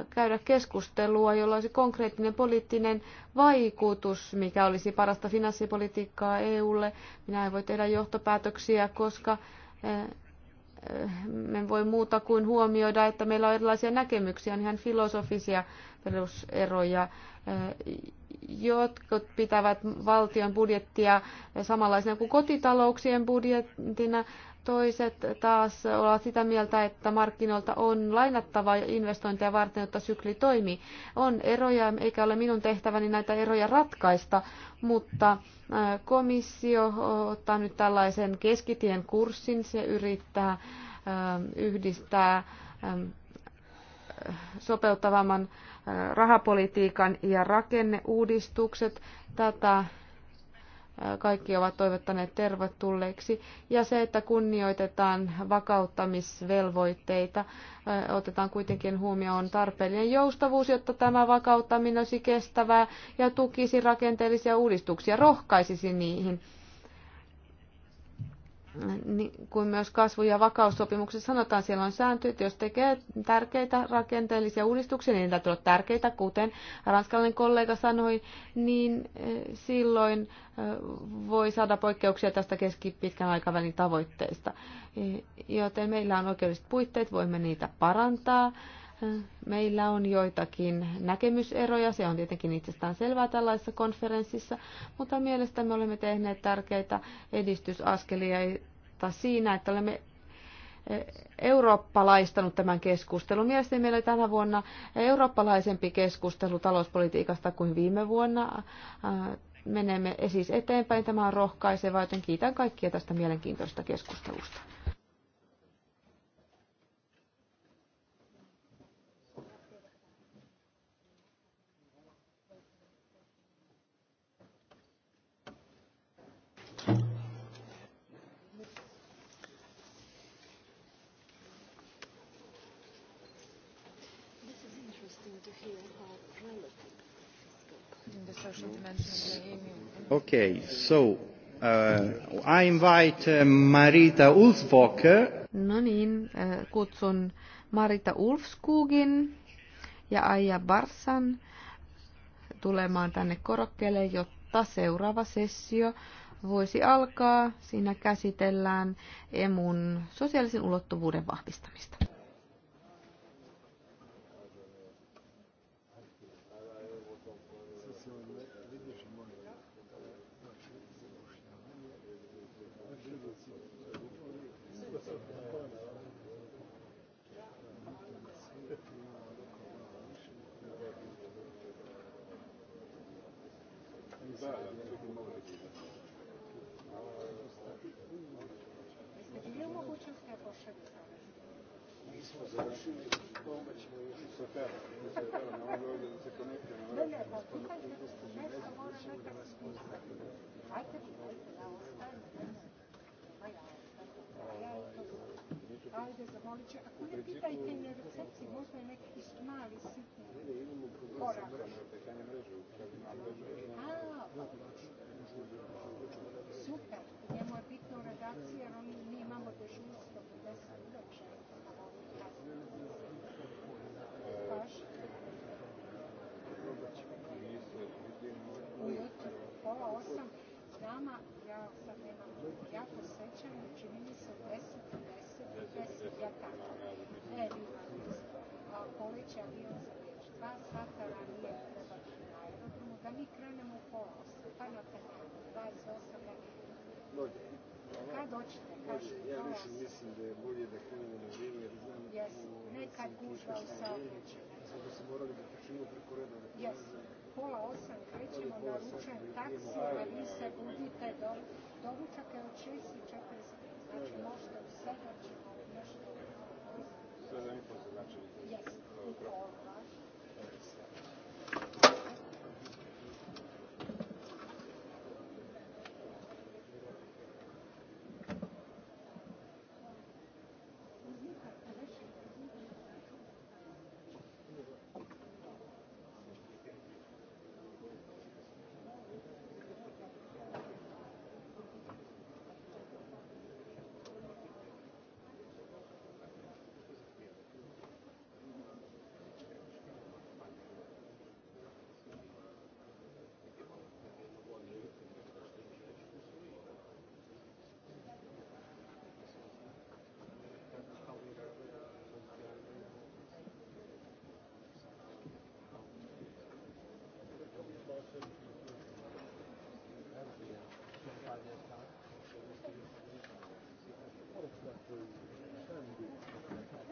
käydä keskustelua, jolla olisi konkreettinen poliittinen vaikutus, mikä olisi parasta finanssipolitiikkaa EUlle. Minä en voi tehdä johtopäätöksiä, koska me äh, voi muuta kuin huomioida, että meillä on erilaisia näkemyksiä, on ihan filosofisia peruseroja. Äh, jotkut pitävät valtion budjettia samanlaisena kuin kotitalouksien budjettina, Toiset taas ovat sitä mieltä, että markkinoilta on lainattava investointeja varten, jotta sykli toimii. On eroja, eikä ole minun tehtäväni näitä eroja ratkaista, mutta komissio ottaa nyt tällaisen keskitien kurssin. Se yrittää yhdistää sopeuttavamman rahapolitiikan ja rakenneuudistukset. Tätä kaikki ovat toivottaneet tervetulleeksi. Ja se, että kunnioitetaan vakauttamisvelvoitteita, otetaan kuitenkin huomioon tarpeellinen joustavuus, jotta tämä vakauttaminen olisi kestävää ja tukisi rakenteellisia uudistuksia, rohkaisisi niihin niin kuin myös kasvu- ja vakaussopimuksessa sanotaan, siellä on sääntö, että jos tekee tärkeitä rakenteellisia uudistuksia, niin niitä tulee tärkeitä, kuten ranskalainen kollega sanoi, niin eh, silloin eh, voi saada poikkeuksia tästä keskipitkän aikavälin tavoitteista. Eh, joten meillä on oikeudelliset puitteet, voimme niitä parantaa Meillä on joitakin näkemyseroja, se on tietenkin itsestään selvää tällaisessa konferenssissa, mutta mielestäni me olemme tehneet tärkeitä edistysaskelia siinä, että olemme e, eurooppalaistanut tämän keskustelun. Mielestäni meillä oli tänä vuonna eurooppalaisempi keskustelu talouspolitiikasta kuin viime vuonna. Menemme siis eteenpäin. Tämä on rohkaiseva, joten kiitän kaikkia tästä mielenkiintoisesta keskustelusta. Okay, so uh, I invite uh, Marita Ulfsbocker. No niin, äh, kutsun Marita Ulfskugin ja Aija Barsan tulemaan tänne korokkeelle, jotta seuraava sessio voisi alkaa. Siinä käsitellään emun sosiaalisen ulottuvuuden vahvistamista. Yes, nekad gužva u saobraćaju. se Yes, pola osam krećemo, naručujem taksi, a vi se budite do doručak je od 6 Znači možda u 7 ćemo nešto. 7 i po se znači. Yes, i pol.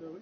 No,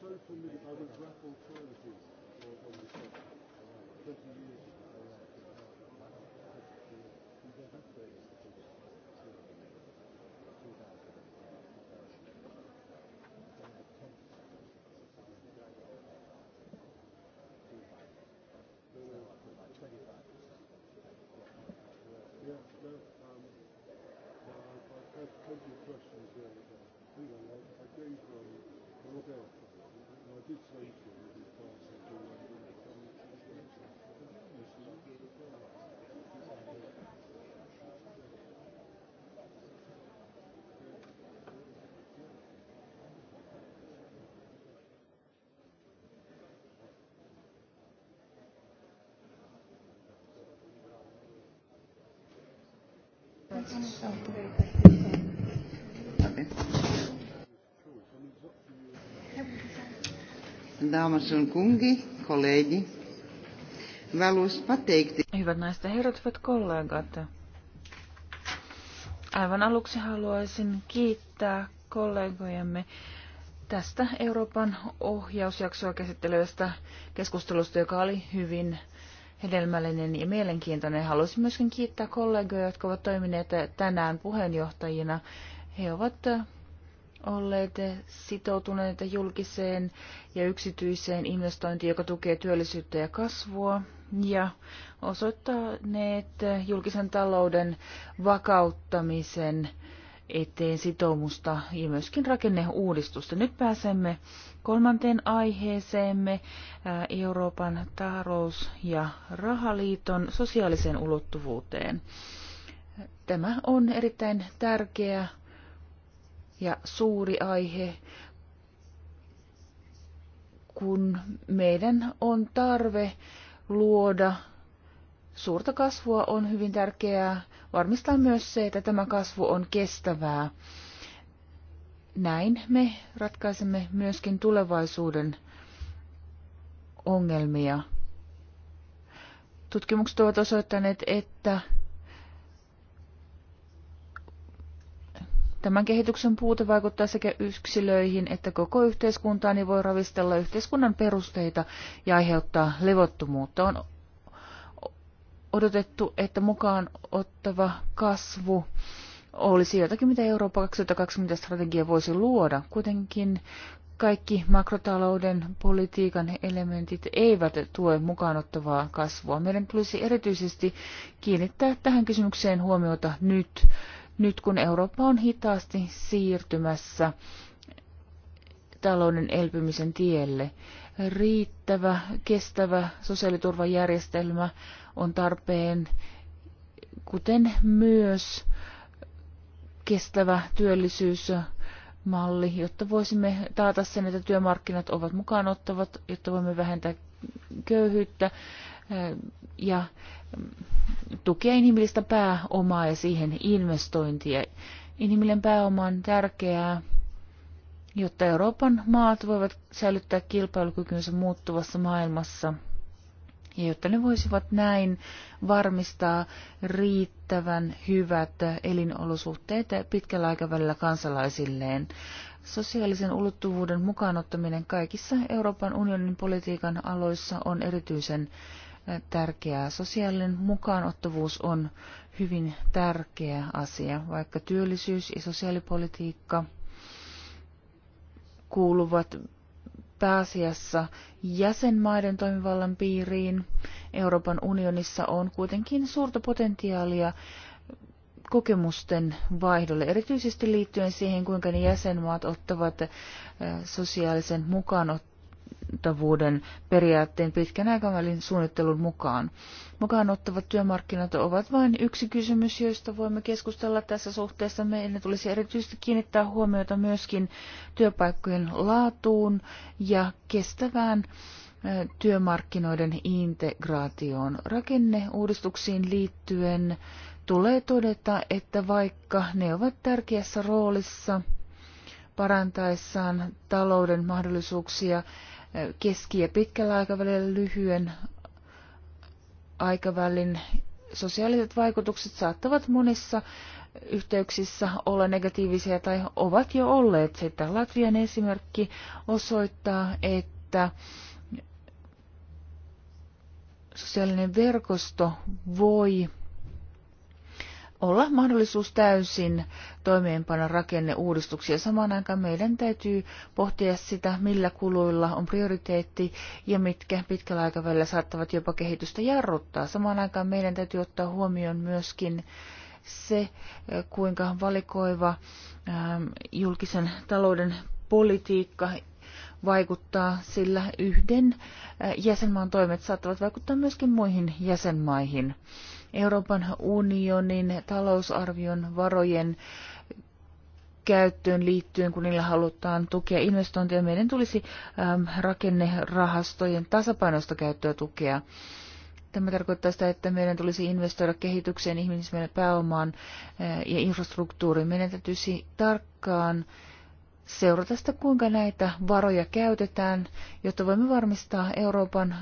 so no, familiar. Um, no, I was rapporteuring on, on the subject 30 years ago. Thank you. So. Damas kungi, kollegi. Hyvät naiset ja herrat, hyvät kollegat. Aivan aluksi haluaisin kiittää kollegojamme tästä Euroopan ohjausjaksoa käsittelevästä keskustelusta, joka oli hyvin hedelmällinen ja mielenkiintoinen. Haluaisin myöskin kiittää kollegoja, jotka ovat toimineet tänään puheenjohtajina. He ovat olleet sitoutuneita julkiseen ja yksityiseen investointiin, joka tukee työllisyyttä ja kasvua ja osoittaneet julkisen talouden vakauttamisen eteen sitoumusta ja myöskin rakenneuudistusta. Nyt pääsemme kolmanteen aiheeseemme Euroopan talous- ja rahaliiton sosiaaliseen ulottuvuuteen. Tämä on erittäin tärkeä ja suuri aihe, kun meidän on tarve luoda suurta kasvua, on hyvin tärkeää varmistaa myös se, että tämä kasvu on kestävää. Näin me ratkaisemme myöskin tulevaisuuden ongelmia. Tutkimukset ovat osoittaneet, että Tämän kehityksen puute vaikuttaa sekä yksilöihin että koko yhteiskuntaan ja niin voi ravistella yhteiskunnan perusteita ja aiheuttaa levottomuutta. On odotettu, että mukaan ottava kasvu olisi jotakin, mitä Eurooppa 2020 strategia voisi luoda. Kuitenkin kaikki makrotalouden politiikan elementit eivät tue mukaanottavaa kasvua. Meidän tulisi erityisesti kiinnittää tähän kysymykseen huomiota nyt nyt kun Eurooppa on hitaasti siirtymässä talouden elpymisen tielle. Riittävä, kestävä sosiaaliturvajärjestelmä on tarpeen, kuten myös kestävä työllisyysmalli, jotta voisimme taata sen, että työmarkkinat ovat mukaan ottavat, jotta voimme vähentää köyhyyttä ja mm, tukea inhimillistä pääomaa ja siihen investointia. Inhimillinen pääoma on tärkeää, jotta Euroopan maat voivat säilyttää kilpailukykynsä muuttuvassa maailmassa ja jotta ne voisivat näin varmistaa riittävän hyvät elinolosuhteet pitkällä aikavälillä kansalaisilleen. Sosiaalisen ulottuvuuden mukaanottaminen kaikissa Euroopan unionin politiikan aloissa on erityisen tärkeää. Sosiaalinen mukaanottavuus on hyvin tärkeä asia, vaikka työllisyys ja sosiaalipolitiikka kuuluvat pääasiassa jäsenmaiden toimivallan piiriin. Euroopan unionissa on kuitenkin suurta potentiaalia kokemusten vaihdolle, erityisesti liittyen siihen, kuinka ne jäsenmaat ottavat sosiaalisen mukaanottavuuden vaikuttavuuden periaatteen pitkän aikavälin suunnittelun mukaan. Mukaan ottavat työmarkkinat ovat vain yksi kysymys, josta voimme keskustella tässä suhteessa. Meidän tulisi erityisesti kiinnittää huomiota myöskin työpaikkojen laatuun ja kestävään työmarkkinoiden integraatioon. Rakenneuudistuksiin liittyen tulee todeta, että vaikka ne ovat tärkeässä roolissa parantaessaan talouden mahdollisuuksia, keski- ja pitkällä aikavälillä lyhyen aikavälin sosiaaliset vaikutukset saattavat monissa yhteyksissä olla negatiivisia tai ovat jo olleet sitä. Latvian esimerkki osoittaa, että sosiaalinen verkosto voi olla mahdollisuus täysin toimeenpana rakenneuudistuksia. Samaan aikaan meidän täytyy pohtia sitä, millä kuluilla on prioriteetti ja mitkä pitkällä aikavälillä saattavat jopa kehitystä jarruttaa. Samaan aikaan meidän täytyy ottaa huomioon myöskin se, kuinka valikoiva ähm, julkisen talouden politiikka vaikuttaa, sillä yhden äh, jäsenmaan toimet saattavat vaikuttaa myöskin muihin jäsenmaihin. Euroopan unionin talousarvion varojen käyttöön liittyen, kun niillä halutaan tukea investointeja. Meidän tulisi äm, rakennerahastojen tasapainosta käyttöä tukea. Tämä tarkoittaa sitä, että meidän tulisi investoida kehitykseen, ihmisen pääomaan äh, ja infrastruktuuriin. Meidän täytyisi tarkkaan seurata sitä, kuinka näitä varoja käytetään, jotta voimme varmistaa Euroopan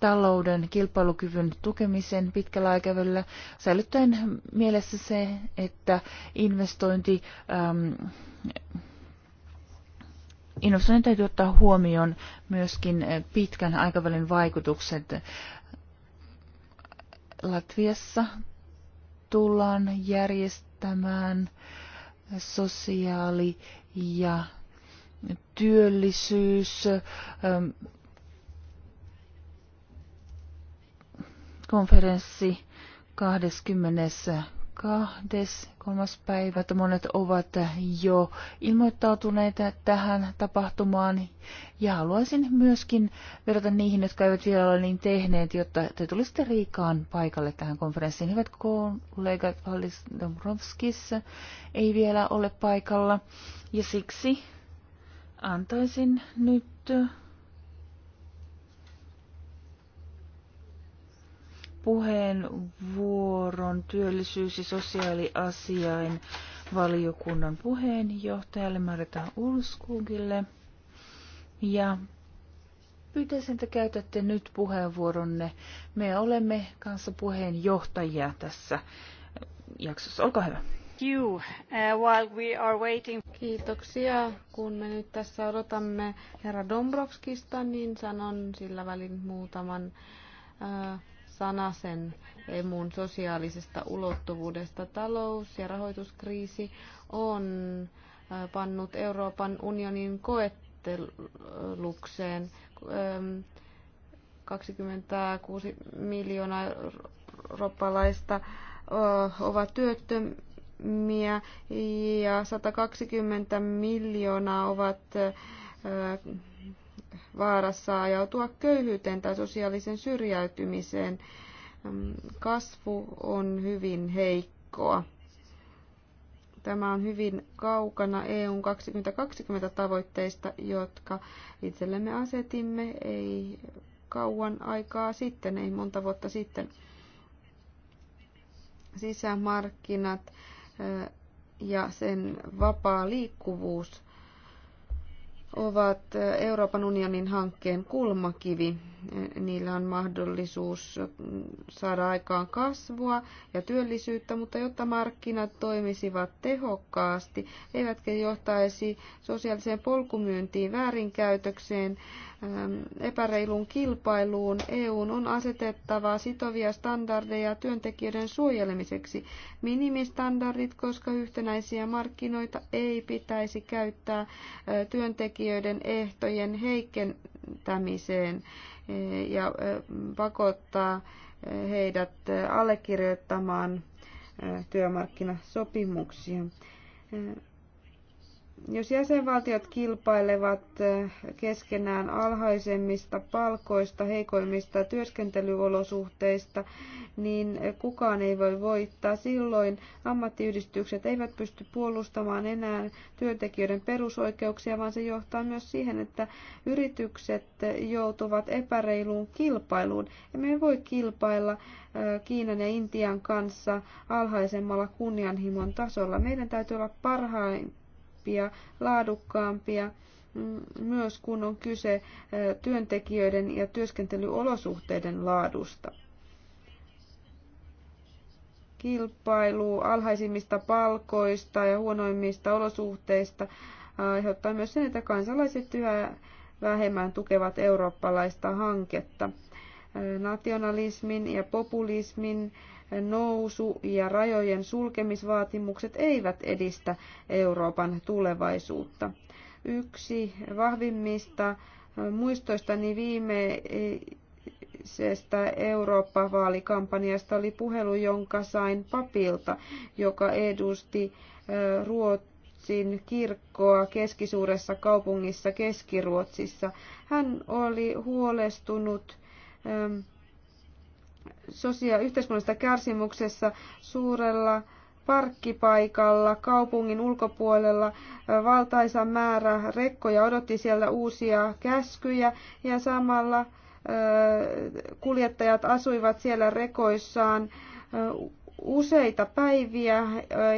talouden kilpailukyvyn tukemisen pitkällä aikavälillä, säilyttäen mielessä se, että investointi, ähm, investoinnin täytyy ottaa huomioon myöskin äh, pitkän aikavälin vaikutukset. Latviassa tullaan järjestämään sosiaali- ja työllisyys, ähm, konferenssi 22. kolmas päivä, monet ovat jo ilmoittautuneita tähän tapahtumaan. Ja haluaisin myöskin verrata niihin, jotka eivät vielä ole niin tehneet, jotta te tulisitte Riikaan paikalle tähän konferenssiin. Hyvät kollegat, Vallis Dombrovskis ei vielä ole paikalla ja siksi antaisin nyt puheenvuoron työllisyys- ja sosiaaliasiain valiokunnan puheenjohtajalle Marita Ulskugille. Ja pyytäisin, että käytätte nyt puheenvuoronne. Me olemme kanssa puheenjohtajia tässä jaksossa. Olkaa hyvä. Uh, Kiitoksia. Kun me nyt tässä odotamme herra Dombrovskista, niin sanon sillä välin muutaman uh, sanasen emun sosiaalisesta ulottuvuudesta. Talous- ja rahoituskriisi on äh, pannut Euroopan unionin koettelukseen 26 ähm, miljoonaa eurooppalaista äh, ovat työttömiä ja 120 miljoonaa ovat äh, vaarassa ajautua köyhyyteen tai sosiaalisen syrjäytymiseen. Mm, kasvu on hyvin heikkoa. Tämä on hyvin kaukana EUn 2020 tavoitteista, jotka itsellemme asetimme ei kauan aikaa sitten, ei monta vuotta sitten. Sisämarkkinat ja sen vapaa liikkuvuus ovat Euroopan unionin hankkeen kulmakivi. Niillä on mahdollisuus saada aikaan kasvua ja työllisyyttä, mutta jotta markkinat toimisivat tehokkaasti, eivätkä johtaisi sosiaaliseen polkumyyntiin, väärinkäytökseen, Ähm, epäreiluun kilpailuun, EUn on asetettava sitovia standardeja työntekijöiden suojelemiseksi. Minimistandardit, koska yhtenäisiä markkinoita ei pitäisi käyttää äh, työntekijöiden ehtojen heikentämiseen äh, ja äh, pakottaa heidät allekirjoittamaan työmarkkinasopimuksia. Jos jäsenvaltiot kilpailevat eh, keskenään alhaisemmista palkoista, heikoimmista työskentelyolosuhteista, niin kukaan ei voi voittaa. Silloin ammattiyhdistykset eivät pysty puolustamaan enää työntekijöiden perusoikeuksia, vaan se johtaa myös siihen, että yritykset joutuvat epäreiluun kilpailuun. Emme voi kilpailla eh, Kiinan ja Intian kanssa alhaisemmalla kunnianhimon tasolla. Meidän täytyy olla parhain parempia, laadukkaampia, myös kun on kyse työntekijöiden ja työskentelyolosuhteiden laadusta. Kilpailu alhaisimmista palkoista ja huonoimmista olosuhteista aiheuttaa myös sen, että kansalaiset yhä vähemmän tukevat eurooppalaista hanketta. Nationalismin ja populismin nousu ja rajojen sulkemisvaatimukset eivät edistä Euroopan tulevaisuutta. Yksi vahvimmista muistoistani viimeisestä Eurooppa-vaalikampanjasta oli puhelu, jonka sain papilta, joka edusti Ruotsin kirkkoa keskisuuressa kaupungissa Keski-Ruotsissa. Hän oli huolestunut ähm, sosia- yhteiskunnallisesta kärsimyksessä suurella parkkipaikalla kaupungin ulkopuolella valtaisa määrä rekkoja odotti siellä uusia käskyjä ja samalla kuljettajat asuivat siellä rekoissaan useita päiviä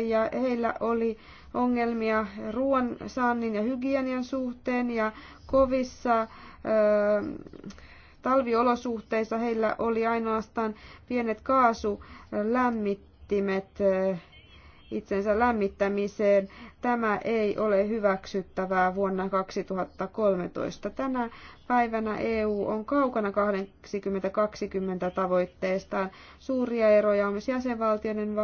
ja heillä oli ongelmia ruoan saannin ja hygienian suhteen ja kovissa Talviolosuhteissa heillä oli ainoastaan pienet kaasulämmittimet eh, itsensä lämmittämiseen. Tämä ei ole hyväksyttävää vuonna 2013. Tänä päivänä EU on kaukana 2020 tavoitteestaan. Suuria eroja on myös jäsenvaltioiden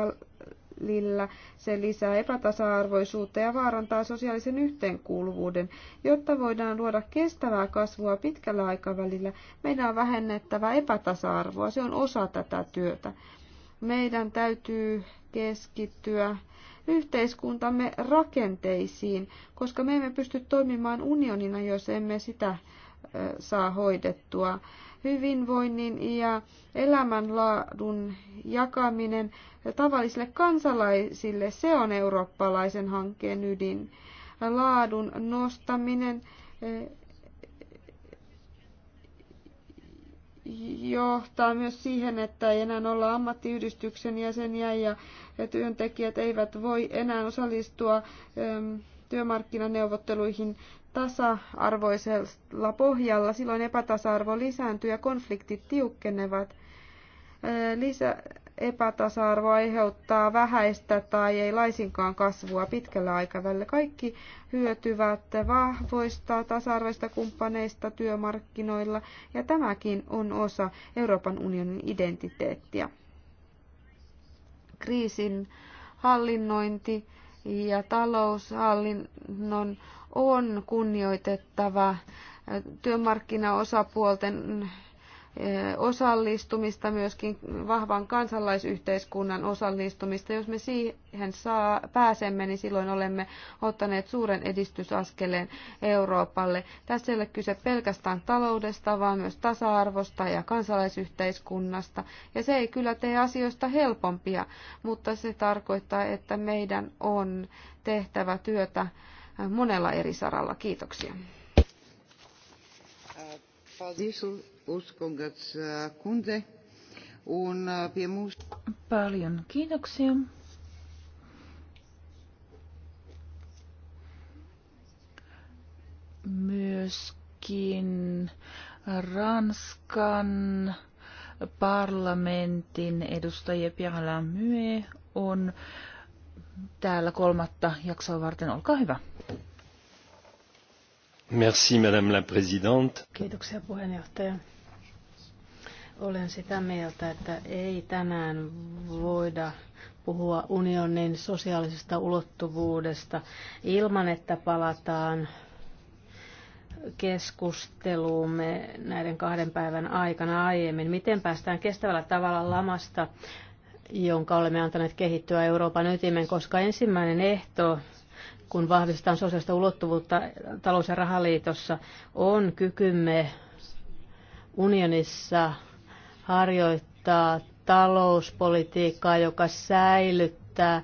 välillä. Se lisää epätasa-arvoisuutta ja vaarantaa sosiaalisen yhteenkuuluvuuden. Jotta voidaan luoda kestävää kasvua pitkällä aikavälillä, meidän on vähennettävä epätasa-arvoa. Se on osa tätä työtä. Meidän täytyy keskittyä yhteiskuntamme rakenteisiin, koska me emme pysty toimimaan unionina, jos emme sitä saa hoidettua hyvinvoinnin ja elämänlaadun jakaminen tavallisille kansalaisille, se on eurooppalaisen hankkeen ydin. Laadun nostaminen eh, johtaa myös siihen, että ei enää olla ammattiyhdistyksen jäseniä ja työntekijät eivät voi enää osallistua eh, työmarkkinaneuvotteluihin tasa-arvoisella pohjalla, silloin epätasa-arvo lisääntyy ja konfliktit tiukkenevat. Lisä, epätasa-arvo aiheuttaa vähäistä tai ei laisinkaan kasvua pitkällä aikavälillä. Kaikki hyötyvät vahvoista tasa-arvoista kumppaneista työmarkkinoilla ja tämäkin on osa Euroopan unionin identiteettiä. Kriisin hallinnointi ja taloushallinnon on kunnioitettava työmarkkinaosapuolten eh, osallistumista, myöskin vahvan kansalaisyhteiskunnan osallistumista. Jos me siihen saa, pääsemme, niin silloin olemme ottaneet suuren edistysaskeleen Euroopalle. Tässä ei ole kyse pelkästään taloudesta, vaan myös tasa-arvosta ja kansalaisyhteiskunnasta. Ja se ei kyllä tee asioista helpompia, mutta se tarkoittaa, että meidän on tehtävä työtä monella eri saralla. Kiitoksia. Paljon kiitoksia. Myöskin Ranskan parlamentin edustaja Pierre Lamue on täällä kolmatta jaksoa varten. Olkaa hyvä. Madame la Présidente. Kiitoksia Olen sitä mieltä, että ei tänään voida puhua unionin sosiaalisesta ulottuvuudesta ilman, että palataan keskusteluumme näiden kahden päivän aikana aiemmin. Miten päästään kestävällä tavalla lamasta, jonka olemme antaneet kehittyä Euroopan ytimen, koska ensimmäinen ehto kun vahvistetaan sosiaalista ulottuvuutta talous- ja rahaliitossa, on kykymme unionissa harjoittaa talouspolitiikkaa, joka säilyttää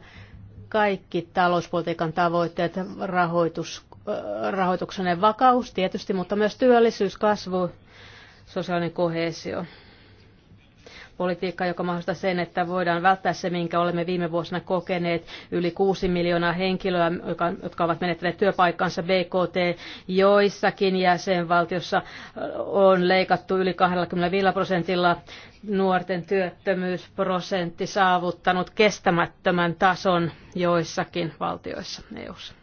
kaikki talouspolitiikan tavoitteet, rahoitus, äh, rahoituksen vakaus tietysti, mutta myös työllisyys, kasvu, sosiaalinen kohesio politiikka, joka mahdollistaa sen, että voidaan välttää se, minkä olemme viime vuosina kokeneet. Yli 6 miljoonaa henkilöä, jotka ovat menettäneet työpaikkansa BKT joissakin jäsenvaltiossa on leikattu yli 25 prosentilla nuorten työttömyysprosentti saavuttanut kestämättömän tason joissakin valtioissa EU:ssa.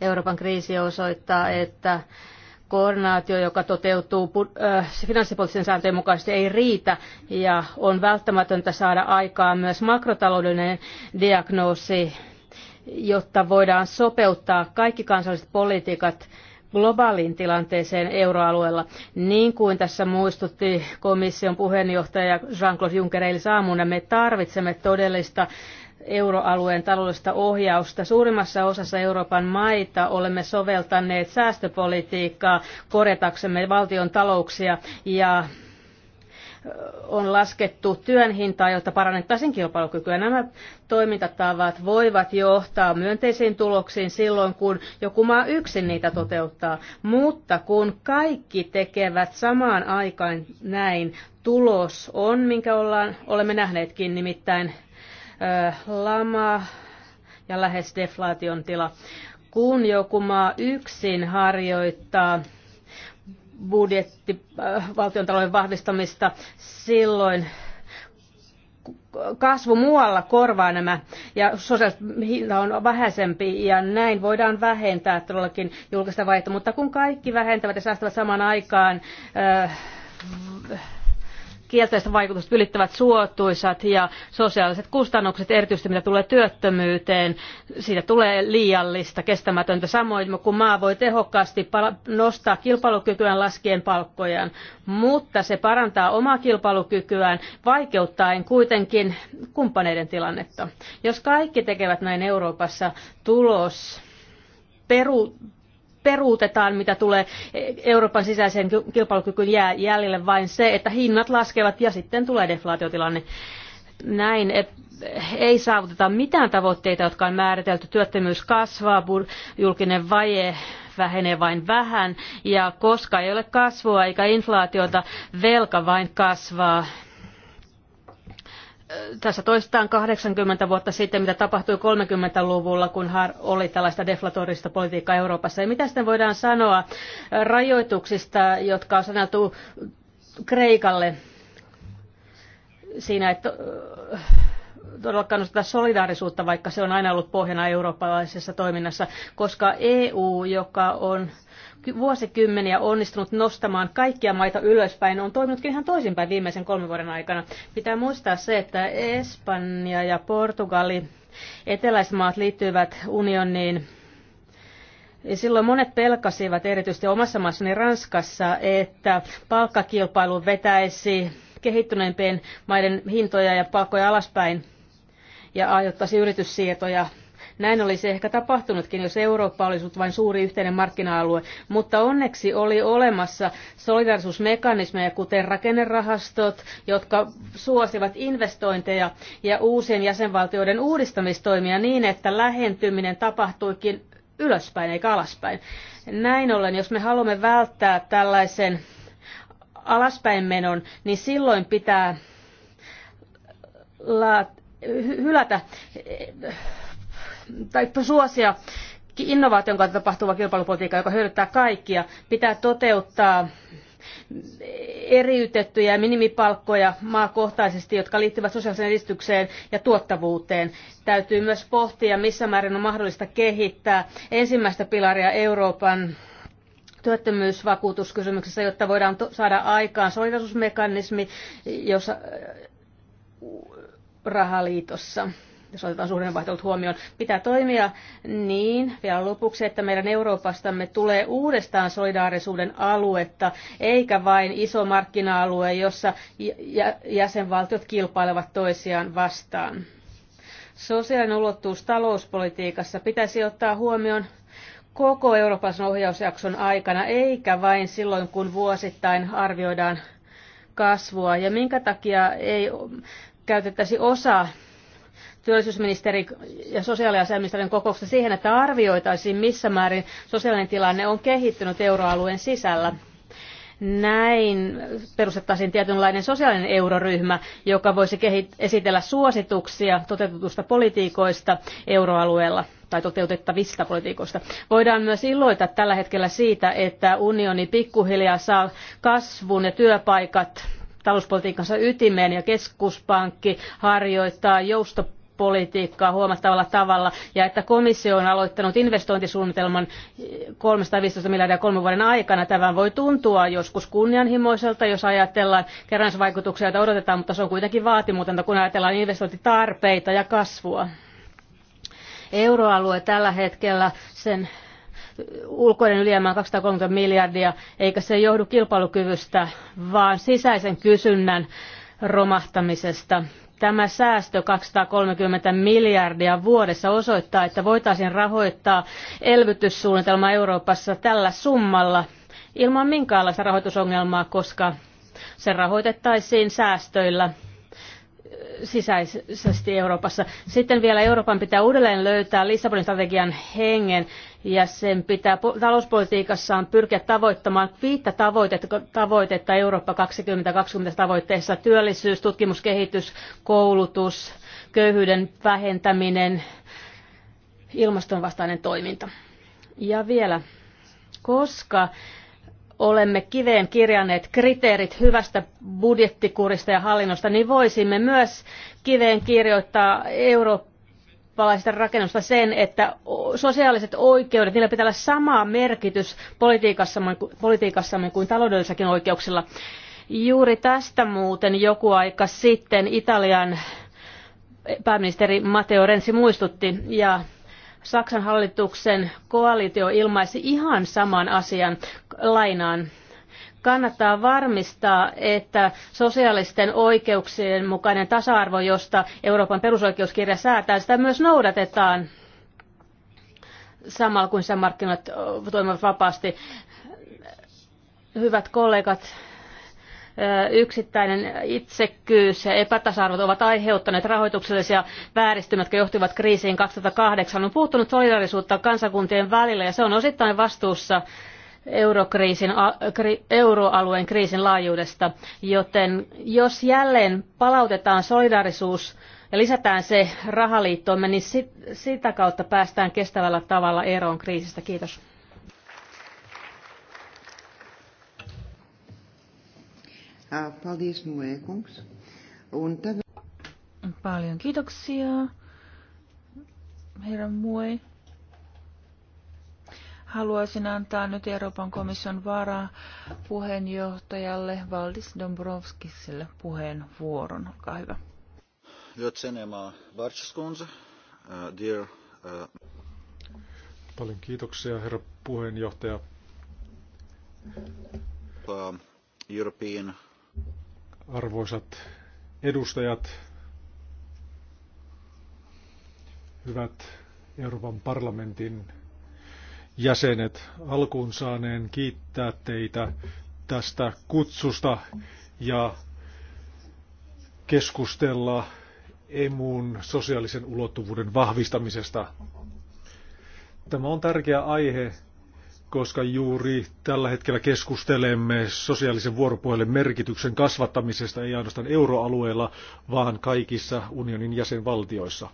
Euroopan kriisi osoittaa, että koordinaatio, joka toteutuu äh, finanssipoliittisen sääntöjen mukaisesti, ei riitä ja on välttämätöntä saada aikaan myös makrotaloudellinen diagnoosi, jotta voidaan sopeuttaa kaikki kansalliset politiikat globaaliin tilanteeseen euroalueella, niin kuin tässä muistutti komission puheenjohtaja Jean-Claude Juncker eilis aamuna, me tarvitsemme todellista euroalueen taloudellista ohjausta. Suurimmassa osassa Euroopan maita olemme soveltaneet säästöpolitiikkaa korjataksemme valtion talouksia ja on laskettu työn hintaa, jotta parannettaisiin kilpailukykyä. Nämä toimintatavat voivat johtaa myönteisiin tuloksiin silloin, kun joku maa yksin niitä toteuttaa. Mutta kun kaikki tekevät samaan aikaan näin, tulos on, minkä ollaan, olemme nähneetkin nimittäin lama ja lähes deflaation tila. Kun joku maa yksin harjoittaa budjetti, valtiontalouden vahvistamista, silloin kasvu muualla korvaa nämä ja sosiaalista hinta on vähäisempi ja näin voidaan vähentää todellakin julkista vaihtoa. Mutta kun kaikki vähentävät ja säästävät samaan aikaan, äh, kielteistä vaikutusta ylittävät suotuisat ja sosiaaliset kustannukset, erityisesti mitä tulee työttömyyteen, siitä tulee liiallista, kestämätöntä. Samoin kun maa voi tehokkaasti nostaa kilpailukykyään laskien palkkojaan, mutta se parantaa omaa kilpailukykyään vaikeuttaen kuitenkin kumppaneiden tilannetta. Jos kaikki tekevät näin Euroopassa, tulos peru, peruutetaan, mitä tulee Euroopan sisäiseen kilpailukykyyn, jää jäljelle vain se, että hinnat laskevat ja sitten tulee deflaatiotilanne. Näin ei saavuteta mitään tavoitteita, jotka on määritelty. Työttömyys kasvaa, julkinen vaje vähenee vain vähän ja koska ei ole kasvua eikä inflaatiota, velka vain kasvaa tässä toistetaan 80 vuotta sitten, mitä tapahtui 30-luvulla, kun oli tällaista deflatorista politiikkaa Euroopassa. Ja mitä sitten voidaan sanoa rajoituksista, jotka on sanottu Kreikalle siinä, että äh, todellakaan nosteta solidaarisuutta, vaikka se on aina ollut pohjana eurooppalaisessa toiminnassa, koska EU, joka on vuosikymmeniä onnistunut nostamaan kaikkia maita ylöspäin, on toiminutkin ihan toisinpäin viimeisen kolmen vuoden aikana. Pitää muistaa se, että Espanja ja Portugali, eteläismaat liittyvät unioniin. unioniin Silloin monet pelkasivat erityisesti omassa maassani Ranskassa, että palkkakilpailu vetäisi kehittyneempien maiden hintoja ja palkkoja alaspäin ja aiheuttaisi yrityssiirtoja näin olisi ehkä tapahtunutkin, jos Eurooppa olisi ollut vain suuri yhteinen markkina-alue, mutta onneksi oli olemassa solidarisuusmekanismeja, kuten rakennerahastot, jotka suosivat investointeja ja uusien jäsenvaltioiden uudistamistoimia niin, että lähentyminen tapahtuikin ylöspäin eikä alaspäin. Näin ollen, jos me haluamme välttää tällaisen alaspäinmenon, niin silloin pitää laat, hylätä tai suosia innovaation kautta tapahtuvaa kilpailupolitiikkaa, joka hyödyttää kaikkia, pitää toteuttaa eriytettyjä minimipalkkoja maakohtaisesti, jotka liittyvät sosiaaliseen edistykseen ja tuottavuuteen. Täytyy myös pohtia, missä määrin on mahdollista kehittää ensimmäistä pilaria Euroopan työttömyysvakuutuskysymyksessä, jotta voidaan saada aikaan solidarisuusmekanismi, jossa äh, rahaliitossa jos otetaan suhdannevaihtelut huomioon, pitää toimia niin vielä lopuksi, että meidän Euroopastamme tulee uudestaan solidaarisuuden aluetta, eikä vain iso markkina-alue, jossa jäsenvaltiot kilpailevat toisiaan vastaan. Sosiaalinen ulottuvuus talouspolitiikassa pitäisi ottaa huomioon koko Euroopan ohjausjakson aikana, eikä vain silloin, kun vuosittain arvioidaan kasvua. Ja minkä takia ei käytettäisi osa työllisyysministeri ja sosiaaliasiaministerin kokouksesta siihen, että arvioitaisiin, missä määrin sosiaalinen tilanne on kehittynyt euroalueen sisällä. Näin perustettaisiin tietynlainen sosiaalinen euroryhmä, joka voisi esitellä suosituksia toteutetusta politiikoista euroalueella tai toteutettavista politiikoista. Voidaan myös iloita tällä hetkellä siitä, että unioni pikkuhiljaa saa kasvun ja työpaikat talouspolitiikansa ytimeen ja keskuspankki harjoittaa jousto politiikkaa huomattavalla tavalla ja että komissio on aloittanut investointisuunnitelman 315 miljardia kolmen vuoden aikana. Tämä voi tuntua joskus kunnianhimoiselta, jos ajatellaan keräysvaikutuksia, joita odotetaan, mutta se on kuitenkin vaatimutonta, kun ajatellaan investointitarpeita ja kasvua. Euroalue tällä hetkellä sen ulkoinen ylijäämä 230 miljardia, eikä se johdu kilpailukyvystä, vaan sisäisen kysynnän romahtamisesta Tämä säästö 230 miljardia vuodessa osoittaa, että voitaisiin rahoittaa elvytyssuunnitelma Euroopassa tällä summalla ilman minkäänlaista rahoitusongelmaa, koska se rahoitettaisiin säästöillä – sisäisesti Euroopassa. Sitten vielä Euroopan pitää uudelleen löytää Lissabonin strategian hengen ja sen pitää talouspolitiikassaan pyrkiä tavoittamaan viittä tavoitetta, tavoitetta Eurooppa 2020 tavoitteessa. Työllisyys, tutkimuskehitys koulutus, köyhyyden vähentäminen, ilmastonvastainen toiminta. Ja vielä, koska olemme kiveen kirjanneet kriteerit hyvästä budjettikurista ja hallinnosta, niin voisimme myös kiveen kirjoittaa eurooppalaisesta rakennusta sen, että sosiaaliset oikeudet, niillä pitää olla sama merkitys politiikassamme, politiikassamme kuin taloudellisakin oikeuksilla. Juuri tästä muuten joku aika sitten Italian pääministeri Matteo Renzi muistutti ja Saksan hallituksen koalitio ilmaisi ihan saman asian lainaan kannattaa varmistaa, että sosiaalisten oikeuksien mukainen tasa-arvo, josta Euroopan perusoikeuskirja säätää, sitä myös noudatetaan samalla kun markkinat toimivat vapaasti. Hyvät kollegat, yksittäinen itsekkyys ja epätasa-arvot ovat aiheuttaneet rahoituksellisia vääristymät, jotka johtivat kriisiin 2008. On puuttunut solidaarisuutta kansakuntien välillä ja se on osittain vastuussa eurokriisin, euroalueen kriisin laajuudesta, joten jos jälleen palautetaan solidaarisuus ja lisätään se rahaliittoomme, niin sitä kautta päästään kestävällä tavalla eroon kriisistä. Kiitos. Ah, Paljon kiitoksia, herra Mue. Haluaisin antaa nyt Euroopan komission varaa puheenjohtajalle Valdis Dombrovskiselle puheenvuoron. Olkaa hyvä. Eh, eh, Paljon kiitoksia, herra puheenjohtaja. Eh, European Arvoisat edustajat, hyvät Euroopan parlamentin jäsenet, alkuun saaneen kiittää teitä tästä kutsusta ja keskustella emun sosiaalisen ulottuvuuden vahvistamisesta. Tämä on tärkeä aihe koska juuri tällä hetkellä keskustelemme sosiaalisen vuoropuhelun merkityksen kasvattamisesta ei ainoastaan euroalueella, vaan kaikissa unionin jäsenvaltioissa.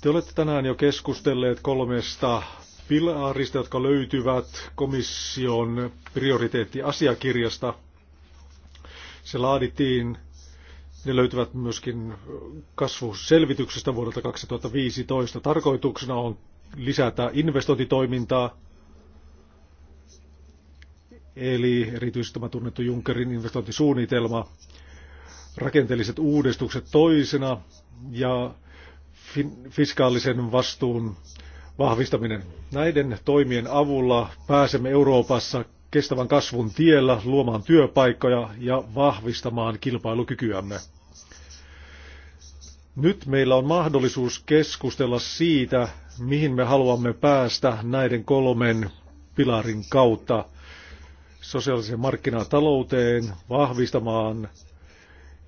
Te olette tänään jo keskustelleet kolmesta pilarista, jotka löytyvät komission prioriteettiasiakirjasta. Se laadittiin, ne löytyvät myöskin kasvuselvityksestä vuodelta 2015. Tarkoituksena on lisätä investointitoimintaa, eli erityisesti tämä tunnettu Junckerin investointisuunnitelma, rakenteelliset uudistukset toisena ja fiskaalisen vastuun vahvistaminen. Näiden toimien avulla pääsemme Euroopassa kestävän kasvun tiellä luomaan työpaikkoja ja vahvistamaan kilpailukykyämme. Nyt meillä on mahdollisuus keskustella siitä, mihin me haluamme päästä näiden kolmen pilarin kautta sosiaaliseen markkinatalouteen, vahvistamaan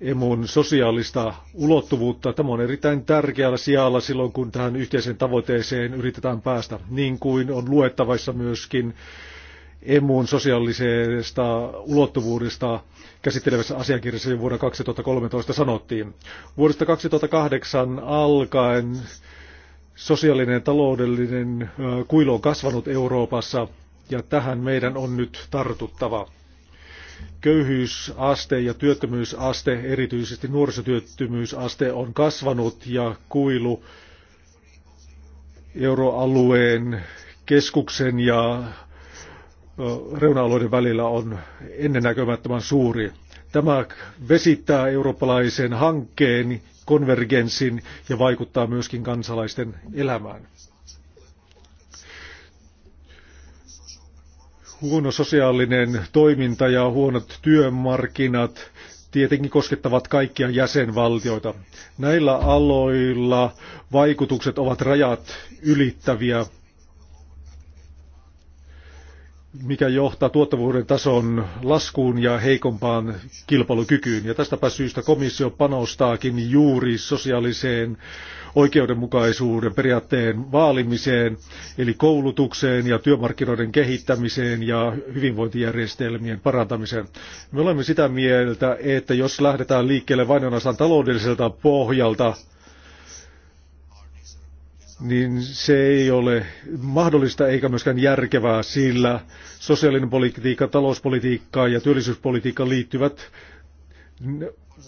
emun sosiaalista ulottuvuutta. Tämä on erittäin tärkeällä sijalla silloin, kun tähän yhteiseen tavoitteeseen yritetään päästä, niin kuin on luettavissa myöskin emun sosiaalisesta ulottuvuudesta käsittelevässä asiakirjassa jo vuonna 2013 sanottiin. Vuodesta 2008 alkaen Sosiaalinen ja taloudellinen kuilu on kasvanut Euroopassa ja tähän meidän on nyt tartuttava. Köyhyysaste ja työttömyysaste, erityisesti nuorisotyöttömyysaste, on kasvanut ja kuilu euroalueen keskuksen ja reuna-alueiden välillä on ennennäkemättömän suuri. Tämä vesittää eurooppalaisen hankkeen konvergenssin ja vaikuttaa myöskin kansalaisten elämään. Huono sosiaalinen toiminta ja huonot työmarkkinat tietenkin koskettavat kaikkia jäsenvaltioita. Näillä aloilla vaikutukset ovat rajat ylittäviä mikä johtaa tuottavuuden tason laskuun ja heikompaan kilpailukykyyn. Ja tästäpä syystä komissio panostaakin juuri sosiaaliseen oikeudenmukaisuuden periaatteen vaalimiseen, eli koulutukseen ja työmarkkinoiden kehittämiseen ja hyvinvointijärjestelmien parantamiseen. Me olemme sitä mieltä, että jos lähdetään liikkeelle vain ainoastaan taloudelliselta pohjalta, niin se ei ole mahdollista eikä myöskään järkevää, sillä sosiaalinen politiikka, talouspolitiikka ja työllisyyspolitiikka liittyvät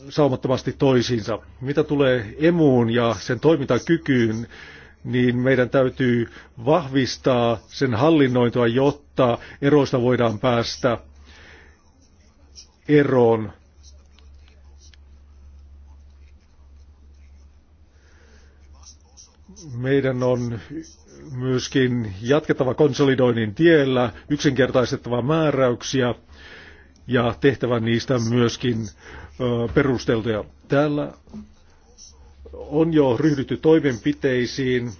saumattomasti toisiinsa. Mitä tulee emuun ja sen toimintakykyyn, niin meidän täytyy vahvistaa sen hallinnointoa, jotta eroista voidaan päästä eroon. meidän on myöskin jatkettava konsolidoinnin tiellä, yksinkertaistettava määräyksiä ja tehtävä niistä myöskin perusteltuja. Täällä on jo ryhdytty toimenpiteisiin.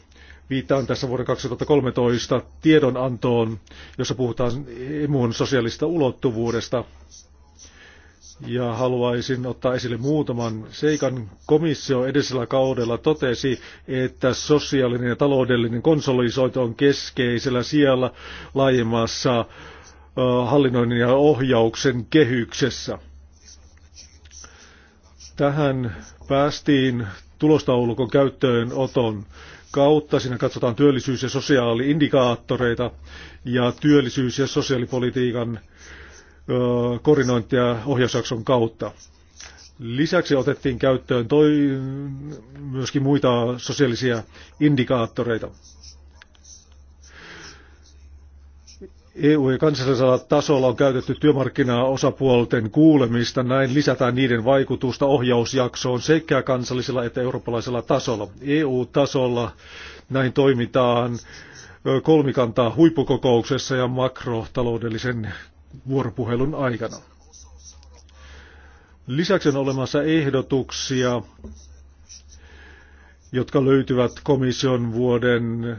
Viittaan tässä vuoden 2013 tiedonantoon, jossa puhutaan emun sosiaalista ulottuvuudesta ja haluaisin ottaa esille muutaman seikan. Komissio edellisellä kaudella totesi, että sosiaalinen ja taloudellinen konsolisointi on keskeisellä siellä laajemmassa hallinnoinnin ja ohjauksen kehyksessä. Tähän päästiin tulostaulukon käyttöönoton kautta. Siinä katsotaan työllisyys- ja sosiaaliindikaattoreita ja työllisyys- ja sosiaalipolitiikan koordinointia ohjausjakson kautta. Lisäksi otettiin käyttöön toi, myöskin muita sosiaalisia indikaattoreita. EU- ja kansallisella tasolla on käytetty työmarkkinaosapuolten kuulemista. Näin lisätään niiden vaikutusta ohjausjaksoon sekä kansallisella että eurooppalaisella tasolla. EU-tasolla näin toimitaan kolmikantaa huippukokouksessa ja makrotaloudellisen vuoropuhelun aikana. Lisäksi on olemassa ehdotuksia, jotka löytyvät komission vuoden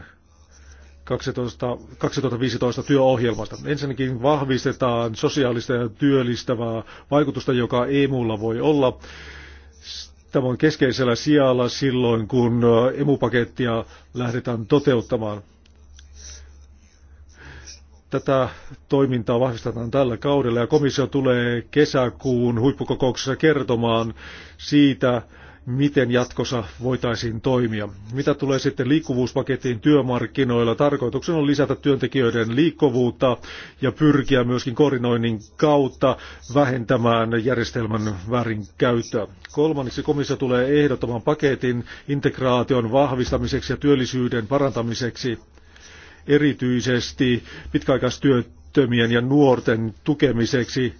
2015 työohjelmasta. Ensinnäkin vahvistetaan sosiaalista ja työllistävää vaikutusta, joka EMUlla voi olla. Tämä on keskeisellä sijalla silloin, kun emupakettia lähdetään toteuttamaan. Tätä toimintaa vahvistetaan tällä kaudella ja komissio tulee kesäkuun huippukokouksessa kertomaan siitä, miten jatkossa voitaisiin toimia. Mitä tulee sitten liikkuvuuspakettiin työmarkkinoilla, tarkoituksena on lisätä työntekijöiden liikkuvuutta ja pyrkiä myöskin koordinoinnin kautta vähentämään järjestelmän väärinkäyttöä. Kolmanneksi komissio tulee ehdottamaan paketin integraation vahvistamiseksi ja työllisyyden parantamiseksi erityisesti pitkäaikaistyöttömien ja nuorten tukemiseksi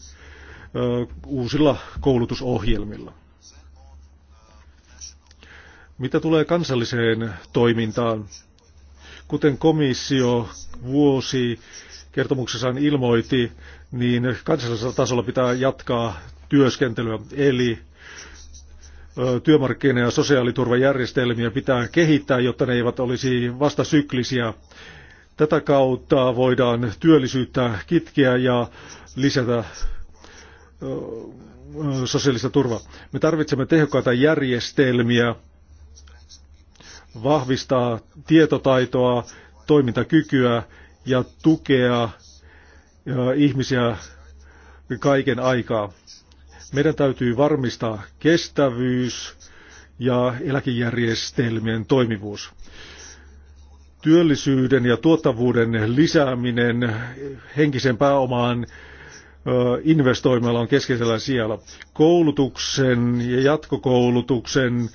uusilla koulutusohjelmilla. Mitä tulee kansalliseen toimintaan? Kuten komissio vuosi kertomuksessaan ilmoitti, niin kansallisella tasolla pitää jatkaa työskentelyä, eli työmarkkina- ja sosiaaliturvajärjestelmiä pitää kehittää, jotta ne eivät olisi vastasyklisiä Tätä kautta voidaan työllisyyttä kitkeä ja lisätä sosiaalista turvaa. Me tarvitsemme tehokkaita järjestelmiä, vahvistaa tietotaitoa, toimintakykyä ja tukea ihmisiä kaiken aikaa. Meidän täytyy varmistaa kestävyys ja eläkejärjestelmien toimivuus. Työllisyyden ja tuottavuuden lisääminen henkisen pääomaan investoimalla on keskeisellä siellä. Koulutuksen ja jatkokoulutuksen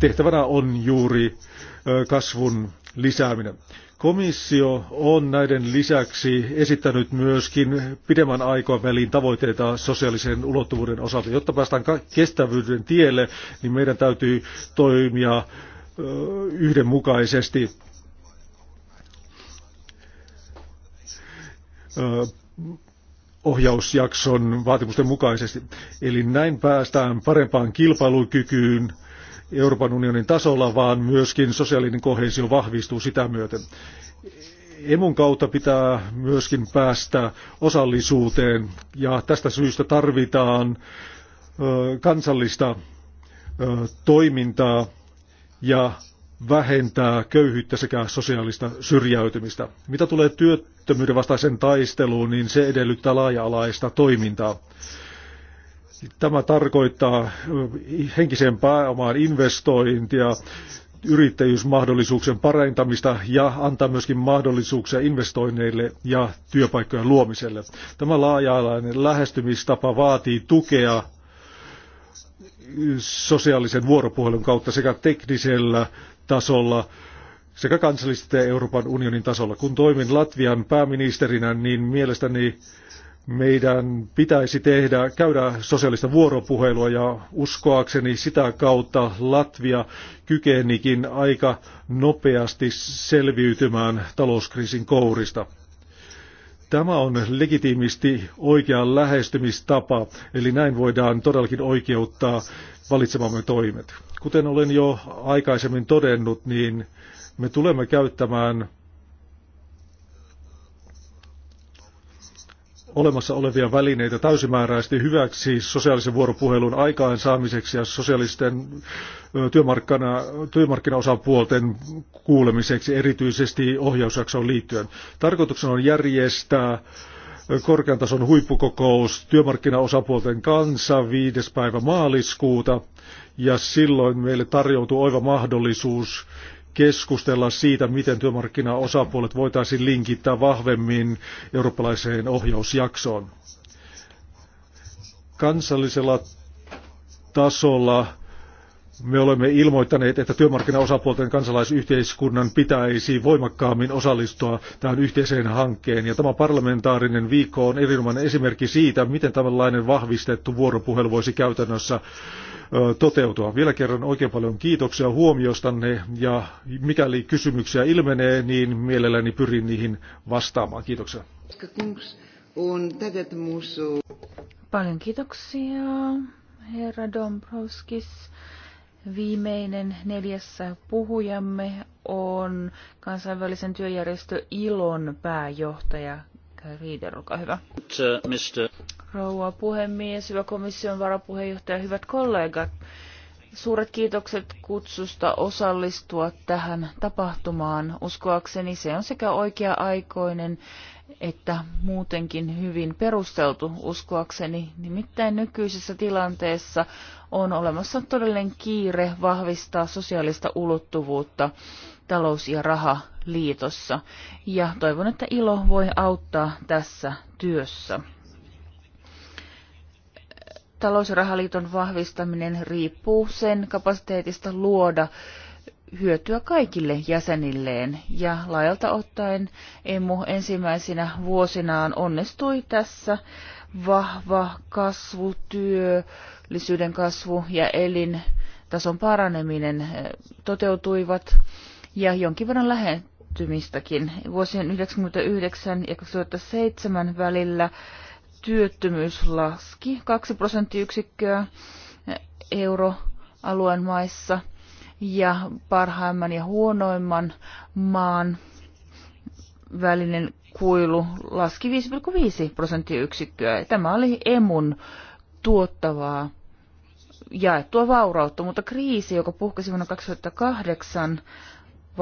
tehtävänä on juuri kasvun lisääminen. Komissio on näiden lisäksi esittänyt myöskin pidemmän aikavälin tavoitteita sosiaalisen ulottuvuuden osalta. Jotta päästään kestävyyden tielle, niin meidän täytyy toimia yhdenmukaisesti. ohjausjakson vaatimusten mukaisesti. Eli näin päästään parempaan kilpailukykyyn Euroopan unionin tasolla, vaan myöskin sosiaalinen kohesio vahvistuu sitä myöten. Emun kautta pitää myöskin päästä osallisuuteen ja tästä syystä tarvitaan kansallista toimintaa ja vähentää köyhyyttä sekä sosiaalista syrjäytymistä. Mitä tulee työttömyyden vastaisen taisteluun, niin se edellyttää laaja-alaista toimintaa. Tämä tarkoittaa äh, henkiseen pääomaan investointia, yrittäjyysmahdollisuuksien parantamista ja antaa myöskin mahdollisuuksia investoinneille ja työpaikkojen luomiselle. Tämä laaja-alainen lähestymistapa vaatii tukea sosiaalisen vuoropuhelun kautta sekä teknisellä tasolla sekä kansallisesti että Euroopan unionin tasolla. Kun toimin Latvian pääministerinä, niin mielestäni meidän pitäisi tehdä, käydä sosiaalista vuoropuhelua ja uskoakseni sitä kautta Latvia kykenikin aika nopeasti selviytymään talouskriisin kourista. Tämä on legitiimisti oikea lähestymistapa, eli näin voidaan todellakin oikeuttaa valitsemamme toimet. Kuten olen jo aikaisemmin todennut, niin me tulemme käyttämään olemassa olevia välineitä täysimääräisesti hyväksi sosiaalisen vuoropuhelun aikaansaamiseksi ja sosiaalisten työmarkkina, työmarkkinaosapuolten kuulemiseksi, erityisesti ohjausjaksoon liittyen. Tarkoituksena on järjestää korkean tason huippukokous työmarkkinaosapuolten kanssa 5. päivä maaliskuuta ja silloin meille tarjoutuu oiva mahdollisuus keskustella siitä, miten työmarkkinaosapuolet voitaisiin linkittää vahvemmin eurooppalaiseen ohjausjaksoon. Kansallisella tasolla me olemme ilmoittaneet, että työmarkkinaosapuolten kansalaisyhteiskunnan pitäisi voimakkaammin osallistua tähän yhteiseen hankkeen. Ja tämä parlamentaarinen viikko on erinomainen esimerkki siitä, miten tällainen vahvistettu vuoropuhelu voisi käytännössä toteutua. Vielä kerran oikein paljon kiitoksia huomiostanne ja mikäli kysymyksiä ilmenee, niin mielelläni pyrin niihin vastaamaan. Kiitoksia. Paljon kiitoksia, herra Dombrovskis. Viimeinen neljässä puhujamme on kansainvälisen työjärjestö ILON pääjohtaja Rieder, olkaa hyvä. Rouva puhemies, hyvä komission varapuheenjohtaja, hyvät kollegat. Suuret kiitokset kutsusta osallistua tähän tapahtumaan. Uskoakseni se on sekä oikea-aikoinen että muutenkin hyvin perusteltu uskoakseni. Nimittäin nykyisessä tilanteessa on olemassa todellinen kiire vahvistaa sosiaalista ulottuvuutta talous- ja rahaliitossa. Ja toivon, että ILO voi auttaa tässä työssä. Talous- ja rahaliiton vahvistaminen riippuu sen kapasiteetista luoda hyötyä kaikille jäsenilleen ja laajalta ottaen EMU ensimmäisinä vuosinaan onnistui tässä vahva kasvu, työllisyyden kasvu ja elintason paraneminen eh, toteutuivat ja jonkin verran lähentymistäkin. Vuosien 1999 ja 2007 välillä työttömyys laski 2 prosenttiyksikköä euroalueen maissa ja parhaimman ja huonoimman maan välinen kuilu laski 5,5 prosenttiyksikköä. Tämä oli emun tuottavaa jaettua vaurautta, mutta kriisi, joka puhkesi vuonna 2008,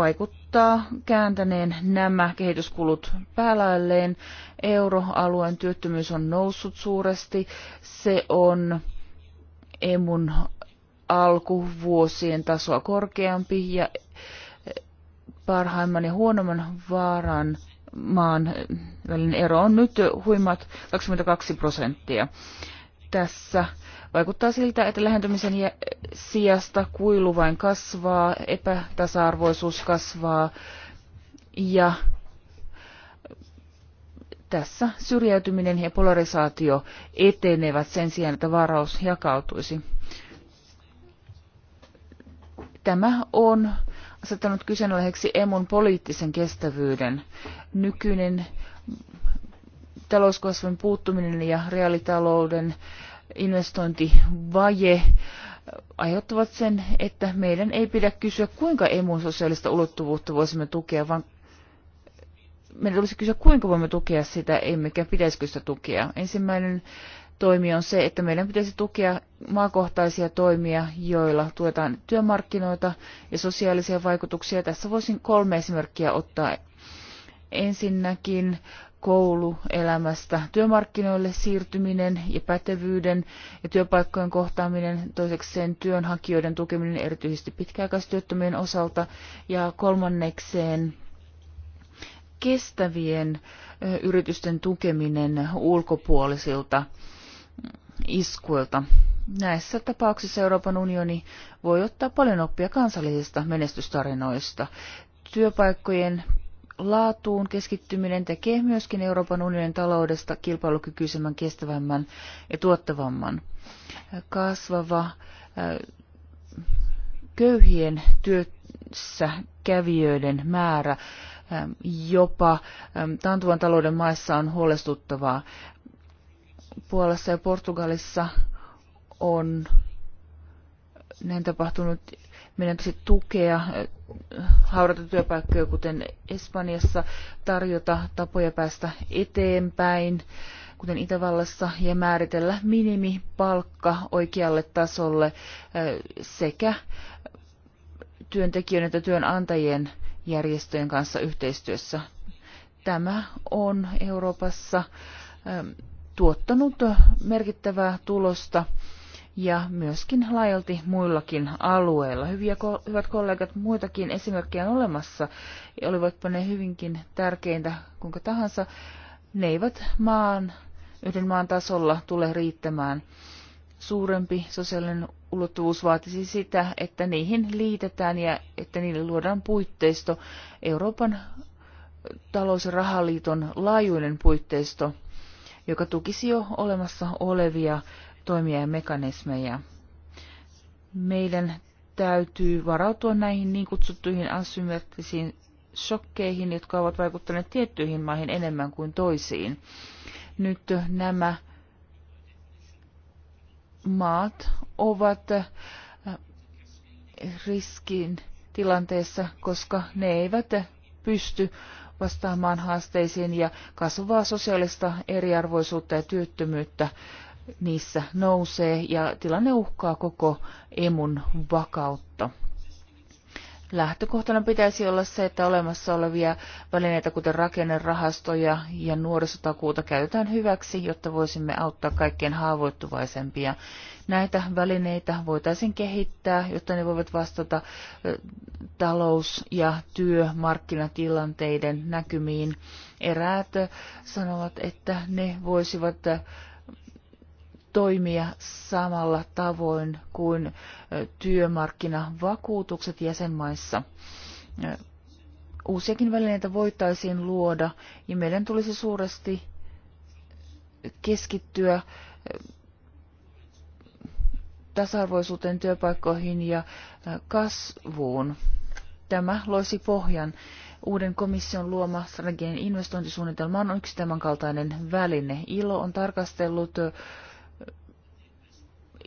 vaikuttaa kääntäneen nämä kehityskulut päälailleen. Euroalueen työttömyys on noussut suuresti. Se on emun alkuvuosien tasoa korkeampi ja parhaimman ja huonomman vaaran maan välinen ero on nyt huimat 22 prosenttia tässä vaikuttaa siltä, että lähentymisen sijasta kuilu vain kasvaa, epätasa-arvoisuus kasvaa ja tässä syrjäytyminen ja polarisaatio etenevät sen sijaan, että varaus jakautuisi. Tämä on asettanut kyseenalaiseksi emun poliittisen kestävyyden. Nykyinen talouskasvun puuttuminen ja reaalitalouden investointivaje aiheuttavat sen, että meidän ei pidä kysyä, kuinka emun sosiaalista ulottuvuutta voisimme tukea, vaan meidän tulisi kysyä, kuinka voimme tukea sitä, emmekä pitäisikö sitä tukea. Ensimmäinen toimi on se, että meidän pitäisi tukea maakohtaisia toimia, joilla tuetaan työmarkkinoita ja sosiaalisia vaikutuksia. Tässä voisin kolme esimerkkiä ottaa. Ensinnäkin kouluelämästä työmarkkinoille siirtyminen ja pätevyyden ja työpaikkojen kohtaaminen, toisekseen työnhakijoiden tukeminen erityisesti pitkäaikaistyöttömien osalta ja kolmannekseen kestävien yritysten tukeminen ulkopuolisilta iskuilta. Näissä tapauksissa Euroopan unioni voi ottaa paljon oppia kansallisista menestystarinoista. Työpaikkojen laatuun keskittyminen tekee myöskin Euroopan unionin taloudesta kilpailukykyisemmän, kestävämmän ja tuottavamman. Kasvava äh, köyhien työssä kävijöiden määrä äh, jopa ähm, taantuvan talouden maissa on huolestuttavaa. Puolassa ja Portugalissa on näin tapahtunut meidän tukea äh, haurata työpaikkoja, kuten Espanjassa, tarjota tapoja päästä eteenpäin, kuten Itävallassa, ja määritellä minimipalkka oikealle tasolle sekä työntekijöiden että työnantajien järjestöjen kanssa yhteistyössä. Tämä on Euroopassa tuottanut merkittävää tulosta ja myöskin laajalti muillakin alueilla. Hyviä, hyvät kollegat, muitakin esimerkkejä on olemassa, ja olivatpa ne hyvinkin tärkeintä kuinka tahansa, ne eivät maan, yhden maan tasolla tule riittämään. Suurempi sosiaalinen ulottuvuus vaatisi sitä, että niihin liitetään ja että niille luodaan puitteisto, Euroopan talous- ja rahaliiton laajuinen puitteisto, joka tukisi jo olemassa olevia toimia ja mekanismeja. Meidän täytyy varautua näihin niin kutsuttuihin asymmetrisiin shokkeihin, jotka ovat vaikuttaneet tiettyihin maihin enemmän kuin toisiin. Nyt nämä maat ovat äh, riskin tilanteessa, koska ne eivät pysty vastaamaan haasteisiin ja kasvavaa sosiaalista eriarvoisuutta ja työttömyyttä niissä nousee ja tilanne uhkaa koko emun vakautta. Lähtökohtana pitäisi olla se, että olemassa olevia välineitä, kuten rakennerahastoja ja nuorisotakuuta, käytetään hyväksi, jotta voisimme auttaa kaikkein haavoittuvaisempia. Näitä välineitä voitaisiin kehittää, jotta ne voivat vastata talous- ja työmarkkinatilanteiden näkymiin. Eräät sanovat, että ne voisivat toimia samalla tavoin kuin työmarkkinavakuutukset jäsenmaissa. Uusiakin välineitä voitaisiin luoda ja meidän tulisi suuresti keskittyä tasa-arvoisuuteen, työpaikkoihin ja kasvuun. Tämä loisi pohjan. Uuden komission luoma strateginen investointisuunnitelma on yksi tämänkaltainen väline. ILO on tarkastellut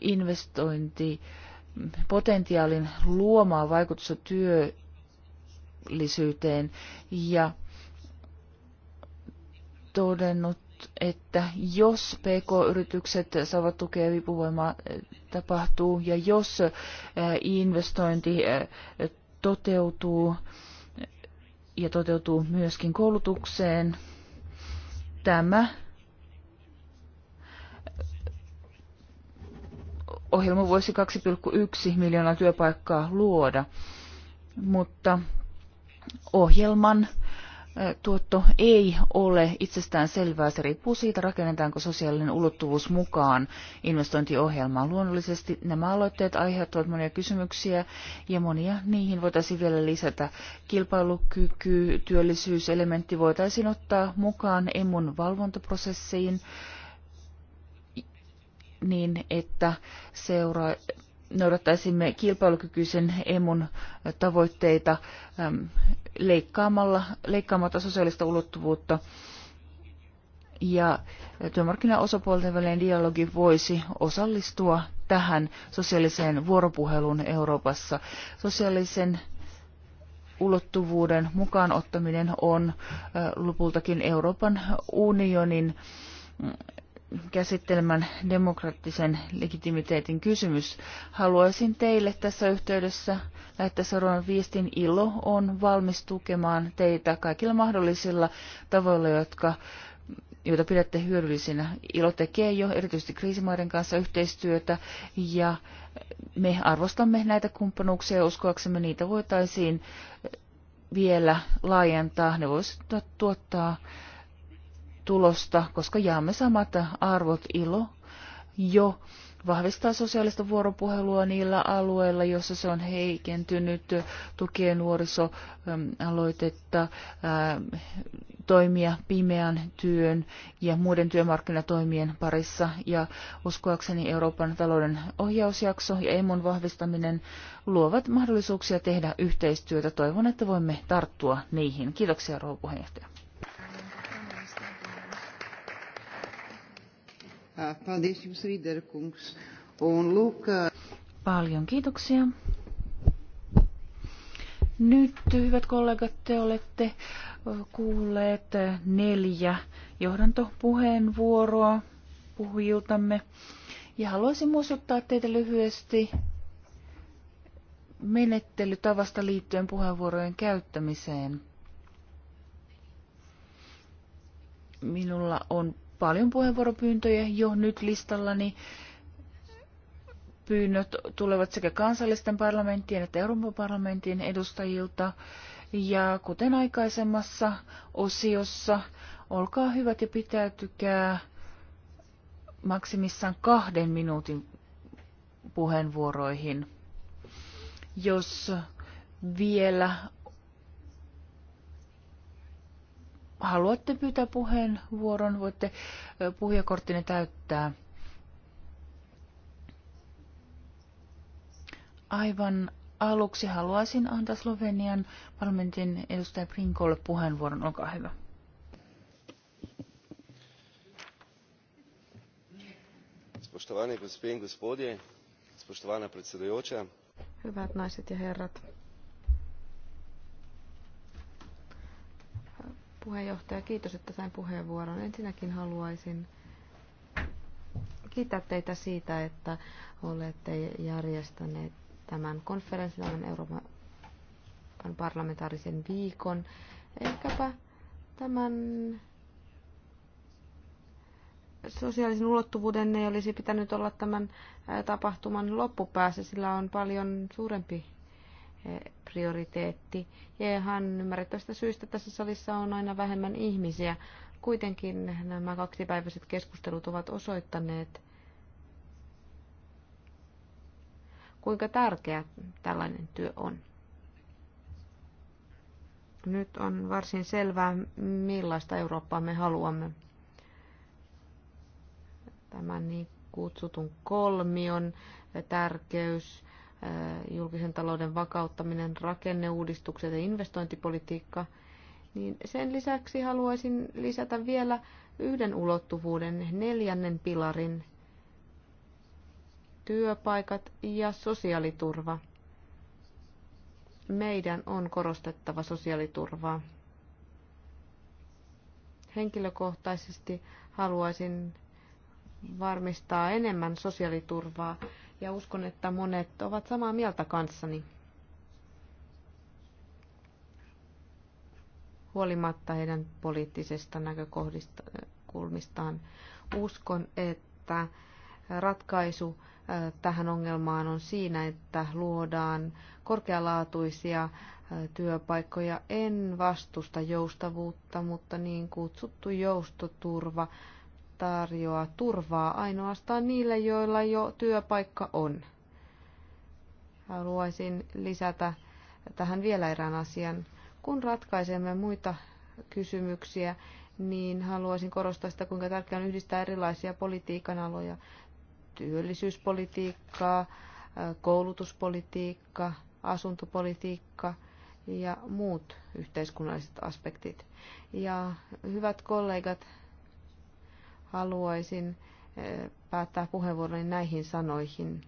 investointipotentiaalin luomaa vaikutusta työllisyyteen ja todennut, että jos PK-yritykset saavat tukea vipuvoimaa tapahtuu ja jos investointi toteutuu ja toteutuu myöskin koulutukseen, tämä ohjelma voisi 2,1 miljoonaa työpaikkaa luoda, mutta ohjelman tuotto ei ole itsestään selvää. Se riippuu siitä, rakennetaanko sosiaalinen ulottuvuus mukaan investointiohjelmaan. Luonnollisesti nämä aloitteet aiheuttavat monia kysymyksiä ja monia niihin voitaisiin vielä lisätä. Kilpailukyky, työllisyyselementti voitaisiin ottaa mukaan emun valvontaprosessiin niin, että seura, noudattaisimme kilpailukykyisen emun tavoitteita leikkaamalla, leikkaamatta sosiaalista ulottuvuutta. Ja työmarkkinaosapuolten välinen dialogi voisi osallistua tähän sosiaaliseen vuoropuheluun Euroopassa. Sosiaalisen ulottuvuuden mukaan ottaminen on lopultakin Euroopan unionin käsittelemään demokraattisen legitimiteetin kysymys. Haluaisin teille tässä yhteydessä lähettää seuraavan viestin. Ilo on valmis tukemaan teitä kaikilla mahdollisilla tavoilla, jotka joita pidätte hyödyllisinä. ILO tekee jo erityisesti kriisimaiden kanssa yhteistyötä ja me arvostamme näitä kumppanuuksia ja uskoaksemme niitä voitaisiin vielä laajentaa. Ne voisivat tuottaa tulosta, koska jaamme samat arvot ilo jo vahvistaa sosiaalista vuoropuhelua niillä alueilla, joissa se on heikentynyt, tukee nuorisoaloitetta, toimia pimeän työn ja muiden työmarkkinatoimien parissa. Ja uskoakseni Euroopan talouden ohjausjakso ja emon vahvistaminen luovat mahdollisuuksia tehdä yhteistyötä. Toivon, että voimme tarttua niihin. Kiitoksia, rouva puheenjohtaja. Paldies jums, Rīderkungs. Paljon kiitoksia. Nyt, hyvät kollegat, te olette kuulleet neljä johdantopuheenvuoroa puhujiltamme. Ja haluaisin muistuttaa teitä lyhyesti menettelytavasta liittyen puheenvuorojen käyttämiseen. Minulla on paljon puheenvuoropyyntöjä jo nyt listallani. Pyynnöt tulevat sekä kansallisten parlamenttien että Euroopan parlamentin edustajilta. Ja kuten aikaisemmassa osiossa, olkaa hyvät ja pitäytykää maksimissaan kahden minuutin puheenvuoroihin. Jos vielä haluatte pyytää puheenvuoron, voitte puhujakorttinne täyttää. Aivan aluksi haluaisin antaa Slovenian parlamentin edustaja Prinkolle puheenvuoron. Olkaa hyvä. Spoštovane gospodje, spoštovana predsedujoča. Hyvät naiset ja herrat, puheenjohtaja, kiitos, että sain puheenvuoron. Ensinnäkin haluaisin kiittää teitä siitä, että olette järjestäneet tämän konferenssin, tämän Euroopan parlamentaarisen viikon. Ehkäpä tämän sosiaalisen ulottuvuuden ei olisi pitänyt olla tämän tapahtuman loppupäässä, sillä on paljon suurempi prioriteetti. Ja ihan ymmärrettävästä syystä tässä salissa on aina vähemmän ihmisiä. Kuitenkin nämä kaksipäiväiset keskustelut ovat osoittaneet, kuinka tärkeä tällainen työ on. Nyt on varsin selvää, millaista Eurooppaa me haluamme. Tämän niin kutsutun kolmion tärkeys, julkisen talouden vakauttaminen, rakenneuudistukset ja investointipolitiikka, niin sen lisäksi haluaisin lisätä vielä yhden ulottuvuuden, neljännen pilarin, työpaikat ja sosiaaliturva. Meidän on korostettava sosiaaliturvaa. Henkilökohtaisesti haluaisin varmistaa enemmän sosiaaliturvaa ja uskon, että monet ovat samaa mieltä kanssani. Huolimatta heidän poliittisesta näkökulmistaan uskon, että ratkaisu tähän ongelmaan on siinä, että luodaan korkealaatuisia työpaikkoja. En vastusta joustavuutta, mutta niin kutsuttu joustoturva tarjoaa turvaa ainoastaan niille, joilla jo työpaikka on. Haluaisin lisätä tähän vielä erään asian. Kun ratkaisemme muita kysymyksiä, niin haluaisin korostaa sitä, kuinka tärkeää on yhdistää erilaisia politiikan aloja. Työllisyyspolitiikkaa, koulutuspolitiikka, asuntopolitiikka ja muut yhteiskunnalliset aspektit. Ja hyvät kollegat, haluaisin eh, päättää puheenvuoroni näihin sanoihin.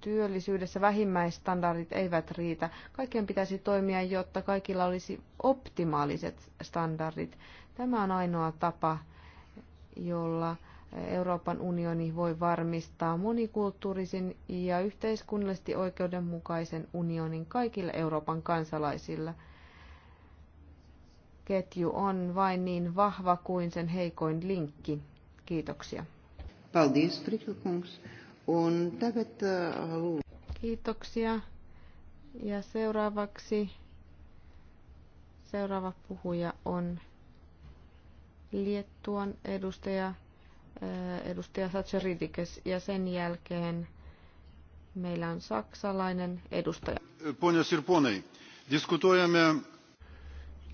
Työllisyydessä vähimmäistandardit eivät riitä. Kaiken pitäisi toimia, jotta kaikilla olisi optimaaliset standardit. Tämä on ainoa tapa, jolla Euroopan unioni voi varmistaa monikulttuurisen ja yhteiskunnallisesti oikeudenmukaisen unionin kaikille Euroopan kansalaisille – ketju on vain niin vahva kuin sen heikoin linkki. Kiitoksia. Kiitoksia. Ja seuraavaksi seuraava puhuja on Liettuan edustaja, edustaja Sacharidikes ja sen jälkeen meillä on saksalainen edustaja. ir ponai, diskutoimme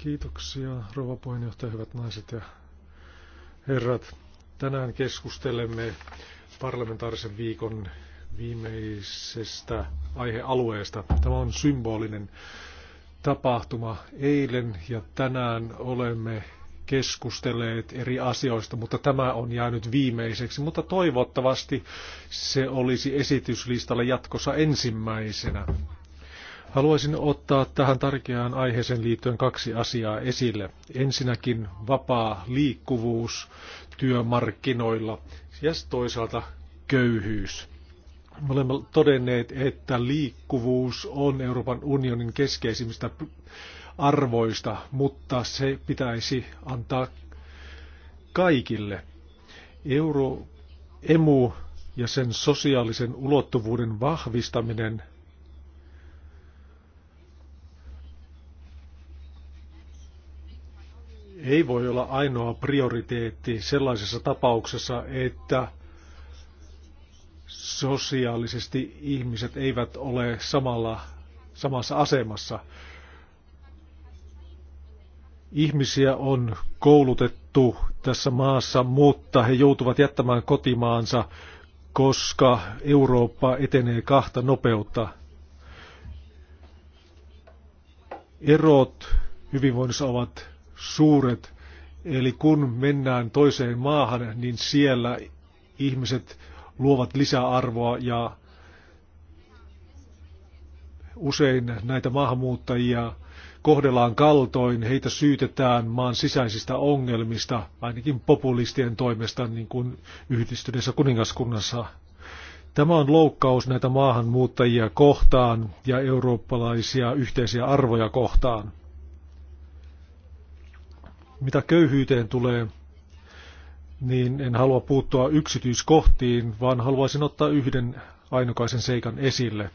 Kiitoksia, rouva puheenjohtaja, hyvät naiset ja herrat. Tänään keskustelemme parlamentaarisen viikon viimeisestä aihealueesta. Tämä on symbolinen tapahtuma. Eilen ja tänään olemme keskustelleet eri asioista, mutta tämä on jäänyt viimeiseksi. Mutta toivottavasti se olisi esityslistalla jatkossa ensimmäisenä. Haluaisin ottaa tähän tärkeään aiheeseen liittyen kaksi asiaa esille. Ensinnäkin vapaa liikkuvuus työmarkkinoilla ja toisaalta köyhyys. Me olemme todenneet, että liikkuvuus on Euroopan unionin keskeisimmistä arvoista, mutta se pitäisi antaa kaikille. Euro, emu ja sen sosiaalisen ulottuvuuden vahvistaminen ei voi olla ainoa prioriteetti sellaisessa tapauksessa, että sosiaalisesti ihmiset eivät ole samalla, samassa asemassa. Ihmisiä on koulutettu tässä maassa, mutta he joutuvat jättämään kotimaansa, koska Eurooppa etenee kahta nopeutta. Erot hyvinvoinnissa ovat suuret. Eli kun mennään toiseen maahan, niin siellä ihmiset luovat lisäarvoa ja usein näitä maahanmuuttajia kohdellaan kaltoin, heitä syytetään maan sisäisistä ongelmista, ainakin populistien toimesta, niin kuin yhdistyneessä kuningaskunnassa. Tämä on loukkaus näitä maahanmuuttajia kohtaan ja eurooppalaisia yhteisiä arvoja kohtaan. Mitä köyhyyteen tulee, niin en halua puuttua yksityiskohtiin, vaan haluaisin ottaa yhden ainokaisen seikan esille.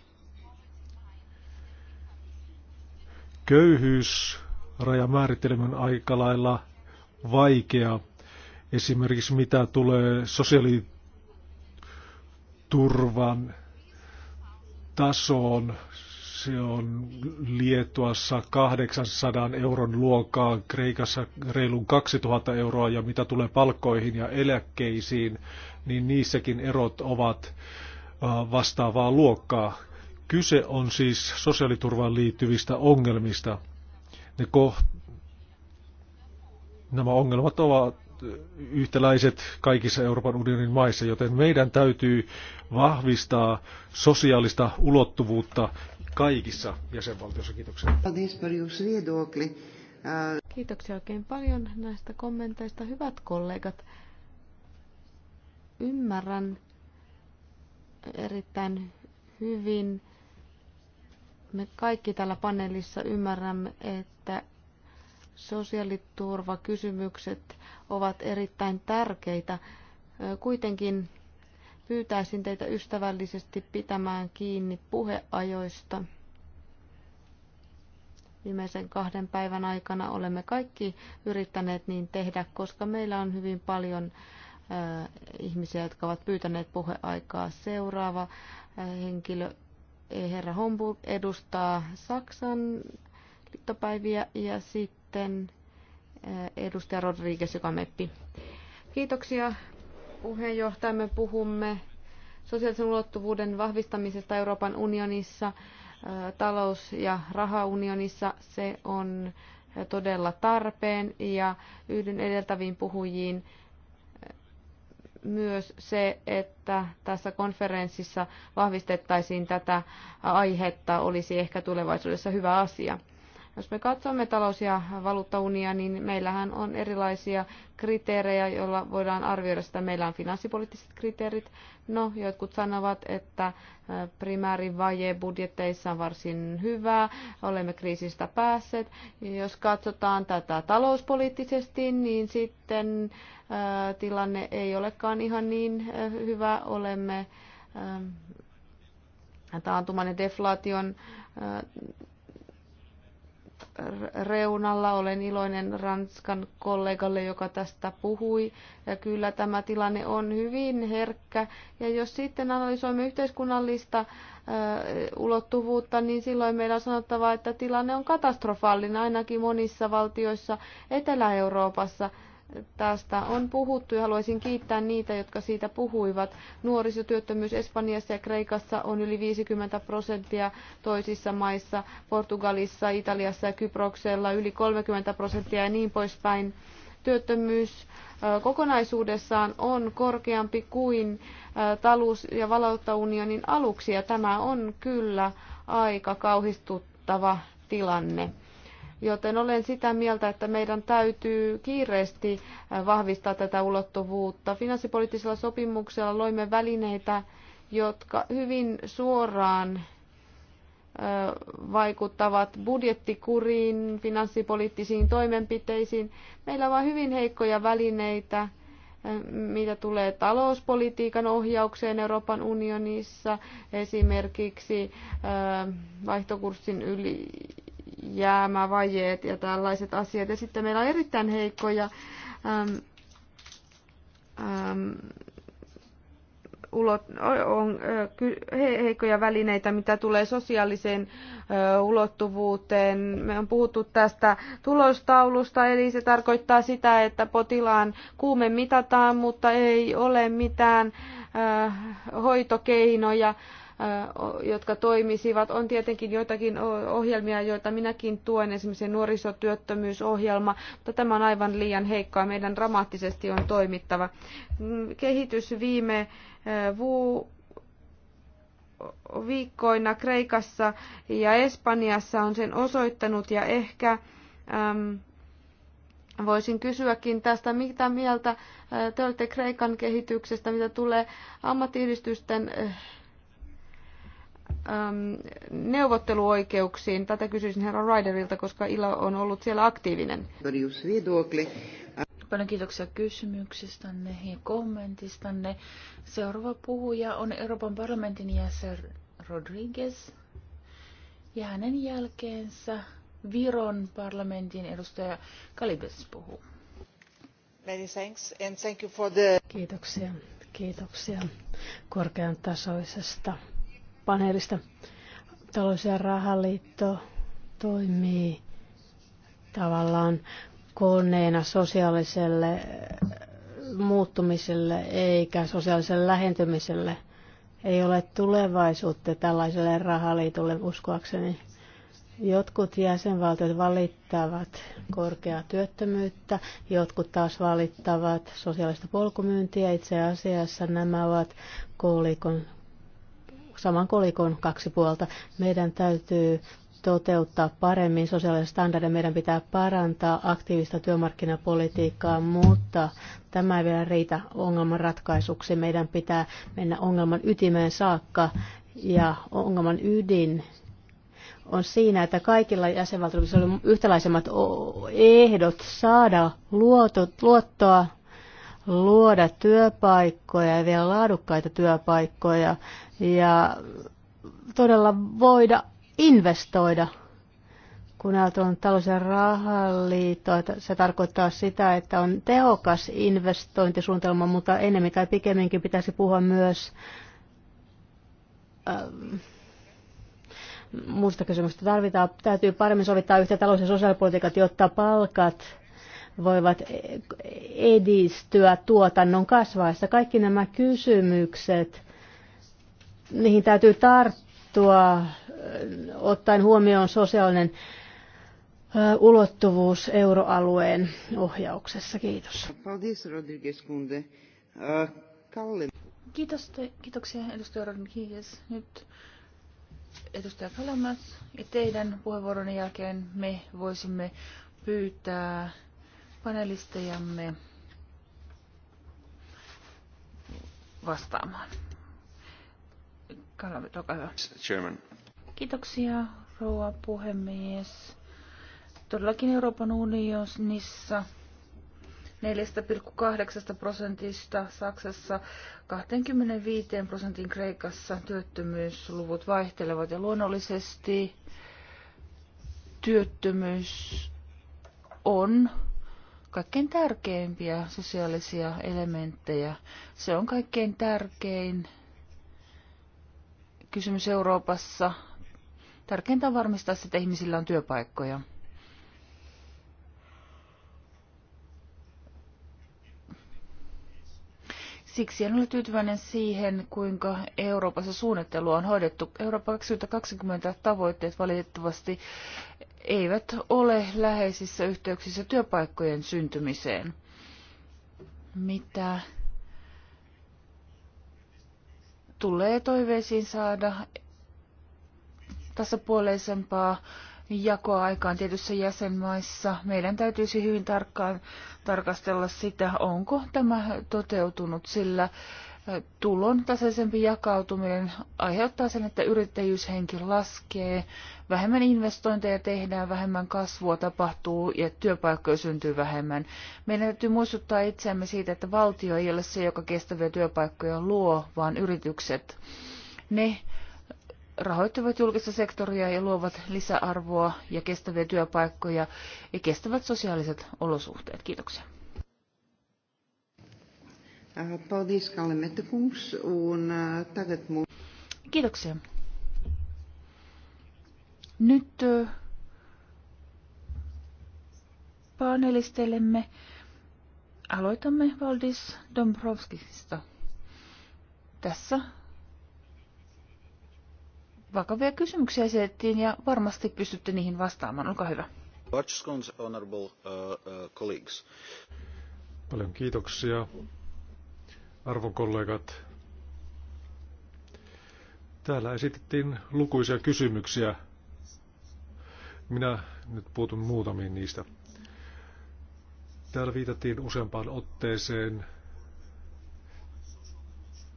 Köyhyysraja määrittelemän aika lailla vaikea. Esimerkiksi mitä tulee sosiaaliturvan tasoon, se on Lietuassa 800 euron luokkaa, Kreikassa reilun 2000 euroa ja mitä tulee palkkoihin ja eläkkeisiin, niin niissäkin erot ovat vastaavaa luokkaa. Kyse on siis sosiaaliturvaan liittyvistä ongelmista. Ne koht- Nämä ongelmat ovat yhtäläiset kaikissa Euroopan unionin maissa, joten meidän täytyy vahvistaa sosiaalista ulottuvuutta kaikissa jäsenvaltioissa. Kiitoksia. Kiitoksia oikein paljon näistä kommenteista. Hyvät kollegat, ymmärrän erittäin hyvin. Me kaikki täällä paneelissa ymmärrämme, että sosiaaliturvakysymykset ovat erittäin tärkeitä. Kuitenkin Pyytäisin teitä ystävällisesti pitämään kiinni puheajoista. Viimeisen kahden päivän aikana olemme kaikki yrittäneet niin tehdä, koska meillä on hyvin paljon äh, ihmisiä, jotka ovat pyytäneet puheaikaa. Seuraava äh, henkilö, eh, herra Homburg, edustaa Saksan liittopäiviä ja sitten äh, edustaja Rodriguez, joka meppi. Kiitoksia puheenjohtajamme puhumme sosiaalisen ulottuvuuden vahvistamisesta Euroopan unionissa, talous- ja rahaunionissa. Se on todella tarpeen ja yhdyn edeltäviin puhujiin myös se, että tässä konferenssissa vahvistettaisiin tätä aihetta, olisi ehkä tulevaisuudessa hyvä asia. Jos me katsomme talous- ja valuuttaunia, niin meillähän on erilaisia kriteerejä, joilla voidaan arvioida sitä. Meillä on finanssipoliittiset kriteerit. No, jotkut sanovat, että äh, vaje budjetteissa on varsin hyvä, olemme kriisistä päässeet. Jos katsotaan tätä talouspoliittisesti, niin sitten äh, tilanne ei olekaan ihan niin äh, hyvä. Olemme ähm, taantuman ja deflaation reunalla. Olen iloinen Ranskan kollegalle, joka tästä puhui. Ja kyllä tämä tilanne on hyvin herkkä. Ja jos sitten analysoimme yhteiskunnallista ulottuvuutta, niin silloin meillä on sanottava, että tilanne on katastrofaalinen ainakin monissa valtioissa Etelä-Euroopassa – tästä on puhuttu ja haluaisin kiittää niitä, jotka siitä puhuivat. Nuorisotyöttömyys Espanjassa ja Kreikassa on yli 50 prosenttia, toisissa maissa, Portugalissa, Italiassa ja Kyproksella yli 30 prosenttia ja niin poispäin. Työttömyys kokonaisuudessaan on korkeampi kuin talous- ja valuuttaunionin aluksi ja tämä on kyllä aika kauhistuttava tilanne. Joten olen sitä mieltä, että meidän täytyy kiireesti äh, vahvistaa tätä ulottuvuutta. Finanssipoliittisella sopimuksella loimme välineitä, jotka hyvin suoraan äh, vaikuttavat budjettikuriin, finanssipoliittisiin toimenpiteisiin. Meillä on vain hyvin heikkoja välineitä, äh, mitä tulee talouspolitiikan ohjaukseen Euroopan unionissa, esimerkiksi vaihtokurssin yli jäämävajeet ja tällaiset asiat. Ja sitten meillä on erittäin heikkoja äm, äm, ulot, on heikkoja välineitä, mitä tulee sosiaaliseen ulottuvuuteen. Me on puhuttu tästä tulostaulusta, eli se tarkoittaa sitä, että potilaan kuume mitataan, mutta ei ole mitään hoitokeinoja jotka toimisivat. On tietenkin joitakin ohjelmia, joita minäkin tuen, esimerkiksi nuorisotyöttömyysohjelma, mutta tämä on aivan liian heikkoa. Meidän dramaattisesti on toimittava. Mm, kehitys viime vu- viikkoina Kreikassa ja Espanjassa on sen osoittanut ja ehkä äm, voisin kysyäkin tästä, mitä mieltä te olette Kreikan kehityksestä, mitä tulee ammattiyhdistysten äm, neuvotteluoikeuksiin. Tätä kysyisin herra Ryderilta, koska Ila on ollut siellä aktiivinen. Paljon kiitoksia kysymyksistänne ja kommentistanne. Seuraava puhuja on Euroopan parlamentin jäsen Rodriguez. Ja hänen jälkeensä Viron parlamentin edustaja Kalibes puhuu. Many thanks and thank you for the... Kiitoksia. Kiitoksia korkean tasoisesta paneelista. Talous- ja rahaliitto toimii tavallaan koneena sosiaaliselle muuttumiselle eikä sosiaaliselle lähentymiselle. Ei ole tulevaisuutta tällaiselle rahaliitolle uskoakseni. Jotkut jäsenvaltiot valittavat korkeaa työttömyyttä, jotkut taas valittavat sosiaalista polkumyyntiä. Itse asiassa nämä ovat koolikon saman kolikon kaksi puolta. Meidän täytyy toteuttaa paremmin sosiaalisia standardeja. Meidän pitää parantaa aktiivista työmarkkinapolitiikkaa, mutta tämä ei vielä riitä ongelman ratkaisuksi. Meidän pitää mennä ongelman ytimeen saakka ja ongelman ydin on siinä, että kaikilla jäsenvaltioilla on yhtäläisemmät ehdot saada luottoa, luoda työpaikkoja ja vielä laadukkaita työpaikkoja ja todella voida investoida. Kun ajatellaan talous- ja rahaliittoa, se tarkoittaa sitä, että on tehokas investointisuunnitelma, mutta enemmän tai pikemminkin pitäisi puhua myös ähm, muusta kysymystä. Tarvitaan, täytyy paremmin sovittaa yhtä talous- ja sosiaalipolitiikat, jotta palkat voivat edistyä tuotannon kasvaessa. Kaikki nämä kysymykset niihin täytyy tarttua ottaen huomioon sosiaalinen ulottuvuus euroalueen ohjauksessa. Kiitos. Kiitos te, kiitoksia edustaja Rodriguez. Nyt edustaja Kalamas ja teidän puheenvuoronne jälkeen me voisimme pyytää panelistejamme vastaamaan. Kallavit, olkaa hyvä. Chairman. Kiitoksia, rouva puhemies. Todellakin Euroopan unionissa 4,8 prosentista Saksassa 25 prosentin Kreikassa työttömyysluvut vaihtelevat ja luonnollisesti työttömyys on kaikkein tärkeimpiä sosiaalisia elementtejä. Se on kaikkein tärkein kysymys Euroopassa. Tärkeintä on varmistaa, että ihmisillä on työpaikkoja. Siksi en ole tyytyväinen siihen, kuinka Euroopassa suunnittelu on hoidettu. Eurooppa 2020 tavoitteet valitettavasti eivät ole läheisissä yhteyksissä työpaikkojen syntymiseen. Mitä tulee toiveisiin saada tasapuoleisempaa jakoa aikaan tietyissä jäsenmaissa. Meidän täytyisi hyvin tarkkaan tarkastella sitä, onko tämä toteutunut, sillä tulon tasaisempi jakautuminen aiheuttaa sen, että yrittäjyyshenki laskee, vähemmän investointeja tehdään, vähemmän kasvua tapahtuu ja työpaikkoja syntyy vähemmän. Meidän täytyy muistuttaa itseämme siitä, että valtio ei ole se, joka kestäviä työpaikkoja luo, vaan yritykset. Ne rahoittavat julkista sektoria ja luovat lisäarvoa ja kestäviä työpaikkoja ja kestävät sosiaaliset olosuhteet. Kiitoksia. Eh, paldies, Kalimete kungs, un eh, tagad Kiitoksia. Nyt eh, panelistelemme. Aloitamme Valdis Dombrovskista. Tässä vakavia kysymyksiä esitettiin ja varmasti pystytte niihin vastaamaan. Olkaa hyvä. Paljon kiitoksia Arvon kollegat, täällä esitettiin lukuisia kysymyksiä. Minä nyt puutun muutamiin niistä. Täällä viitattiin useampaan otteeseen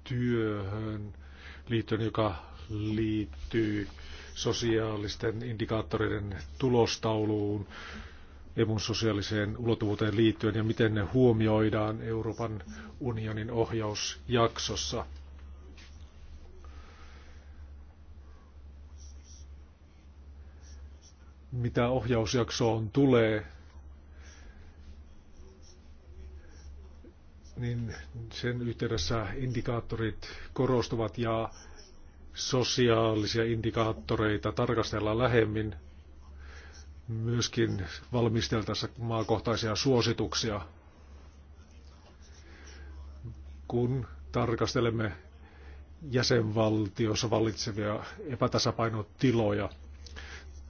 työhön liittyen, joka liittyy sosiaalisten indikaattoreiden tulostauluun, Emun sosiaaliseen ulottuvuuteen liittyen ja miten ne huomioidaan Euroopan unionin ohjausjaksossa. Mitä ohjausjaksoon tulee, niin sen yhteydessä indikaattorit korostuvat ja sosiaalisia indikaattoreita tarkastellaan lähemmin – myöskin valmisteltaessa maakohtaisia suosituksia, kun tarkastelemme jäsenvaltiossa vallitsevia epätasapainotiloja.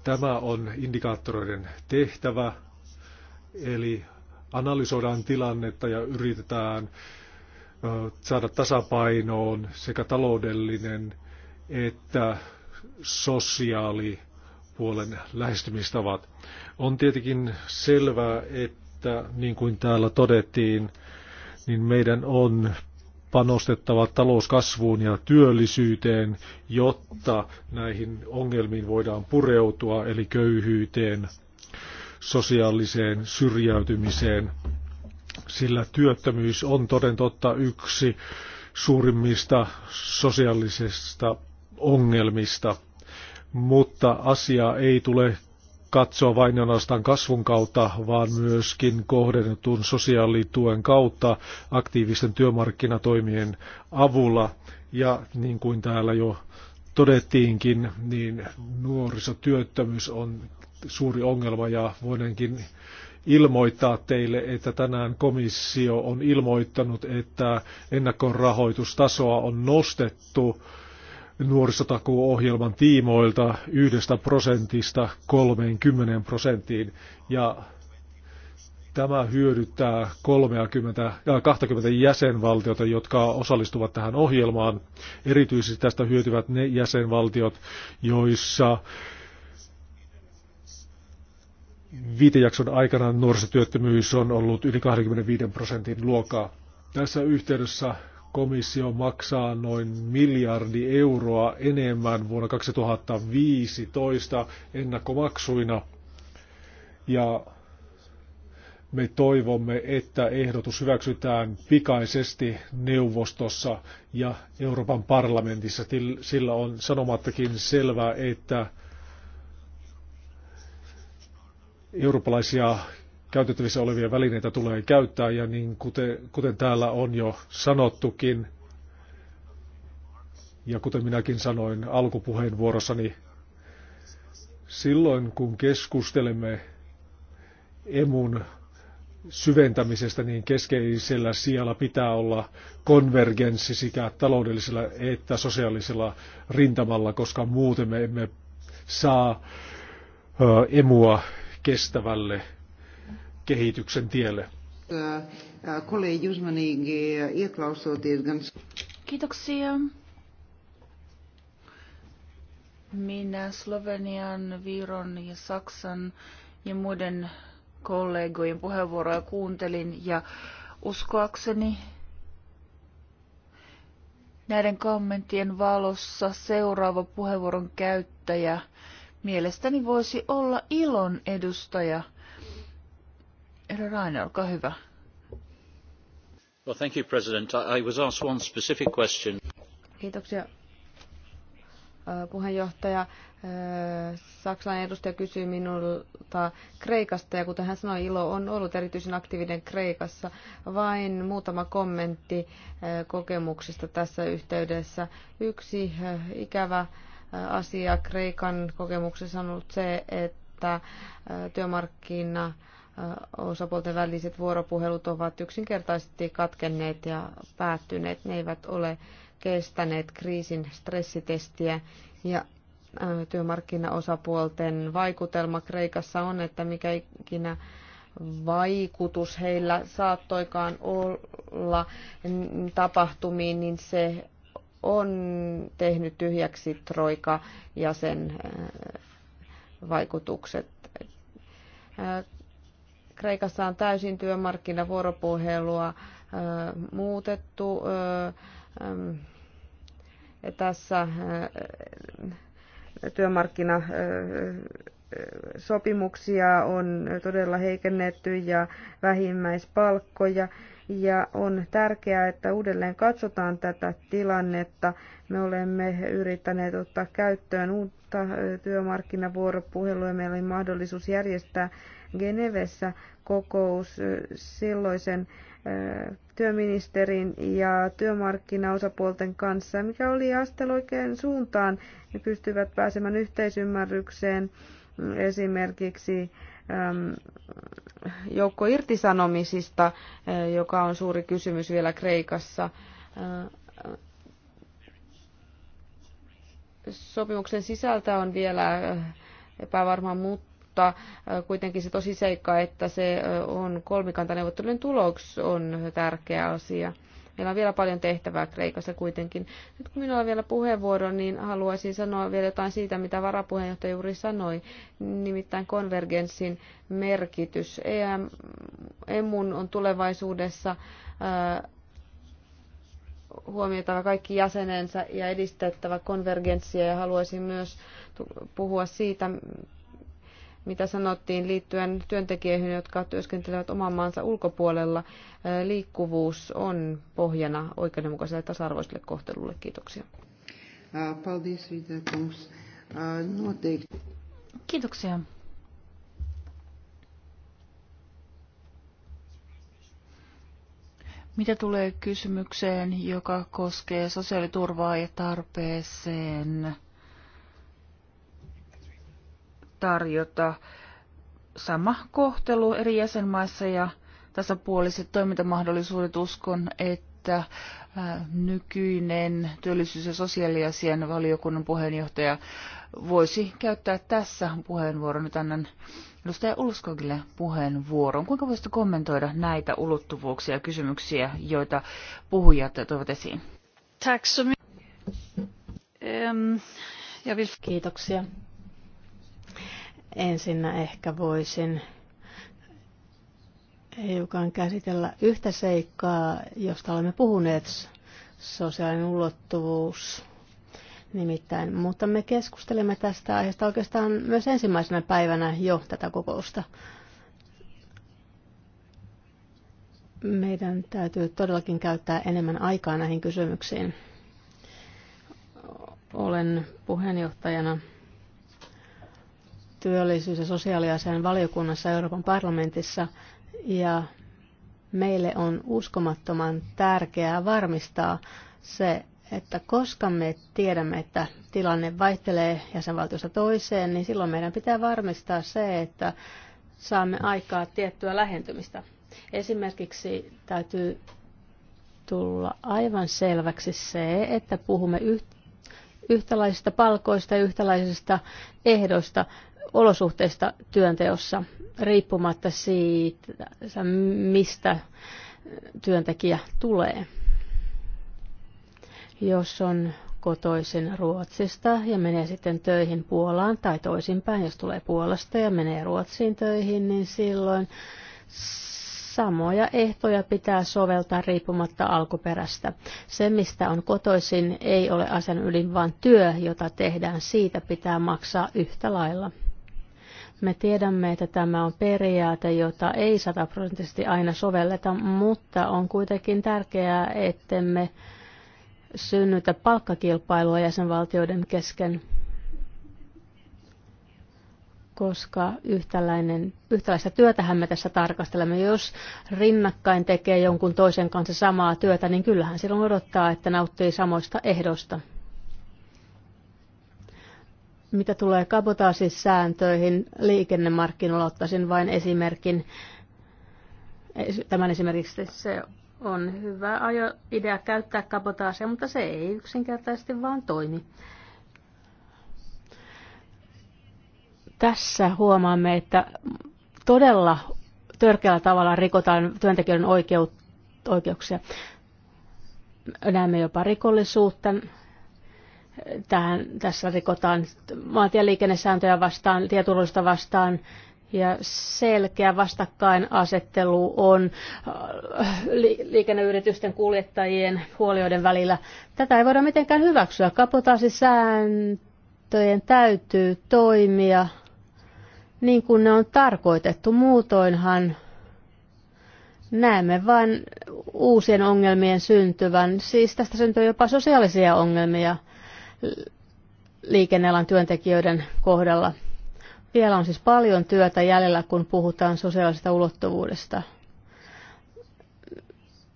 Tämä on indikaattoreiden tehtävä, eli analysoidaan tilannetta ja yritetään saada tasapainoon sekä taloudellinen että sosiaali puolen lähestymistavat. On tietenkin selvää, että niin kuin täällä todettiin, niin meidän on panostettava talouskasvuun ja työllisyyteen, jotta näihin ongelmiin voidaan pureutua, eli köyhyyteen, sosiaaliseen syrjäytymiseen, sillä työttömyys on toden totta yksi suurimmista sosiaalisista ongelmista – mutta asia ei tule katsoa vain ainoastaan kasvun kautta, vaan myöskin kohdennetun sosiaalituen kautta aktiivisten työmarkkinatoimien avulla. Ja niin kuin täällä jo todettiinkin, niin nuorisotyöttömyys on suuri ongelma ja voidaankin ilmoittaa teille, että tänään komissio on ilmoittanut, että ennakkorahoitustasoa on nostettu nuorisotakuuohjelman tiimoilta yhdestä prosentista 30 prosenttiin. Ja tämä hyödyttää 30, 20 äh, jäsenvaltiota, jotka osallistuvat tähän ohjelmaan. Erityisesti tästä hyötyvät ne jäsenvaltiot, joissa viitejakson aikana nuorisotyöttömyys on ollut yli 25 prosentin luokkaa. Tässä yhteydessä komissio maksaa noin miljardi euroa enemmän vuonna 2015 ennakkomaksuina. Ja me toivomme, että ehdotus hyväksytään pikaisesti neuvostossa ja Euroopan parlamentissa. Sillä on sanomattakin selvää, että eurooppalaisia käytettävissä olevia välineitä tulee käyttää ja niin kuten, kuten täällä on jo sanottukin ja kuten minäkin sanoin alkupuheenvuorossani, silloin kun keskustelemme emun syventämisestä, niin keskeisellä sijalla pitää olla konvergenssi sekä taloudellisella että sosiaalisella rintamalla, koska muuten me emme saa emua kestävälle kehityksen tielle. Kiitoksia. Minä Slovenian, Viron ja Saksan ja muiden kollegojen puheenvuoroja kuuntelin ja uskoakseni näiden kommenttien valossa seuraava puheenvuoron käyttäjä mielestäni voisi olla ilon edustaja – Herra Raine, olkaa hyvä. Well, thank you, President. I was asked one specific question. Kiitoksia puheenjohtaja. Saksalainen edustaja kysyi minulta Kreikasta ja kuten hän sanoi, Ilo on ollut erityisen aktiivinen Kreikassa. Vain muutama kommentti kokemuksista tässä yhteydessä. Yksi ikävä asia Kreikan kokemuksessa on ollut se, että työmarkkina osapuolten väliset vuoropuhelut ovat yksinkertaisesti katkenneet ja päättyneet. Ne eivät ole kestäneet kriisin stressitestiä ja työmarkkinaosapuolten vaikutelma Kreikassa on, että mikä ikinä vaikutus heillä saattoikaan olla tapahtumiin, niin se on tehnyt tyhjäksi Troika ja sen vaikutukset. Kreikassa on täysin työmarkkinavuoropuhelua muutettu. Tässä työmarkkina sopimuksia on todella heikennetty ja vähimmäispalkkoja. Ja on tärkeää, että uudelleen katsotaan tätä tilannetta. Me olemme yrittäneet ottaa käyttöön uutta työmarkkinavuoropuhelua. Meillä oli mahdollisuus järjestää Genevessä kokous silloisen työministerin ja työmarkkinaosapuolten kanssa, mikä oli astel oikein suuntaan. Ne pystyvät pääsemään yhteisymmärrykseen mm, esimerkiksi joukko irtisanomisista, joka on suuri kysymys vielä Kreikassa. Sopimuksen sisältä on vielä epävarma, mutta mutta kuitenkin se tosi seikka, että se on kolmikantaneuvottelujen tuloks on tärkeä asia. Meillä on vielä paljon tehtävää Kreikassa kuitenkin. Nyt kun minulla on vielä puheenvuoro, niin haluaisin sanoa vielä jotain siitä, mitä varapuheenjohtaja juuri sanoi, nimittäin konvergenssin merkitys. EM, EMUn on tulevaisuudessa huomioitava kaikki jäsenensä ja edistettävä konvergenssia ja haluaisin myös puhua siitä, mitä sanottiin liittyen työntekijöihin, jotka työskentelevät oman maansa ulkopuolella. Liikkuvuus on pohjana oikeudenmukaiselle tasa-arvoiselle kohtelulle. Kiitoksia. Kiitoksia. Mitä tulee kysymykseen, joka koskee sosiaaliturvaa ja tarpeeseen? tarjota sama kohtelu eri jäsenmaissa ja tasapuoliset toimintamahdollisuudet. Uskon, että äh, nykyinen työllisyys- ja sosiaaliasian valiokunnan puheenjohtaja voisi käyttää tässä puheenvuoron. Nyt annan edustaja Ulskogille puheenvuoron. Kuinka voisitte kommentoida näitä ulottuvuuksia ja kysymyksiä, joita puhujat toivat esiin? Tack så mycket. Kiitoksia. Ensinnä ehkä voisin hiukan käsitellä yhtä seikkaa, josta olemme puhuneet, sosiaalinen ulottuvuus nimittäin. Mutta me keskustelemme tästä aiheesta oikeastaan myös ensimmäisenä päivänä jo tätä kokousta. Meidän täytyy todellakin käyttää enemmän aikaa näihin kysymyksiin. Olen puheenjohtajana työllisyys- ja sosiaaliasian valiokunnassa Euroopan parlamentissa ja meille on uskomattoman tärkeää varmistaa se, että koska me tiedämme, että tilanne vaihtelee jäsenvaltiosta toiseen, niin silloin meidän pitää varmistaa se, että saamme aikaa tiettyä lähentymistä. Esimerkiksi täytyy tulla aivan selväksi se, että puhumme yhtä yhtäläisistä palkoista ja yhtäläisistä ehdoista olosuhteista työnteossa, riippumatta siitä, mistä työntekijä tulee. Jos on kotoisin Ruotsista ja menee sitten töihin Puolaan tai toisinpäin, jos tulee Puolasta ja menee Ruotsiin töihin, niin silloin samoja ehtoja pitää soveltaa riippumatta alkuperästä. Se, mistä on kotoisin, ei ole asian ylin, vaan työ, jota tehdään, siitä pitää maksaa yhtä lailla. Me tiedämme, että tämä on periaate, jota ei sataprosenttisesti aina sovelleta, mutta on kuitenkin tärkeää, ettemme synnytä palkkakilpailua jäsenvaltioiden kesken, koska yhtäläinen, yhtäläistä työtähän me tässä tarkastelemme. Jos rinnakkain tekee jonkun toisen kanssa samaa työtä, niin kyllähän silloin odottaa, että nauttii samoista ehdoista. Mitä tulee kabotaasisääntöihin, liikennemarkkinoilla ottaisin vain esimerkin. Tämän esimerkiksi se on hyvä ajo idea käyttää kabotaasia, mutta se ei yksinkertaisesti vaan toimi. Tässä huomaamme, että todella törkeällä tavalla rikotaan työntekijöiden oikeuksia. Näemme jopa rikollisuutta Tähän, tässä rikotaan maantieliikennesääntöjä vastaan, tieturvallisuutta vastaan, ja selkeä vastakkainasettelu on äh, liikenneyritysten kuljettajien huolioiden välillä. Tätä ei voida mitenkään hyväksyä. Kapotaasisääntöjen täytyy toimia niin kuin ne on tarkoitettu. Muutoinhan näemme vain uusien ongelmien syntyvän. Siis tästä syntyy jopa sosiaalisia ongelmia – liikennealan työntekijöiden kohdalla. Vielä on siis paljon työtä jäljellä, kun puhutaan sosiaalisesta ulottuvuudesta.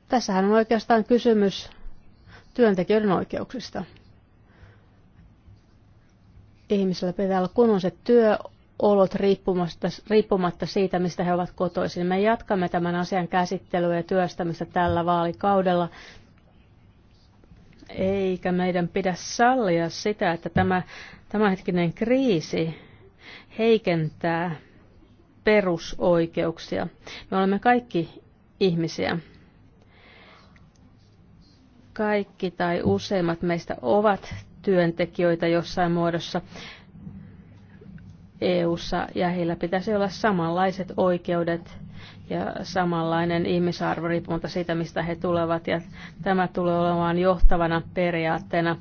Tässähän on oikeastaan kysymys työntekijöiden oikeuksista. Ihmisellä pitää olla kunnolliset työolot riippumatta, riippumatta siitä, mistä he ovat kotoisin. Me jatkamme tämän asian käsittelyä ja työstämistä tällä vaalikaudella. Eikä meidän pidä sallia sitä, että tämä tämänhetkinen kriisi heikentää perusoikeuksia. Me olemme kaikki ihmisiä. Kaikki tai useimmat meistä ovat työntekijöitä jossain muodossa EU:ssa ja heillä pitäisi olla samanlaiset oikeudet ja samanlainen ihmisarvo riippumatta siitä, mistä he tulevat. Ja tämä tulee olemaan johtavana periaatteena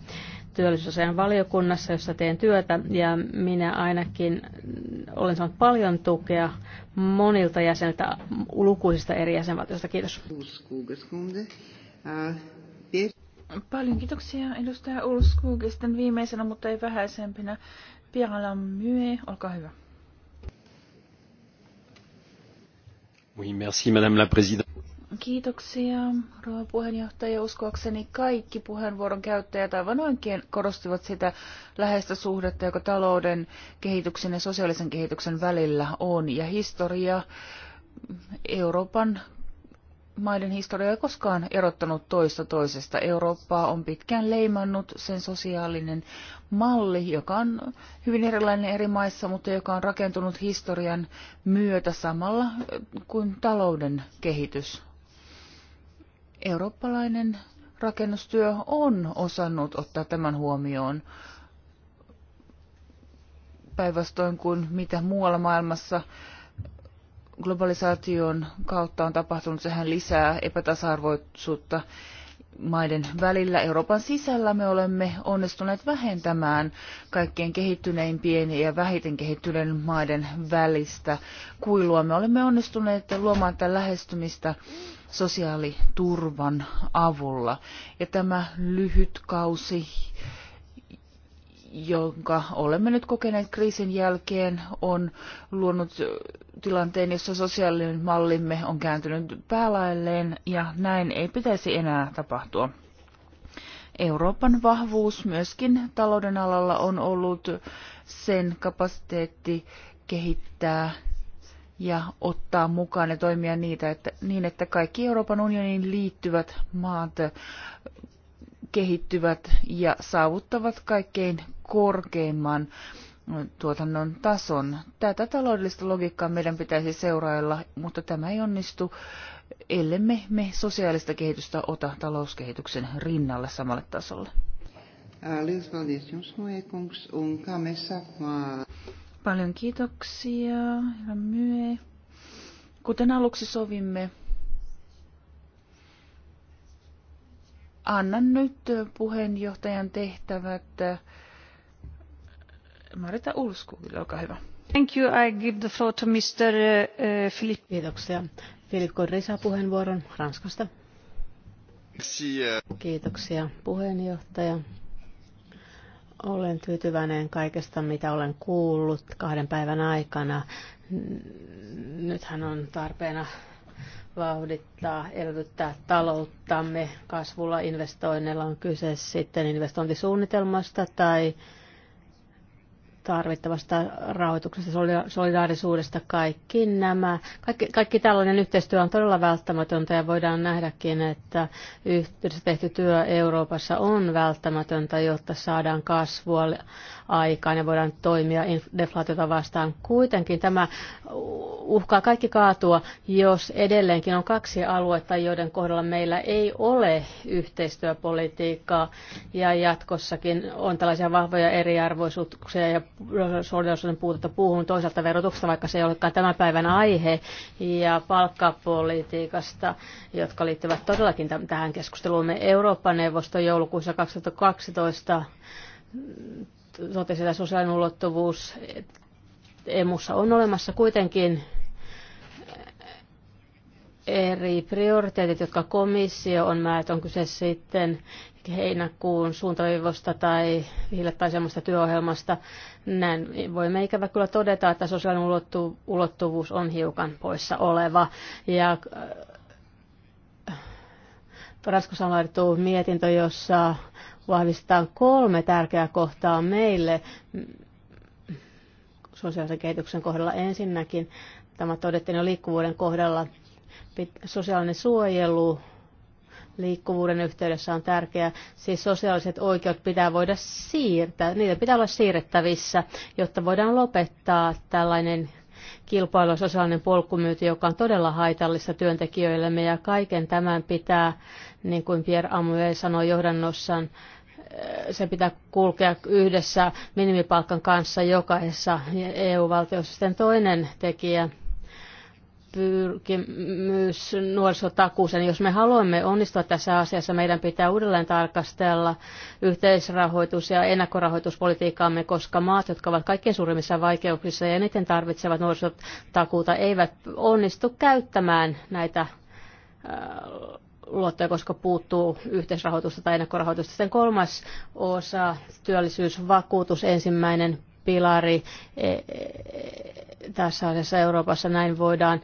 työllisyysasian valiokunnassa, jossa teen työtä, ja minä ainakin olen saanut paljon tukea monilta jäseniltä, lukuisista eri jäsenvaltioista. Kiitos. Paljon kiitoksia edustaja Ulskugisten viimeisenä, mutta ei vähäisempinä. Pierre Lamue, olkaa hyvä. Oui, merci, madame la présidente. Kiitoksia, rouva puheenjohtaja. Uskoakseni kaikki puheenvuoron käyttäjät aivan oikein korostivat sitä läheistä suhdetta, joka talouden kehityksen ja sosiaalisen kehityksen välillä on. Ja historia Euroopan maiden historia ei koskaan erottanut toista toisesta. Eurooppaa on pitkään leimannut sen sosiaalinen malli, joka on hyvin erilainen eri maissa, mutta joka on rakentunut historian myötä samalla eh, kuin talouden kehitys. Eurooppalainen rakennustyö on osannut ottaa tämän huomioon päinvastoin kuin mitä muualla maailmassa globalisaation kautta on tapahtunut, sehän lisää epätasa-arvoisuutta maiden välillä. Euroopan sisällä me olemme onnistuneet vähentämään kaikkein kehittyneimpien ja vähiten kehittyneiden maiden välistä kuilua. Me olemme onnistuneet luomaan tämän lähestymistä sosiaaliturvan avulla. Ja tämä lyhyt kausi jonka olemme nyt kokeneet kriisin jälkeen, on luonut tilanteen, jossa sosiaalinen mallimme on kääntynyt päälailleen ja näin ei pitäisi enää tapahtua. Euroopan vahvuus myöskin talouden alalla on ollut sen kapasiteetti kehittää ja ottaa mukaan ja toimia niitä, että, niin, että kaikki Euroopan unionin liittyvät maat kehittyvät ja saavuttavat kaikkein korkeimman tuotannon tason. Tätä taloudellista logiikkaa meidän pitäisi seurailla, mutta tämä ei onnistu, ellemme me sosiaalista kehitystä ota talouskehityksen rinnalle samalle tasolle. Paljon kiitoksia, hyvä myö. Kuten aluksi sovimme, annan nyt puheenjohtajan tehtävät Marita Ulskuville, olkaa hyvä. Thank you. I give the floor to Mr. Uh, uh, Philippe. Kiitoksia. Philippe Godre saa puheenvuoron Ranskasta. Uh. Kiitoksia puheenjohtaja. Olen tyytyväinen kaikesta, mitä olen kuullut kahden päivän aikana. Nythän on tarpeena vauhdittaa, elvyttää talouttamme kasvulla investoinneilla on kyse sitten investointisuunnitelmasta tai tarvittavasta rahoituksesta, solidaarisuudesta, kaikki nämä. Kaikki, kaikki tällainen yhteistyö on todella välttämätöntä ja voidaan nähdäkin, että yhdessä tehty työ Euroopassa on välttämätöntä, jotta saadaan kasvua aikaan ja voidaan toimia deflaatiota vastaan. Kuitenkin tämä uhkaa kaikki kaatua, jos edelleenkin on kaksi aluetta, joiden kohdalla meillä ei ole yhteistyöpolitiikkaa ja jatkossakin on tällaisia vahvoja eriarvoisuuksia ja solidaarisuuden puutetta puhun toisaalta verotuksesta, vaikka se ei olekaan tämän päivän aihe, ja palkkapolitiikasta, jotka liittyvät todellakin tähän keskusteluun. Me Eurooppa-neuvosto joulukuussa 2012 totesi, että sosiaalinen ulottuvuus emussa on olemassa kuitenkin eri prioriteetit, jotka komissio on määrät, on kyse sitten heinäkuun suuntaviivosta tai semmoista työohjelmasta. Näin voimme ikävä kyllä todeta, että sosiaalinen ulottuvuus on hiukan poissa oleva. Ja äh, Ranskassa on laadittu mietintö, jossa vahvistetaan kolme tärkeää kohtaa meille sosiaalisen kehityksen kohdalla. Ensinnäkin tämä todettiin jo liikkuvuuden kohdalla. Sosiaalinen suojelu liikkuvuuden yhteydessä on tärkeää. Siis sosiaaliset oikeudet pitää voida siirtää, niitä pitää olla siirrettävissä, jotta voidaan lopettaa tällainen kilpailu ja sosiaalinen polkumyynti, joka on todella haitallista työntekijöillemme ja kaiken tämän pitää, niin kuin Pierre Amue sanoi johdannossaan, eh, se pitää kulkea yhdessä minimipalkan kanssa jokaisessa EU-valtiossa. E Sitten toinen tekijä, pyrkimys nuorisotakuuseen. Jos me haluamme onnistua tässä asiassa, meidän pitää uudelleen tarkastella yhteisrahoitus- ja ennakkorahoituspolitiikkaamme, koska maat, jotka ovat kaikkein suurimmissa vaikeuksissa ja eniten tarvitsevat nuorisotakuuta, eivät onnistu käyttämään näitä äh, luottoja, koska puuttuu yhteisrahoitusta tai ennakkorahoitusta. Sitten kolmas osa, työllisyysvakuutus, ensimmäinen pilari e, e, tässä asiassa Euroopassa. Näin voidaan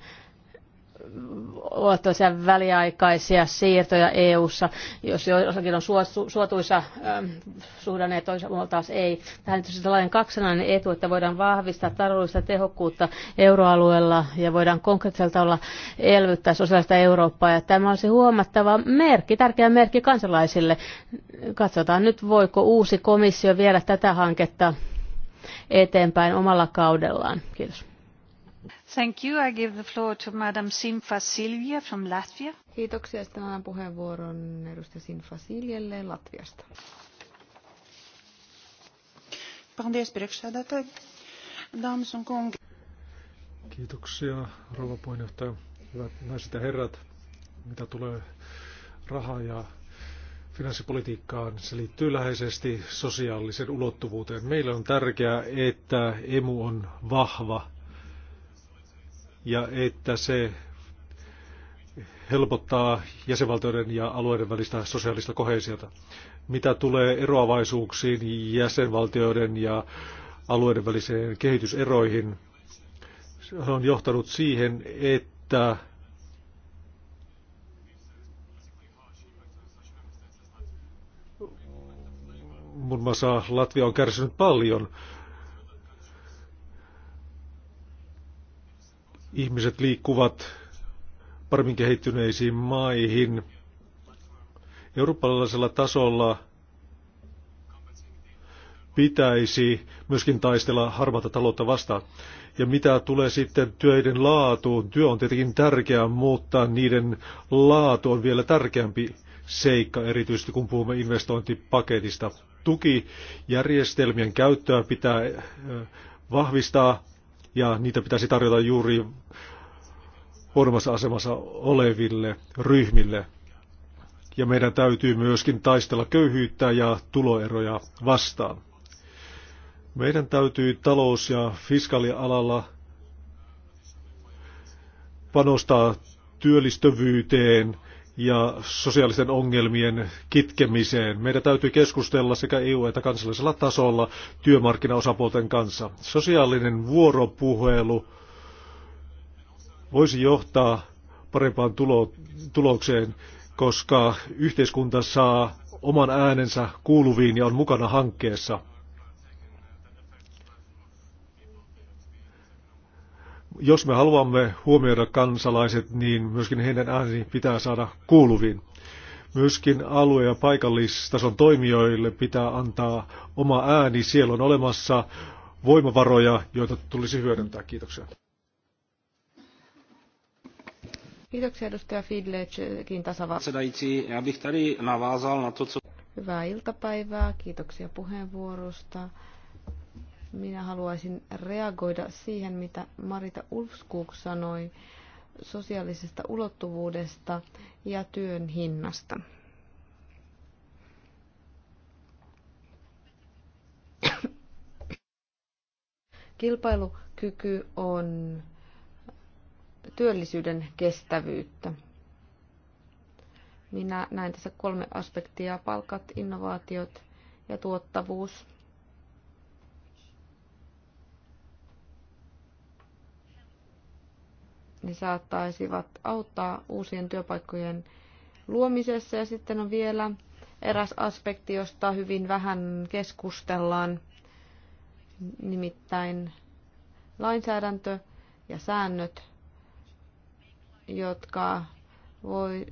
olla tosiaan väliaikaisia siirtoja EU-ssa, jos jossakin on suotuisa suhdanne ja toisaalta taas ei. Tähän on sellainen kaksinainen etu, että voidaan vahvistaa taloudellista tehokkuutta euroalueella ja voidaan konkreettiselta olla elvyttää sosiaalista Eurooppaa. Ja tämä olisi huomattava merkki, tärkeä merkki kansalaisille. Katsotaan nyt, voiko uusi komissio viedä tätä hanketta eteenpäin omalla kaudellaan. Kiitos. Thank you. I give the floor to Madam Simfa Silvia from Latvia. Kiitoksia. Sitten annan puheenvuoron edustaja Simfa Siljelle Latviasta. Kiitoksia, rouva puheenjohtaja. Hyvät naiset ja herrat, mitä tulee raha- ja finanssipolitiikkaan. Se liittyy läheisesti sosiaalisen ulottuvuuteen. Meille on tärkeää, että emu on vahva ja että se helpottaa jäsenvaltioiden ja alueiden välistä sosiaalista kohesiota. Mitä tulee eroavaisuuksiin jäsenvaltioiden ja alueiden väliseen kehityseroihin, se on johtanut siihen, että mä saa Latvia on kärsinyt paljon. Ihmiset liikkuvat paremmin kehittyneisiin maihin. Eurooppalaisella tasolla pitäisi myöskin taistella harmaata taloutta vastaan. Ja mitä tulee sitten työiden laatuun, työ on tietenkin tärkeää, mutta niiden laatu on vielä tärkeämpi seikka, erityisesti kun puhumme investointipaketista tukijärjestelmien käyttöä pitää vahvistaa ja niitä pitäisi tarjota juuri huonommassa asemassa oleville ryhmille. Ja meidän täytyy myöskin taistella köyhyyttä ja tuloeroja vastaan. Meidän täytyy talous- ja fiskaalialalla panostaa työllistävyyteen, ja sosiaalisten ongelmien kitkemiseen. Meidän täytyy keskustella sekä EU- että kansallisella tasolla työmarkkinaosapuolten kanssa. Sosiaalinen vuoropuhelu voisi johtaa parempaan tulo, tulokseen, koska yhteiskunta saa oman äänensä kuuluviin ja on mukana hankkeessa. Jos me haluamme huomioida kansalaiset, niin myöskin heidän ääni pitää saada kuuluviin. Myöskin alue- ja paikallistason toimijoille pitää antaa oma ääni. Siellä on olemassa voimavaroja, joita tulisi hyödyntää. Kiitoksia. Kiitoksia edustaja Fidlechkin Tsekin Hyvää iltapäivää, kiitoksia puheenvuorosta. Minä haluaisin reagoida siihen, mitä Marita Ulfskuk sanoi sosiaalisesta ulottuvuudesta ja työn hinnasta. Kilpailukyky on työllisyyden kestävyyttä. Minä näen tässä kolme aspektia, palkat, innovaatiot ja tuottavuus. ne saattaisivat auttaa uusien työpaikkojen luomisessa. Ja sitten on vielä eräs aspekti, josta hyvin vähän keskustellaan, nimittäin lainsäädäntö ja säännöt, jotka voi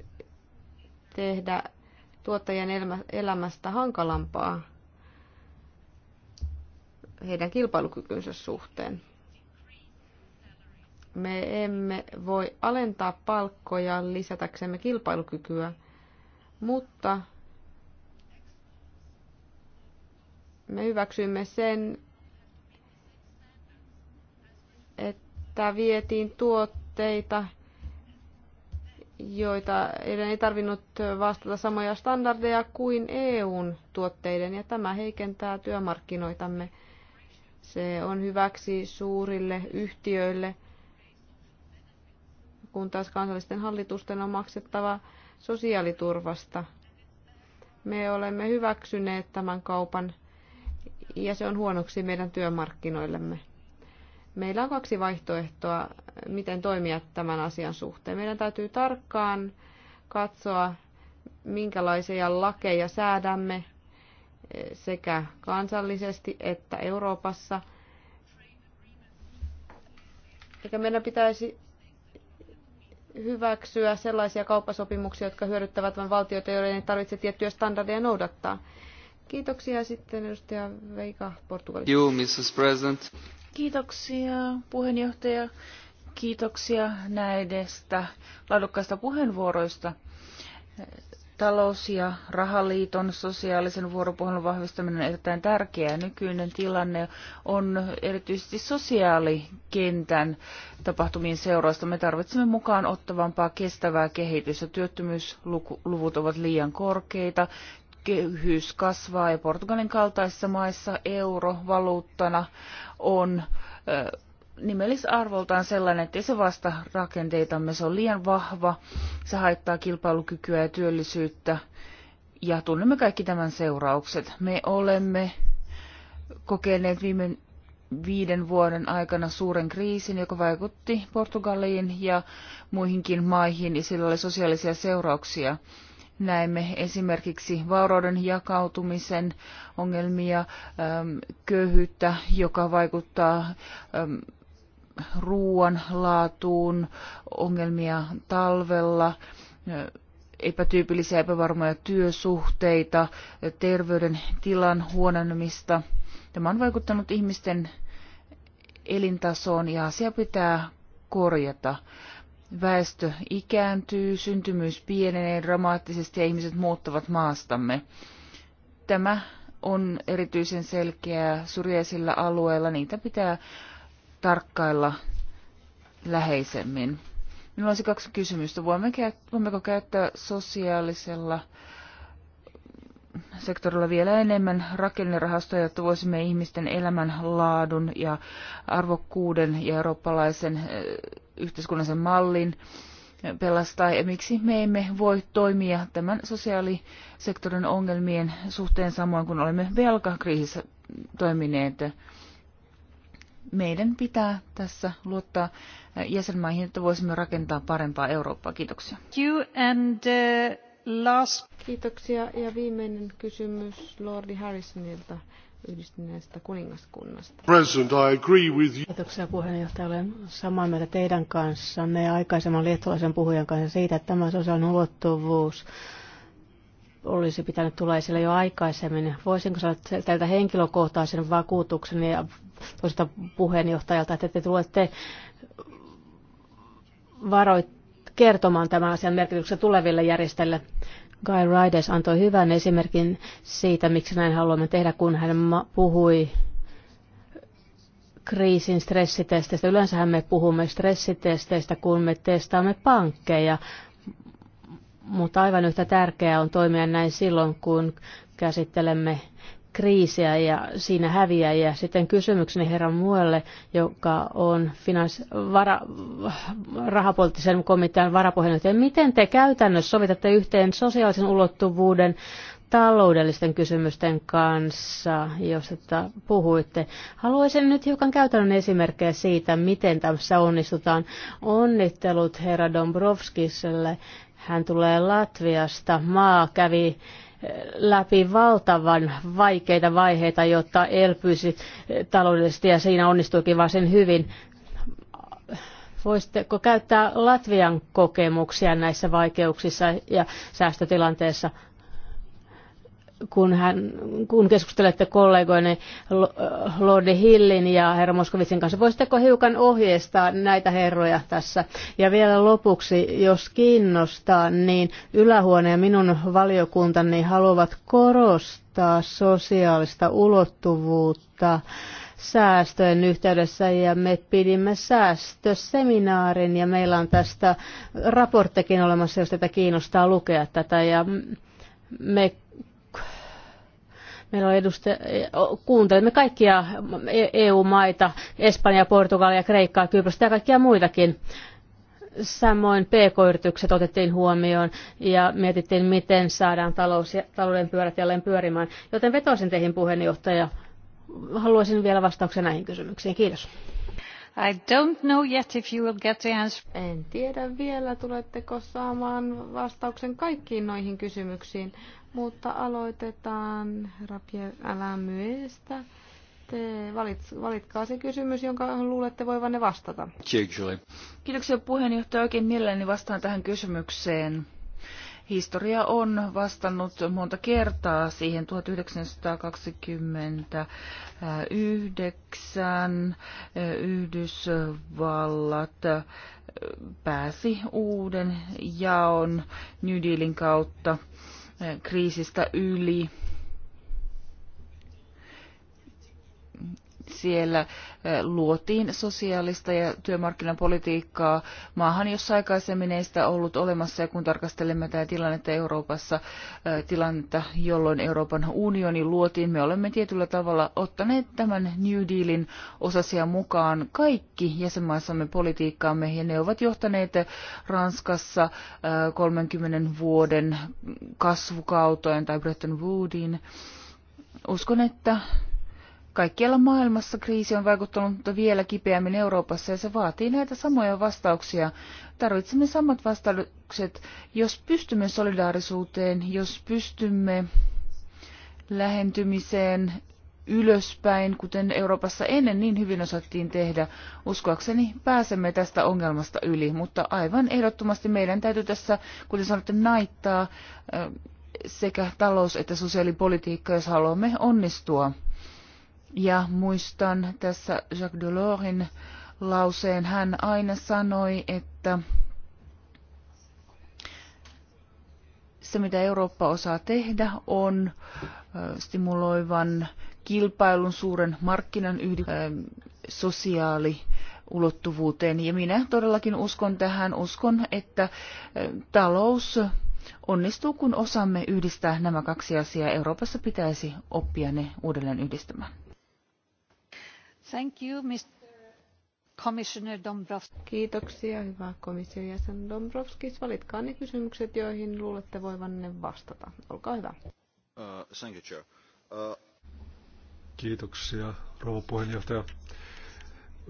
tehdä tuottajien elämästä hankalampaa heidän kilpailukykynsä suhteen. Me emme voi alentaa palkkoja lisätäksemme kilpailukykyä, mutta me hyväksymme sen, että vietiin tuotteita, joita ei tarvinnut vastata samoja standardeja kuin EUn tuotteiden, ja tämä heikentää työmarkkinoitamme. Se on hyväksi suurille yhtiöille – kun taas kansallisten hallitusten on maksettava sosiaaliturvasta. Me olemme hyväksyneet tämän kaupan ja se on huonoksi meidän työmarkkinoillemme. Meillä on kaksi vaihtoehtoa, miten toimia tämän asian suhteen. Meidän täytyy tarkkaan katsoa, minkälaisia lakeja säädämme sekä kansallisesti että Euroopassa. Eikä meidän pitäisi hyväksyä sellaisia kauppasopimuksia, jotka hyödyttävät vain valtioita, joiden ei tarvitse tiettyjä standardeja noudattaa. Kiitoksia sitten edustaja Veika Portugalista. You, Mrs. President. Kiitoksia puheenjohtaja. Kiitoksia näidestä laadukkaista puheenvuoroista. Talous- ja rahaliiton sosiaalisen vuoropuhelun vahvistaminen on erittäin tärkeää. Nykyinen tilanne on erityisesti sosiaalikentän tapahtumien seurausta. Me tarvitsemme mukaan ottavampaa kestävää kehitystä. Työttömyysluvut ovat liian korkeita, köyhyys kasvaa ja Portugalin kaltaisissa maissa euro valuuttana on nimellisarvoltaan sellainen, että se vasta rakenteitamme, se on liian vahva, se haittaa kilpailukykyä ja työllisyyttä ja tunnemme kaikki tämän seuraukset. Me olemme kokeneet viime viiden vuoden aikana suuren kriisin, joka vaikutti Portugaliin ja muihinkin maihin, ja sillä oli sosiaalisia seurauksia. Näemme esimerkiksi vaurauden jakautumisen ongelmia, köyhyyttä, joka vaikuttaa ruoan laatuun, ongelmia talvella, epätyypillisiä epävarmoja työsuhteita, terveydentilan huononemista. Tämä on vaikuttanut ihmisten elintasoon ja asia pitää korjata. Väestö ikääntyy, syntymyys pienenee dramaattisesti ja ihmiset muuttavat maastamme. Tämä on erityisen selkeää syrjäisillä alueilla. Niitä pitää tarkkailla läheisemmin. Minulla olisi kaksi kysymystä. voimmeko käyttää sosiaalisella sektorilla vielä enemmän rakennerahastoja, jotta voisimme ihmisten elämänlaadun ja arvokkuuden ja eurooppalaisen yhteiskunnallisen mallin pelastaa ja miksi me emme voi toimia tämän sosiaalisektorin ongelmien suhteen samoin kuin olemme velkakriisissä toimineet meidän pitää tässä luottaa jäsenmaihin, että voisimme rakentaa parempaa Eurooppaa. Kiitoksia. You and, uh, last... Kiitoksia. Ja viimeinen kysymys Lordi Harrisonilta yhdistyneestä kuningaskunnasta. President, I agree with you. Kiitoksia puheenjohtaja. Olen samaa mieltä teidän kanssanne ja aikaisemman liittolaisen puhujan kanssa siitä, että tämä sosiaalinen ulottuvuus olisi pitänyt tulla esille jo aikaisemmin. Voisinko saada teiltä henkilökohtaisen vakuutuksen ja toista puheenjohtajalta, että te tulette varoit kertomaan tämän asian merkityksen tuleville järjestäjille? Guy Rides antoi hyvän esimerkin siitä, miksi näin haluamme tehdä, kun hän puhui kriisin stressitesteistä. Yleensähän me puhumme stressitesteistä, kun me testaamme pankkeja mutta aivan yhtä tärkeää on toimia näin silloin, kun käsittelemme kriisiä ja siinä häviäjiä. Sitten kysymykseni herran Muelle, joka on finans, vara, rahapoliittisen komitean varapuheenjohtaja. Miten te käytännössä sovitatte yhteen sosiaalisen ulottuvuuden taloudellisten kysymysten kanssa, jos puhuitte. Haluaisin nyt hiukan käytännön esimerkkejä siitä, miten tässä onnistutaan. Onnittelut herra Dombrovskiselle hän tulee Latviasta. Maa kävi eh, läpi valtavan vaikeita vaiheita, jotta elpyisi eh, taloudellisesti ja siinä onnistuikin varsin hyvin. Voisitteko käyttää Latvian kokemuksia näissä vaikeuksissa ja säästötilanteessa? kun, hän, kun keskustelette kollegoinen Lorde Hillin ja herra Moskovitsin kanssa, voisitteko hiukan ohjeistaa näitä herroja tässä? Ja vielä lopuksi, jos kiinnostaa, niin ylähuone ja minun valiokuntani haluavat korostaa sosiaalista ulottuvuutta säästöjen yhteydessä ja me pidimme säästöseminaarin ja meillä on tästä raporttikin olemassa, jos tätä kiinnostaa lukea tätä ja me Meillä on edustaja, kuuntelemme kaikkia EU-maita, e Espanjaa, Portugalia, Kreikkaa, Kyprosta ja kaikkia muitakin. Samoin PK-yritykset otettiin huomioon ja mietittiin, miten saadaan talous ja, talouden pyörät jälleen pyörimään. Joten vetoisin teihin puheenjohtaja. Haluaisin vielä vastauksia näihin kysymyksiin. Kiitos. I don't know yet if you will get the answer. En tiedä vielä, tuletteko saamaan vastauksen kaikkiin noihin kysymyksiin, mutta aloitetaan Rapie Älämyestä. Te valit, valitkaa se kysymys, jonka luulette voivanne vastata. Kiitoksia puheenjohtaja. Oikein mielelläni vastaan tähän kysymykseen. Historia on vastannut monta kertaa siihen 1929 Yhdysvallat pääsi uuden jaon New Dealin kautta kriisistä yli siellä luotiin sosiaalista ja työmarkkinapolitiikkaa maahan, jossa aikaisemmin ei sitä ollut olemassa. Ja kun tarkastelemme tätä tilannetta Euroopassa, tilannetta, jolloin Euroopan unioni luotiin, me olemme tietyllä tavalla ottaneet tämän New Dealin osasia mukaan kaikki jäsenmaissamme politiikkaamme, ja ne ovat johtaneet Ranskassa 30 vuoden kasvukautojen tai Bretton Woodin. Uskon, että Kaikkialla maailmassa kriisi on vaikuttanut, mutta vielä kipeämmin Euroopassa ja se vaatii näitä samoja vastauksia. Tarvitsemme samat vastaukset, jos pystymme solidaarisuuteen, jos pystymme lähentymiseen ylöspäin, kuten Euroopassa ennen niin hyvin osattiin tehdä. Uskoakseni pääsemme tästä ongelmasta yli, mutta aivan ehdottomasti meidän täytyy tässä, kuten sanotte, naittaa sekä talous- että sosiaalipolitiikka, jos haluamme onnistua. Ja muistan tässä Jacques Delorsin lauseen. Hän aina sanoi, että se mitä Eurooppa osaa tehdä on stimuloivan kilpailun suuren markkinan yhdi- sosiaali ulottuvuuteen. Ja minä todellakin uskon tähän, uskon, että talous onnistuu, kun osamme yhdistää nämä kaksi asiaa. Euroopassa pitäisi oppia ne uudelleen yhdistämään. Kiitoksia, hyvä komission jäsen Dombrovskis. Valitkaa ne kysymykset, joihin luulette voivanne vastata. Olkaa hyvä. Uh, thank you, Chair. Uh... Kiitoksia, rouva puheenjohtaja.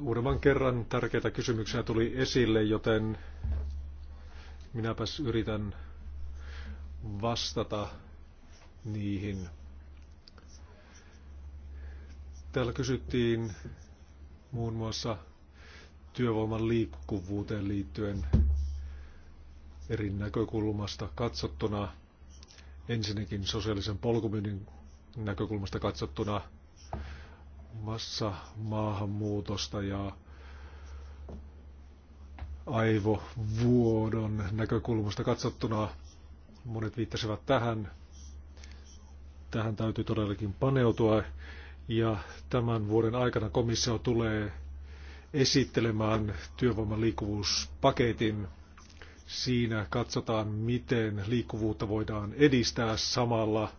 Uudemman kerran tärkeitä kysymyksiä tuli esille, joten minäpäs yritän vastata niihin. Täällä kysyttiin muun muassa työvoiman liikkuvuuteen liittyen eri näkökulmasta katsottuna. Ensinnäkin sosiaalisen polkumyynnin näkökulmasta katsottuna massa maahanmuutosta ja aivovuodon näkökulmasta katsottuna. Monet viittasivat tähän. Tähän täytyy todellakin paneutua ja tämän vuoden aikana komissio tulee esittelemään työvoiman liikkuvuuspaketin. Siinä katsotaan, miten liikkuvuutta voidaan edistää samalla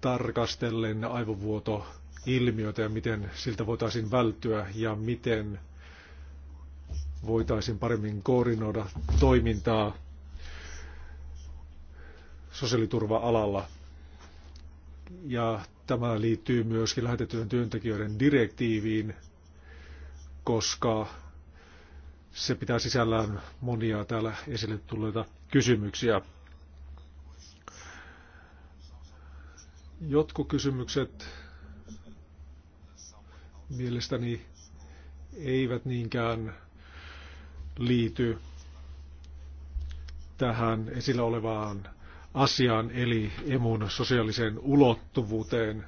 tarkastellen aivovuoto ilmiötä ja miten siltä voitaisiin välttyä ja miten voitaisiin paremmin koordinoida toimintaa sosiaaliturva-alalla. Ja Tämä liittyy myöskin lähetettyjen työntekijöiden direktiiviin, koska se pitää sisällään monia täällä esille tulleita kysymyksiä. Jotkut kysymykset mielestäni eivät niinkään liity tähän esillä olevaan asiaan, eli emun sosiaaliseen ulottuvuuteen.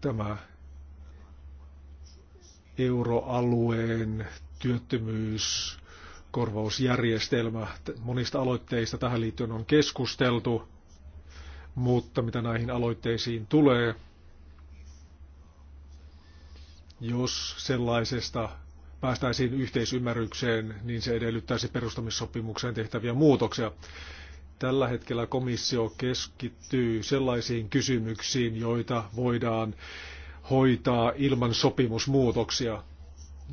Tämä euroalueen työttömyyskorvausjärjestelmä. Monista aloitteista tähän liittyen on keskusteltu, mutta mitä näihin aloitteisiin tulee, jos sellaisesta päästäisiin yhteisymmärrykseen, niin se edellyttäisi perustamissopimukseen tehtäviä muutoksia. Tällä hetkellä komissio keskittyy sellaisiin kysymyksiin, joita voidaan hoitaa ilman sopimusmuutoksia.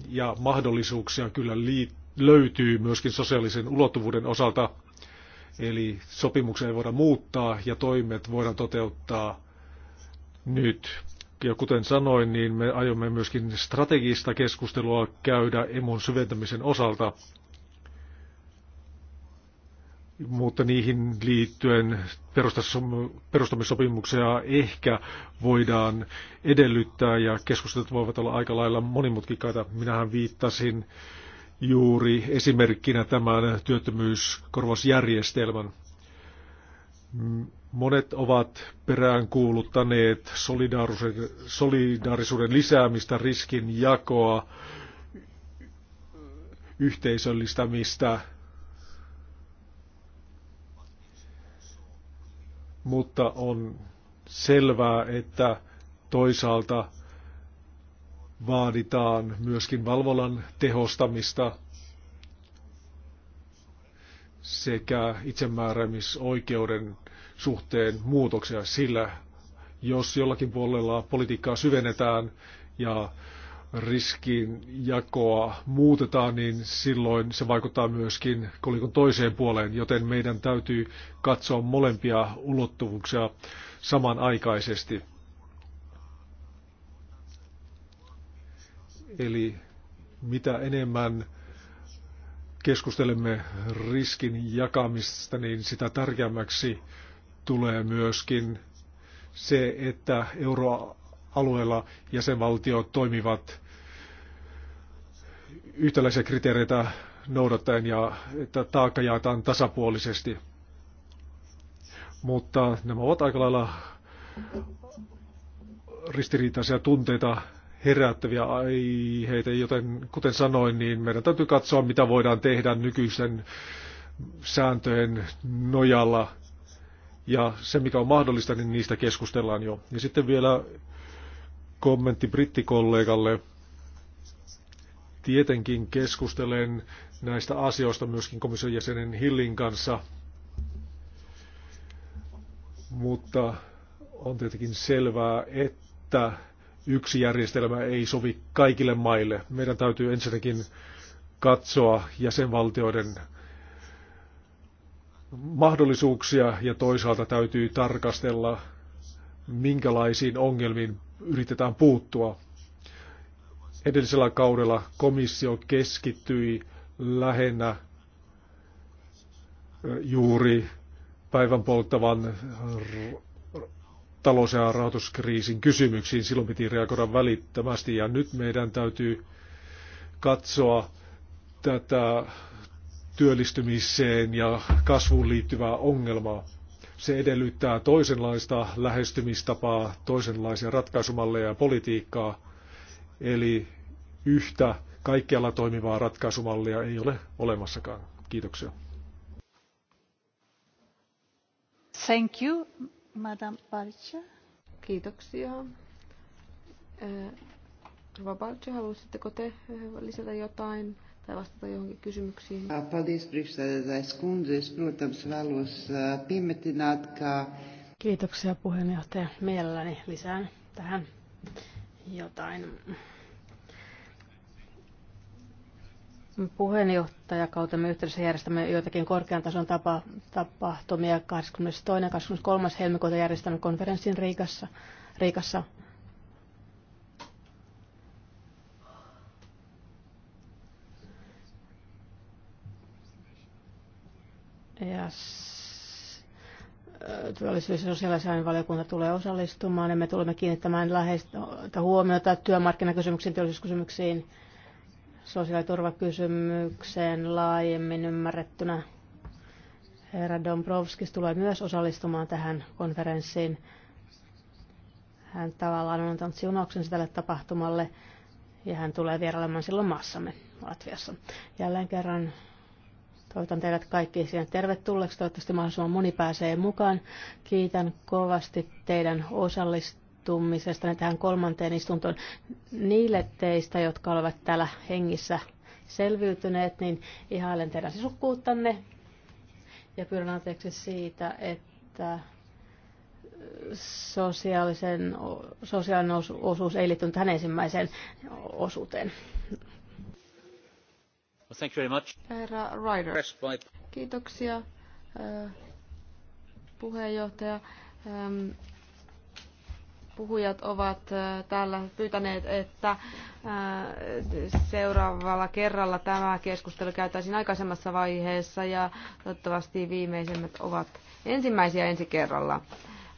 Ja mahdollisuuksia kyllä löytyy myöskin sosiaalisen ulottuvuuden osalta. Eli sopimuksia ei voida muuttaa ja toimet voidaan toteuttaa nyt. Ja kuten sanoin, niin me aiomme myöskin strategista keskustelua käydä emun syventämisen osalta, mutta niihin liittyen perustamissopimuksia ehkä voidaan edellyttää ja keskustelut voivat olla aika lailla monimutkikaita. Minähän viittasin juuri esimerkkinä tämän työttömyyskorvausjärjestelmän. Monet ovat peräänkuuluttaneet solidaarisuuden, solidaarisuuden lisäämistä, riskin jakoa, yhteisöllistämistä, mutta on selvää, että toisaalta vaaditaan myöskin valvolan tehostamista sekä itsemääräämisoikeuden suhteen muutoksia, sillä jos jollakin puolella politiikkaa syvennetään ja riskin jakoa muutetaan, niin silloin se vaikuttaa myöskin kolikon toiseen puoleen, joten meidän täytyy katsoa molempia ulottuvuuksia samanaikaisesti. Eli mitä enemmän keskustelemme riskin jakamista, niin sitä tärkeämmäksi tulee myöskin se, että euroalueella jäsenvaltiot toimivat yhtäläisiä kriteereitä noudattaen ja että taakka jaetaan tasapuolisesti. Mutta nämä ovat aika lailla ristiriitaisia tunteita herättäviä aiheita, joten kuten sanoin, niin meidän täytyy katsoa, mitä voidaan tehdä nykyisen sääntöjen nojalla ja se, mikä on mahdollista, niin niistä keskustellaan jo. Ja sitten vielä kommentti brittikollegalle. Tietenkin keskustelen näistä asioista myöskin komission jäsenen Hillin kanssa, mutta on tietenkin selvää, että yksi järjestelmä ei sovi kaikille maille. Meidän täytyy ensinnäkin katsoa jäsenvaltioiden mahdollisuuksia ja toisaalta täytyy tarkastella, minkälaisiin ongelmiin yritetään puuttua. Edellisellä kaudella komissio keskittyi lähinnä juuri päivän polttavan talous- ja rahoituskriisin kysymyksiin. Silloin piti reagoida välittömästi ja nyt meidän täytyy katsoa tätä työllistymiseen ja kasvuun liittyvää ongelmaa. Se edellyttää toisenlaista lähestymistapaa, toisenlaisia ratkaisumalleja ja politiikkaa, eli yhtä kaikkialla toimivaa ratkaisumallia ei ole olemassakaan. Kiitoksia. Thank you, Madam Balcha. Kiitoksia. Äh, Rova Balcha, haluaisitteko te äh, lisätä jotain? tai vastata johonkin kysymyksiin. Paldies priekšsēdētājs kundzes, protams vēlos piemetināt, Kiitoksia puheenjohtaja. Mielelläni lisään tähän jotain. Puheenjohtajakautemme yhteydessä järjestämme joitakin korkean tason tapa, tapahtumia. 22. ja 23. helmikuuta järjestämme konferenssin Riikassa. Riikassa ja työllisyys- ja sosiaalisen valiokunta tulee osallistumaan ja me tulemme kiinnittämään läheistä huomiota työmarkkinakysymyksiin, työllisyyskysymyksiin, sosiaaliturvakysymykseen laajemmin ymmärrettynä. Herra Dombrovskis tulee myös osallistumaan tähän konferenssiin. Hän tavallaan on antanut siunauksen tälle tapahtumalle ja hän tulee vierailemaan silloin maassamme Latviassa. Jälleen kerran Toivotan teidät kaikki siihen tervetulleeksi. Toivottavasti mahdollisimman moni pääsee mukaan. Kiitän kovasti teidän osallistumisestanne tähän kolmanteen istuntoon. Niille teistä, jotka olivat täällä hengissä selviytyneet, niin ihailen teidän sisukkuuttanne ja pyydän anteeksi siitä, että sosiaalisen, sosiaalinen osuus ei liittynyt tähän ensimmäiseen osuuteen. Well, thank you very much. Herra Ryder. Kiitoksia äh, puheenjohtaja. Ähm, puhujat ovat äh, täällä pyytäneet, että äh, seuraavalla kerralla tämä keskustelu käytäisiin aikaisemmassa vaiheessa ja toivottavasti viimeisemmät ovat ensimmäisiä ensi kerralla.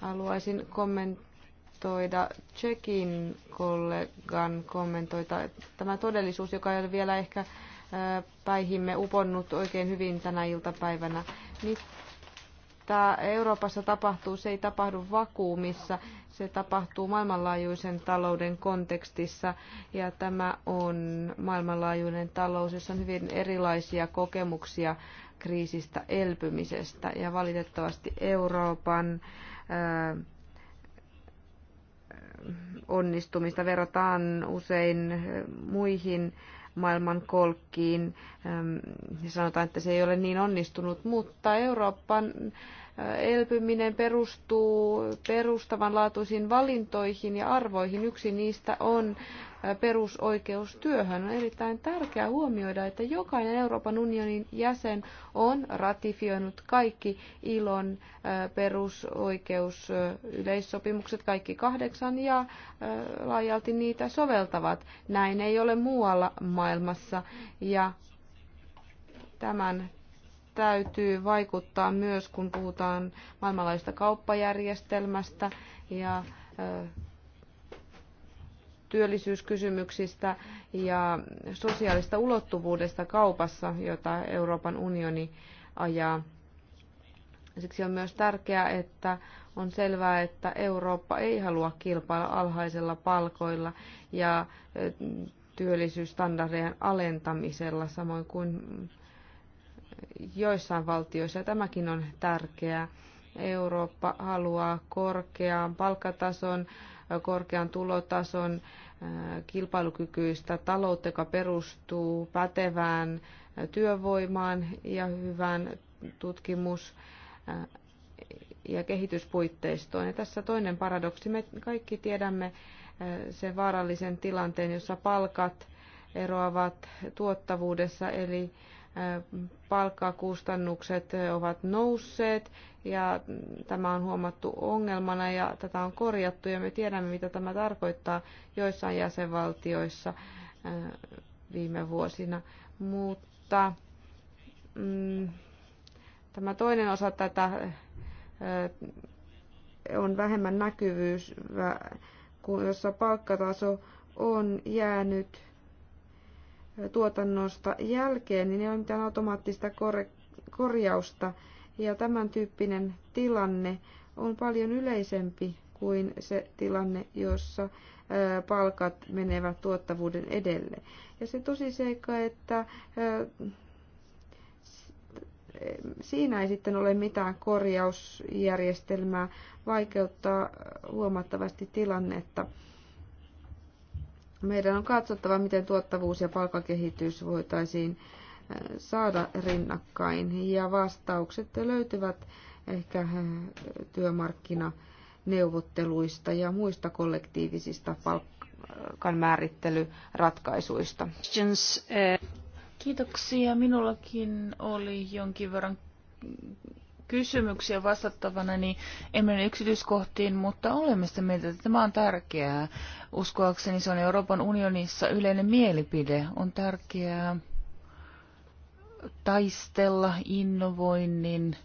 Haluaisin kommentoida Tsekin kollegan kommentoita. Tämä todellisuus, joka ei ole vielä ehkä päihimme uponnut oikein hyvin tänä iltapäivänä. Mitä Euroopassa tapahtuu, se ei tapahdu vakuumissa, se tapahtuu maailmanlaajuisen talouden kontekstissa ja tämä on maailmanlaajuinen talous, jossa on hyvin erilaisia kokemuksia kriisistä elpymisestä ja valitettavasti Euroopan äh, onnistumista verrataan usein muihin maailman kolkkiin. Sanotaan, että se ei ole niin onnistunut, mutta Euroopan elpyminen perustuu perustavanlaatuisiin valintoihin ja arvoihin. Yksi niistä on perusoikeus työhön. On erittäin tärkeää huomioida, että jokainen Euroopan unionin jäsen on ratifioinut kaikki ilon perusoikeusyleissopimukset, kaikki kahdeksan ja laajalti niitä soveltavat. Näin ei ole muualla maailmassa ja tämän täytyy vaikuttaa myös, kun puhutaan maailmanlaista kauppajärjestelmästä ja työllisyyskysymyksistä ja sosiaalista ulottuvuudesta kaupassa, jota Euroopan unioni ajaa. Siksi on myös tärkeää, että on selvää, että Eurooppa ei halua kilpailla alhaisella palkoilla ja työllisyysstandardien alentamisella, samoin kuin joissain valtioissa. Ja tämäkin on tärkeää. Eurooppa haluaa korkean palkkatason, korkean tulotason, äh, kilpailukykyistä taloutta, joka perustuu pätevään työvoimaan ja hyvään tutkimus- äh, ja kehityspuitteistoon. Ja tässä toinen paradoksi. Me kaikki tiedämme äh, sen vaarallisen tilanteen, jossa palkat eroavat tuottavuudessa, eli palkkakustannukset ovat nousseet ja tämä on huomattu ongelmana ja tätä on korjattu ja me tiedämme, mitä tämä tarkoittaa joissain jäsenvaltioissa viime vuosina. Mutta mm, tämä toinen osa tätä on vähemmän näkyvyys, jossa palkkataso on jäänyt tuotannosta jälkeen, niin ei ole mitään automaattista korjausta. Ja tämän tyyppinen tilanne on paljon yleisempi kuin se tilanne, jossa palkat menevät tuottavuuden edelle. Ja se tosiseikka, että siinä ei sitten ole mitään korjausjärjestelmää, vaikeuttaa huomattavasti tilannetta. Meidän on katsottava, miten tuottavuus ja palkakehitys voitaisiin eh, saada rinnakkain. Ja vastaukset löytyvät ehkä eh, työmarkkinaneuvotteluista ja muista kollektiivisista palkan määrittelyratkaisuista. Eh. Kiitoksia. Minullakin oli jonkin verran kysymyksiä vastattavana, niin emme mene yksityiskohtiin, mutta olemme sitä mieltä, että tämä on tärkeää. Uskoakseni se on Euroopan unionissa yleinen mielipide. On tärkeää taistella innovoinnin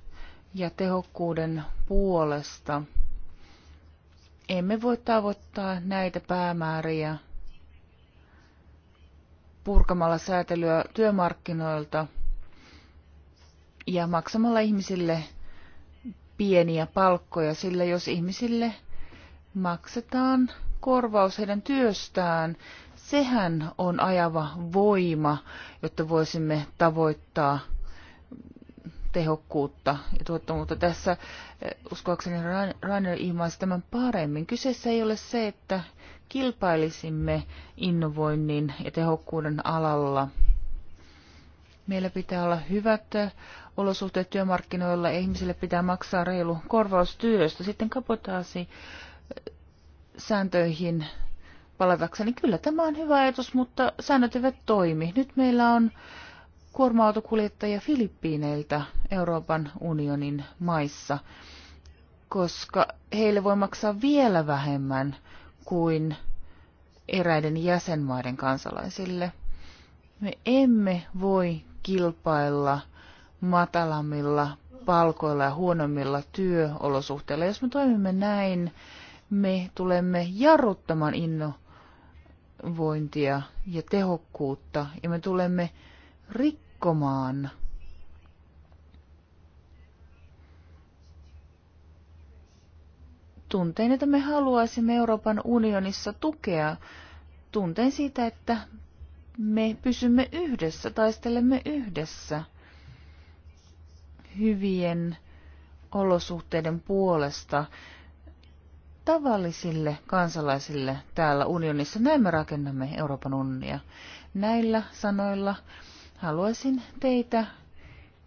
ja tehokkuuden puolesta. Emme voi tavoittaa näitä päämääriä purkamalla säätelyä työmarkkinoilta ja maksamalla ihmisille pieniä palkkoja, sillä jos ihmisille maksetaan korvaus heidän työstään, sehän on ajava voima, jotta voisimme tavoittaa tehokkuutta ja tuottavuutta. Tässä eh, uskoakseni Rainer ihmaisi tämän paremmin. Kyseessä ei ole se, että kilpailisimme innovoinnin ja tehokkuuden alalla. Meillä pitää olla hyvät eh, olosuhteet työmarkkinoilla ja ihmisille pitää maksaa reilu korvaus työstä. Sitten kapotaasi eh, sääntöihin palatakseni. Kyllä tämä on hyvä ajatus, mutta säännöt eivät toimi. Nyt meillä on kuorma autokuljettajia Filippiineiltä Euroopan unionin maissa, koska heille voi maksaa vielä vähemmän kuin eräiden jäsenmaiden kansalaisille. Me emme voi kilpailla – matalammilla palkoilla ja huonommilla työolosuhteilla. Jos me toimimme näin, me tulemme jarruttamaan innovointia ja tehokkuutta ja me tulemme rikkomaan tunteen, että me haluaisimme Euroopan unionissa tukea, tunteen siitä, että me pysymme yhdessä, taistelemme yhdessä hyvien olosuhteiden puolesta tavallisille kansalaisille täällä unionissa. Näin me rakennamme Euroopan unionia. Näillä sanoilla haluaisin teitä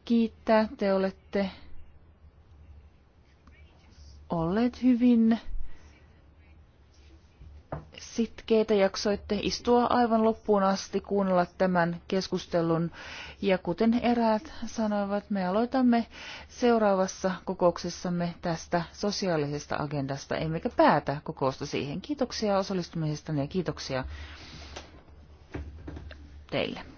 kiittää. Te olette olleet hyvin sitkeitä, jaksoitte istua aivan loppuun asti, kuunnella tämän keskustelun. Ja kuten eräät sanoivat, me aloitamme seuraavassa kokouksessamme tästä sosiaalisesta agendasta, emmekä päätä kokousta siihen. Kiitoksia osallistumisesta ja kiitoksia teille.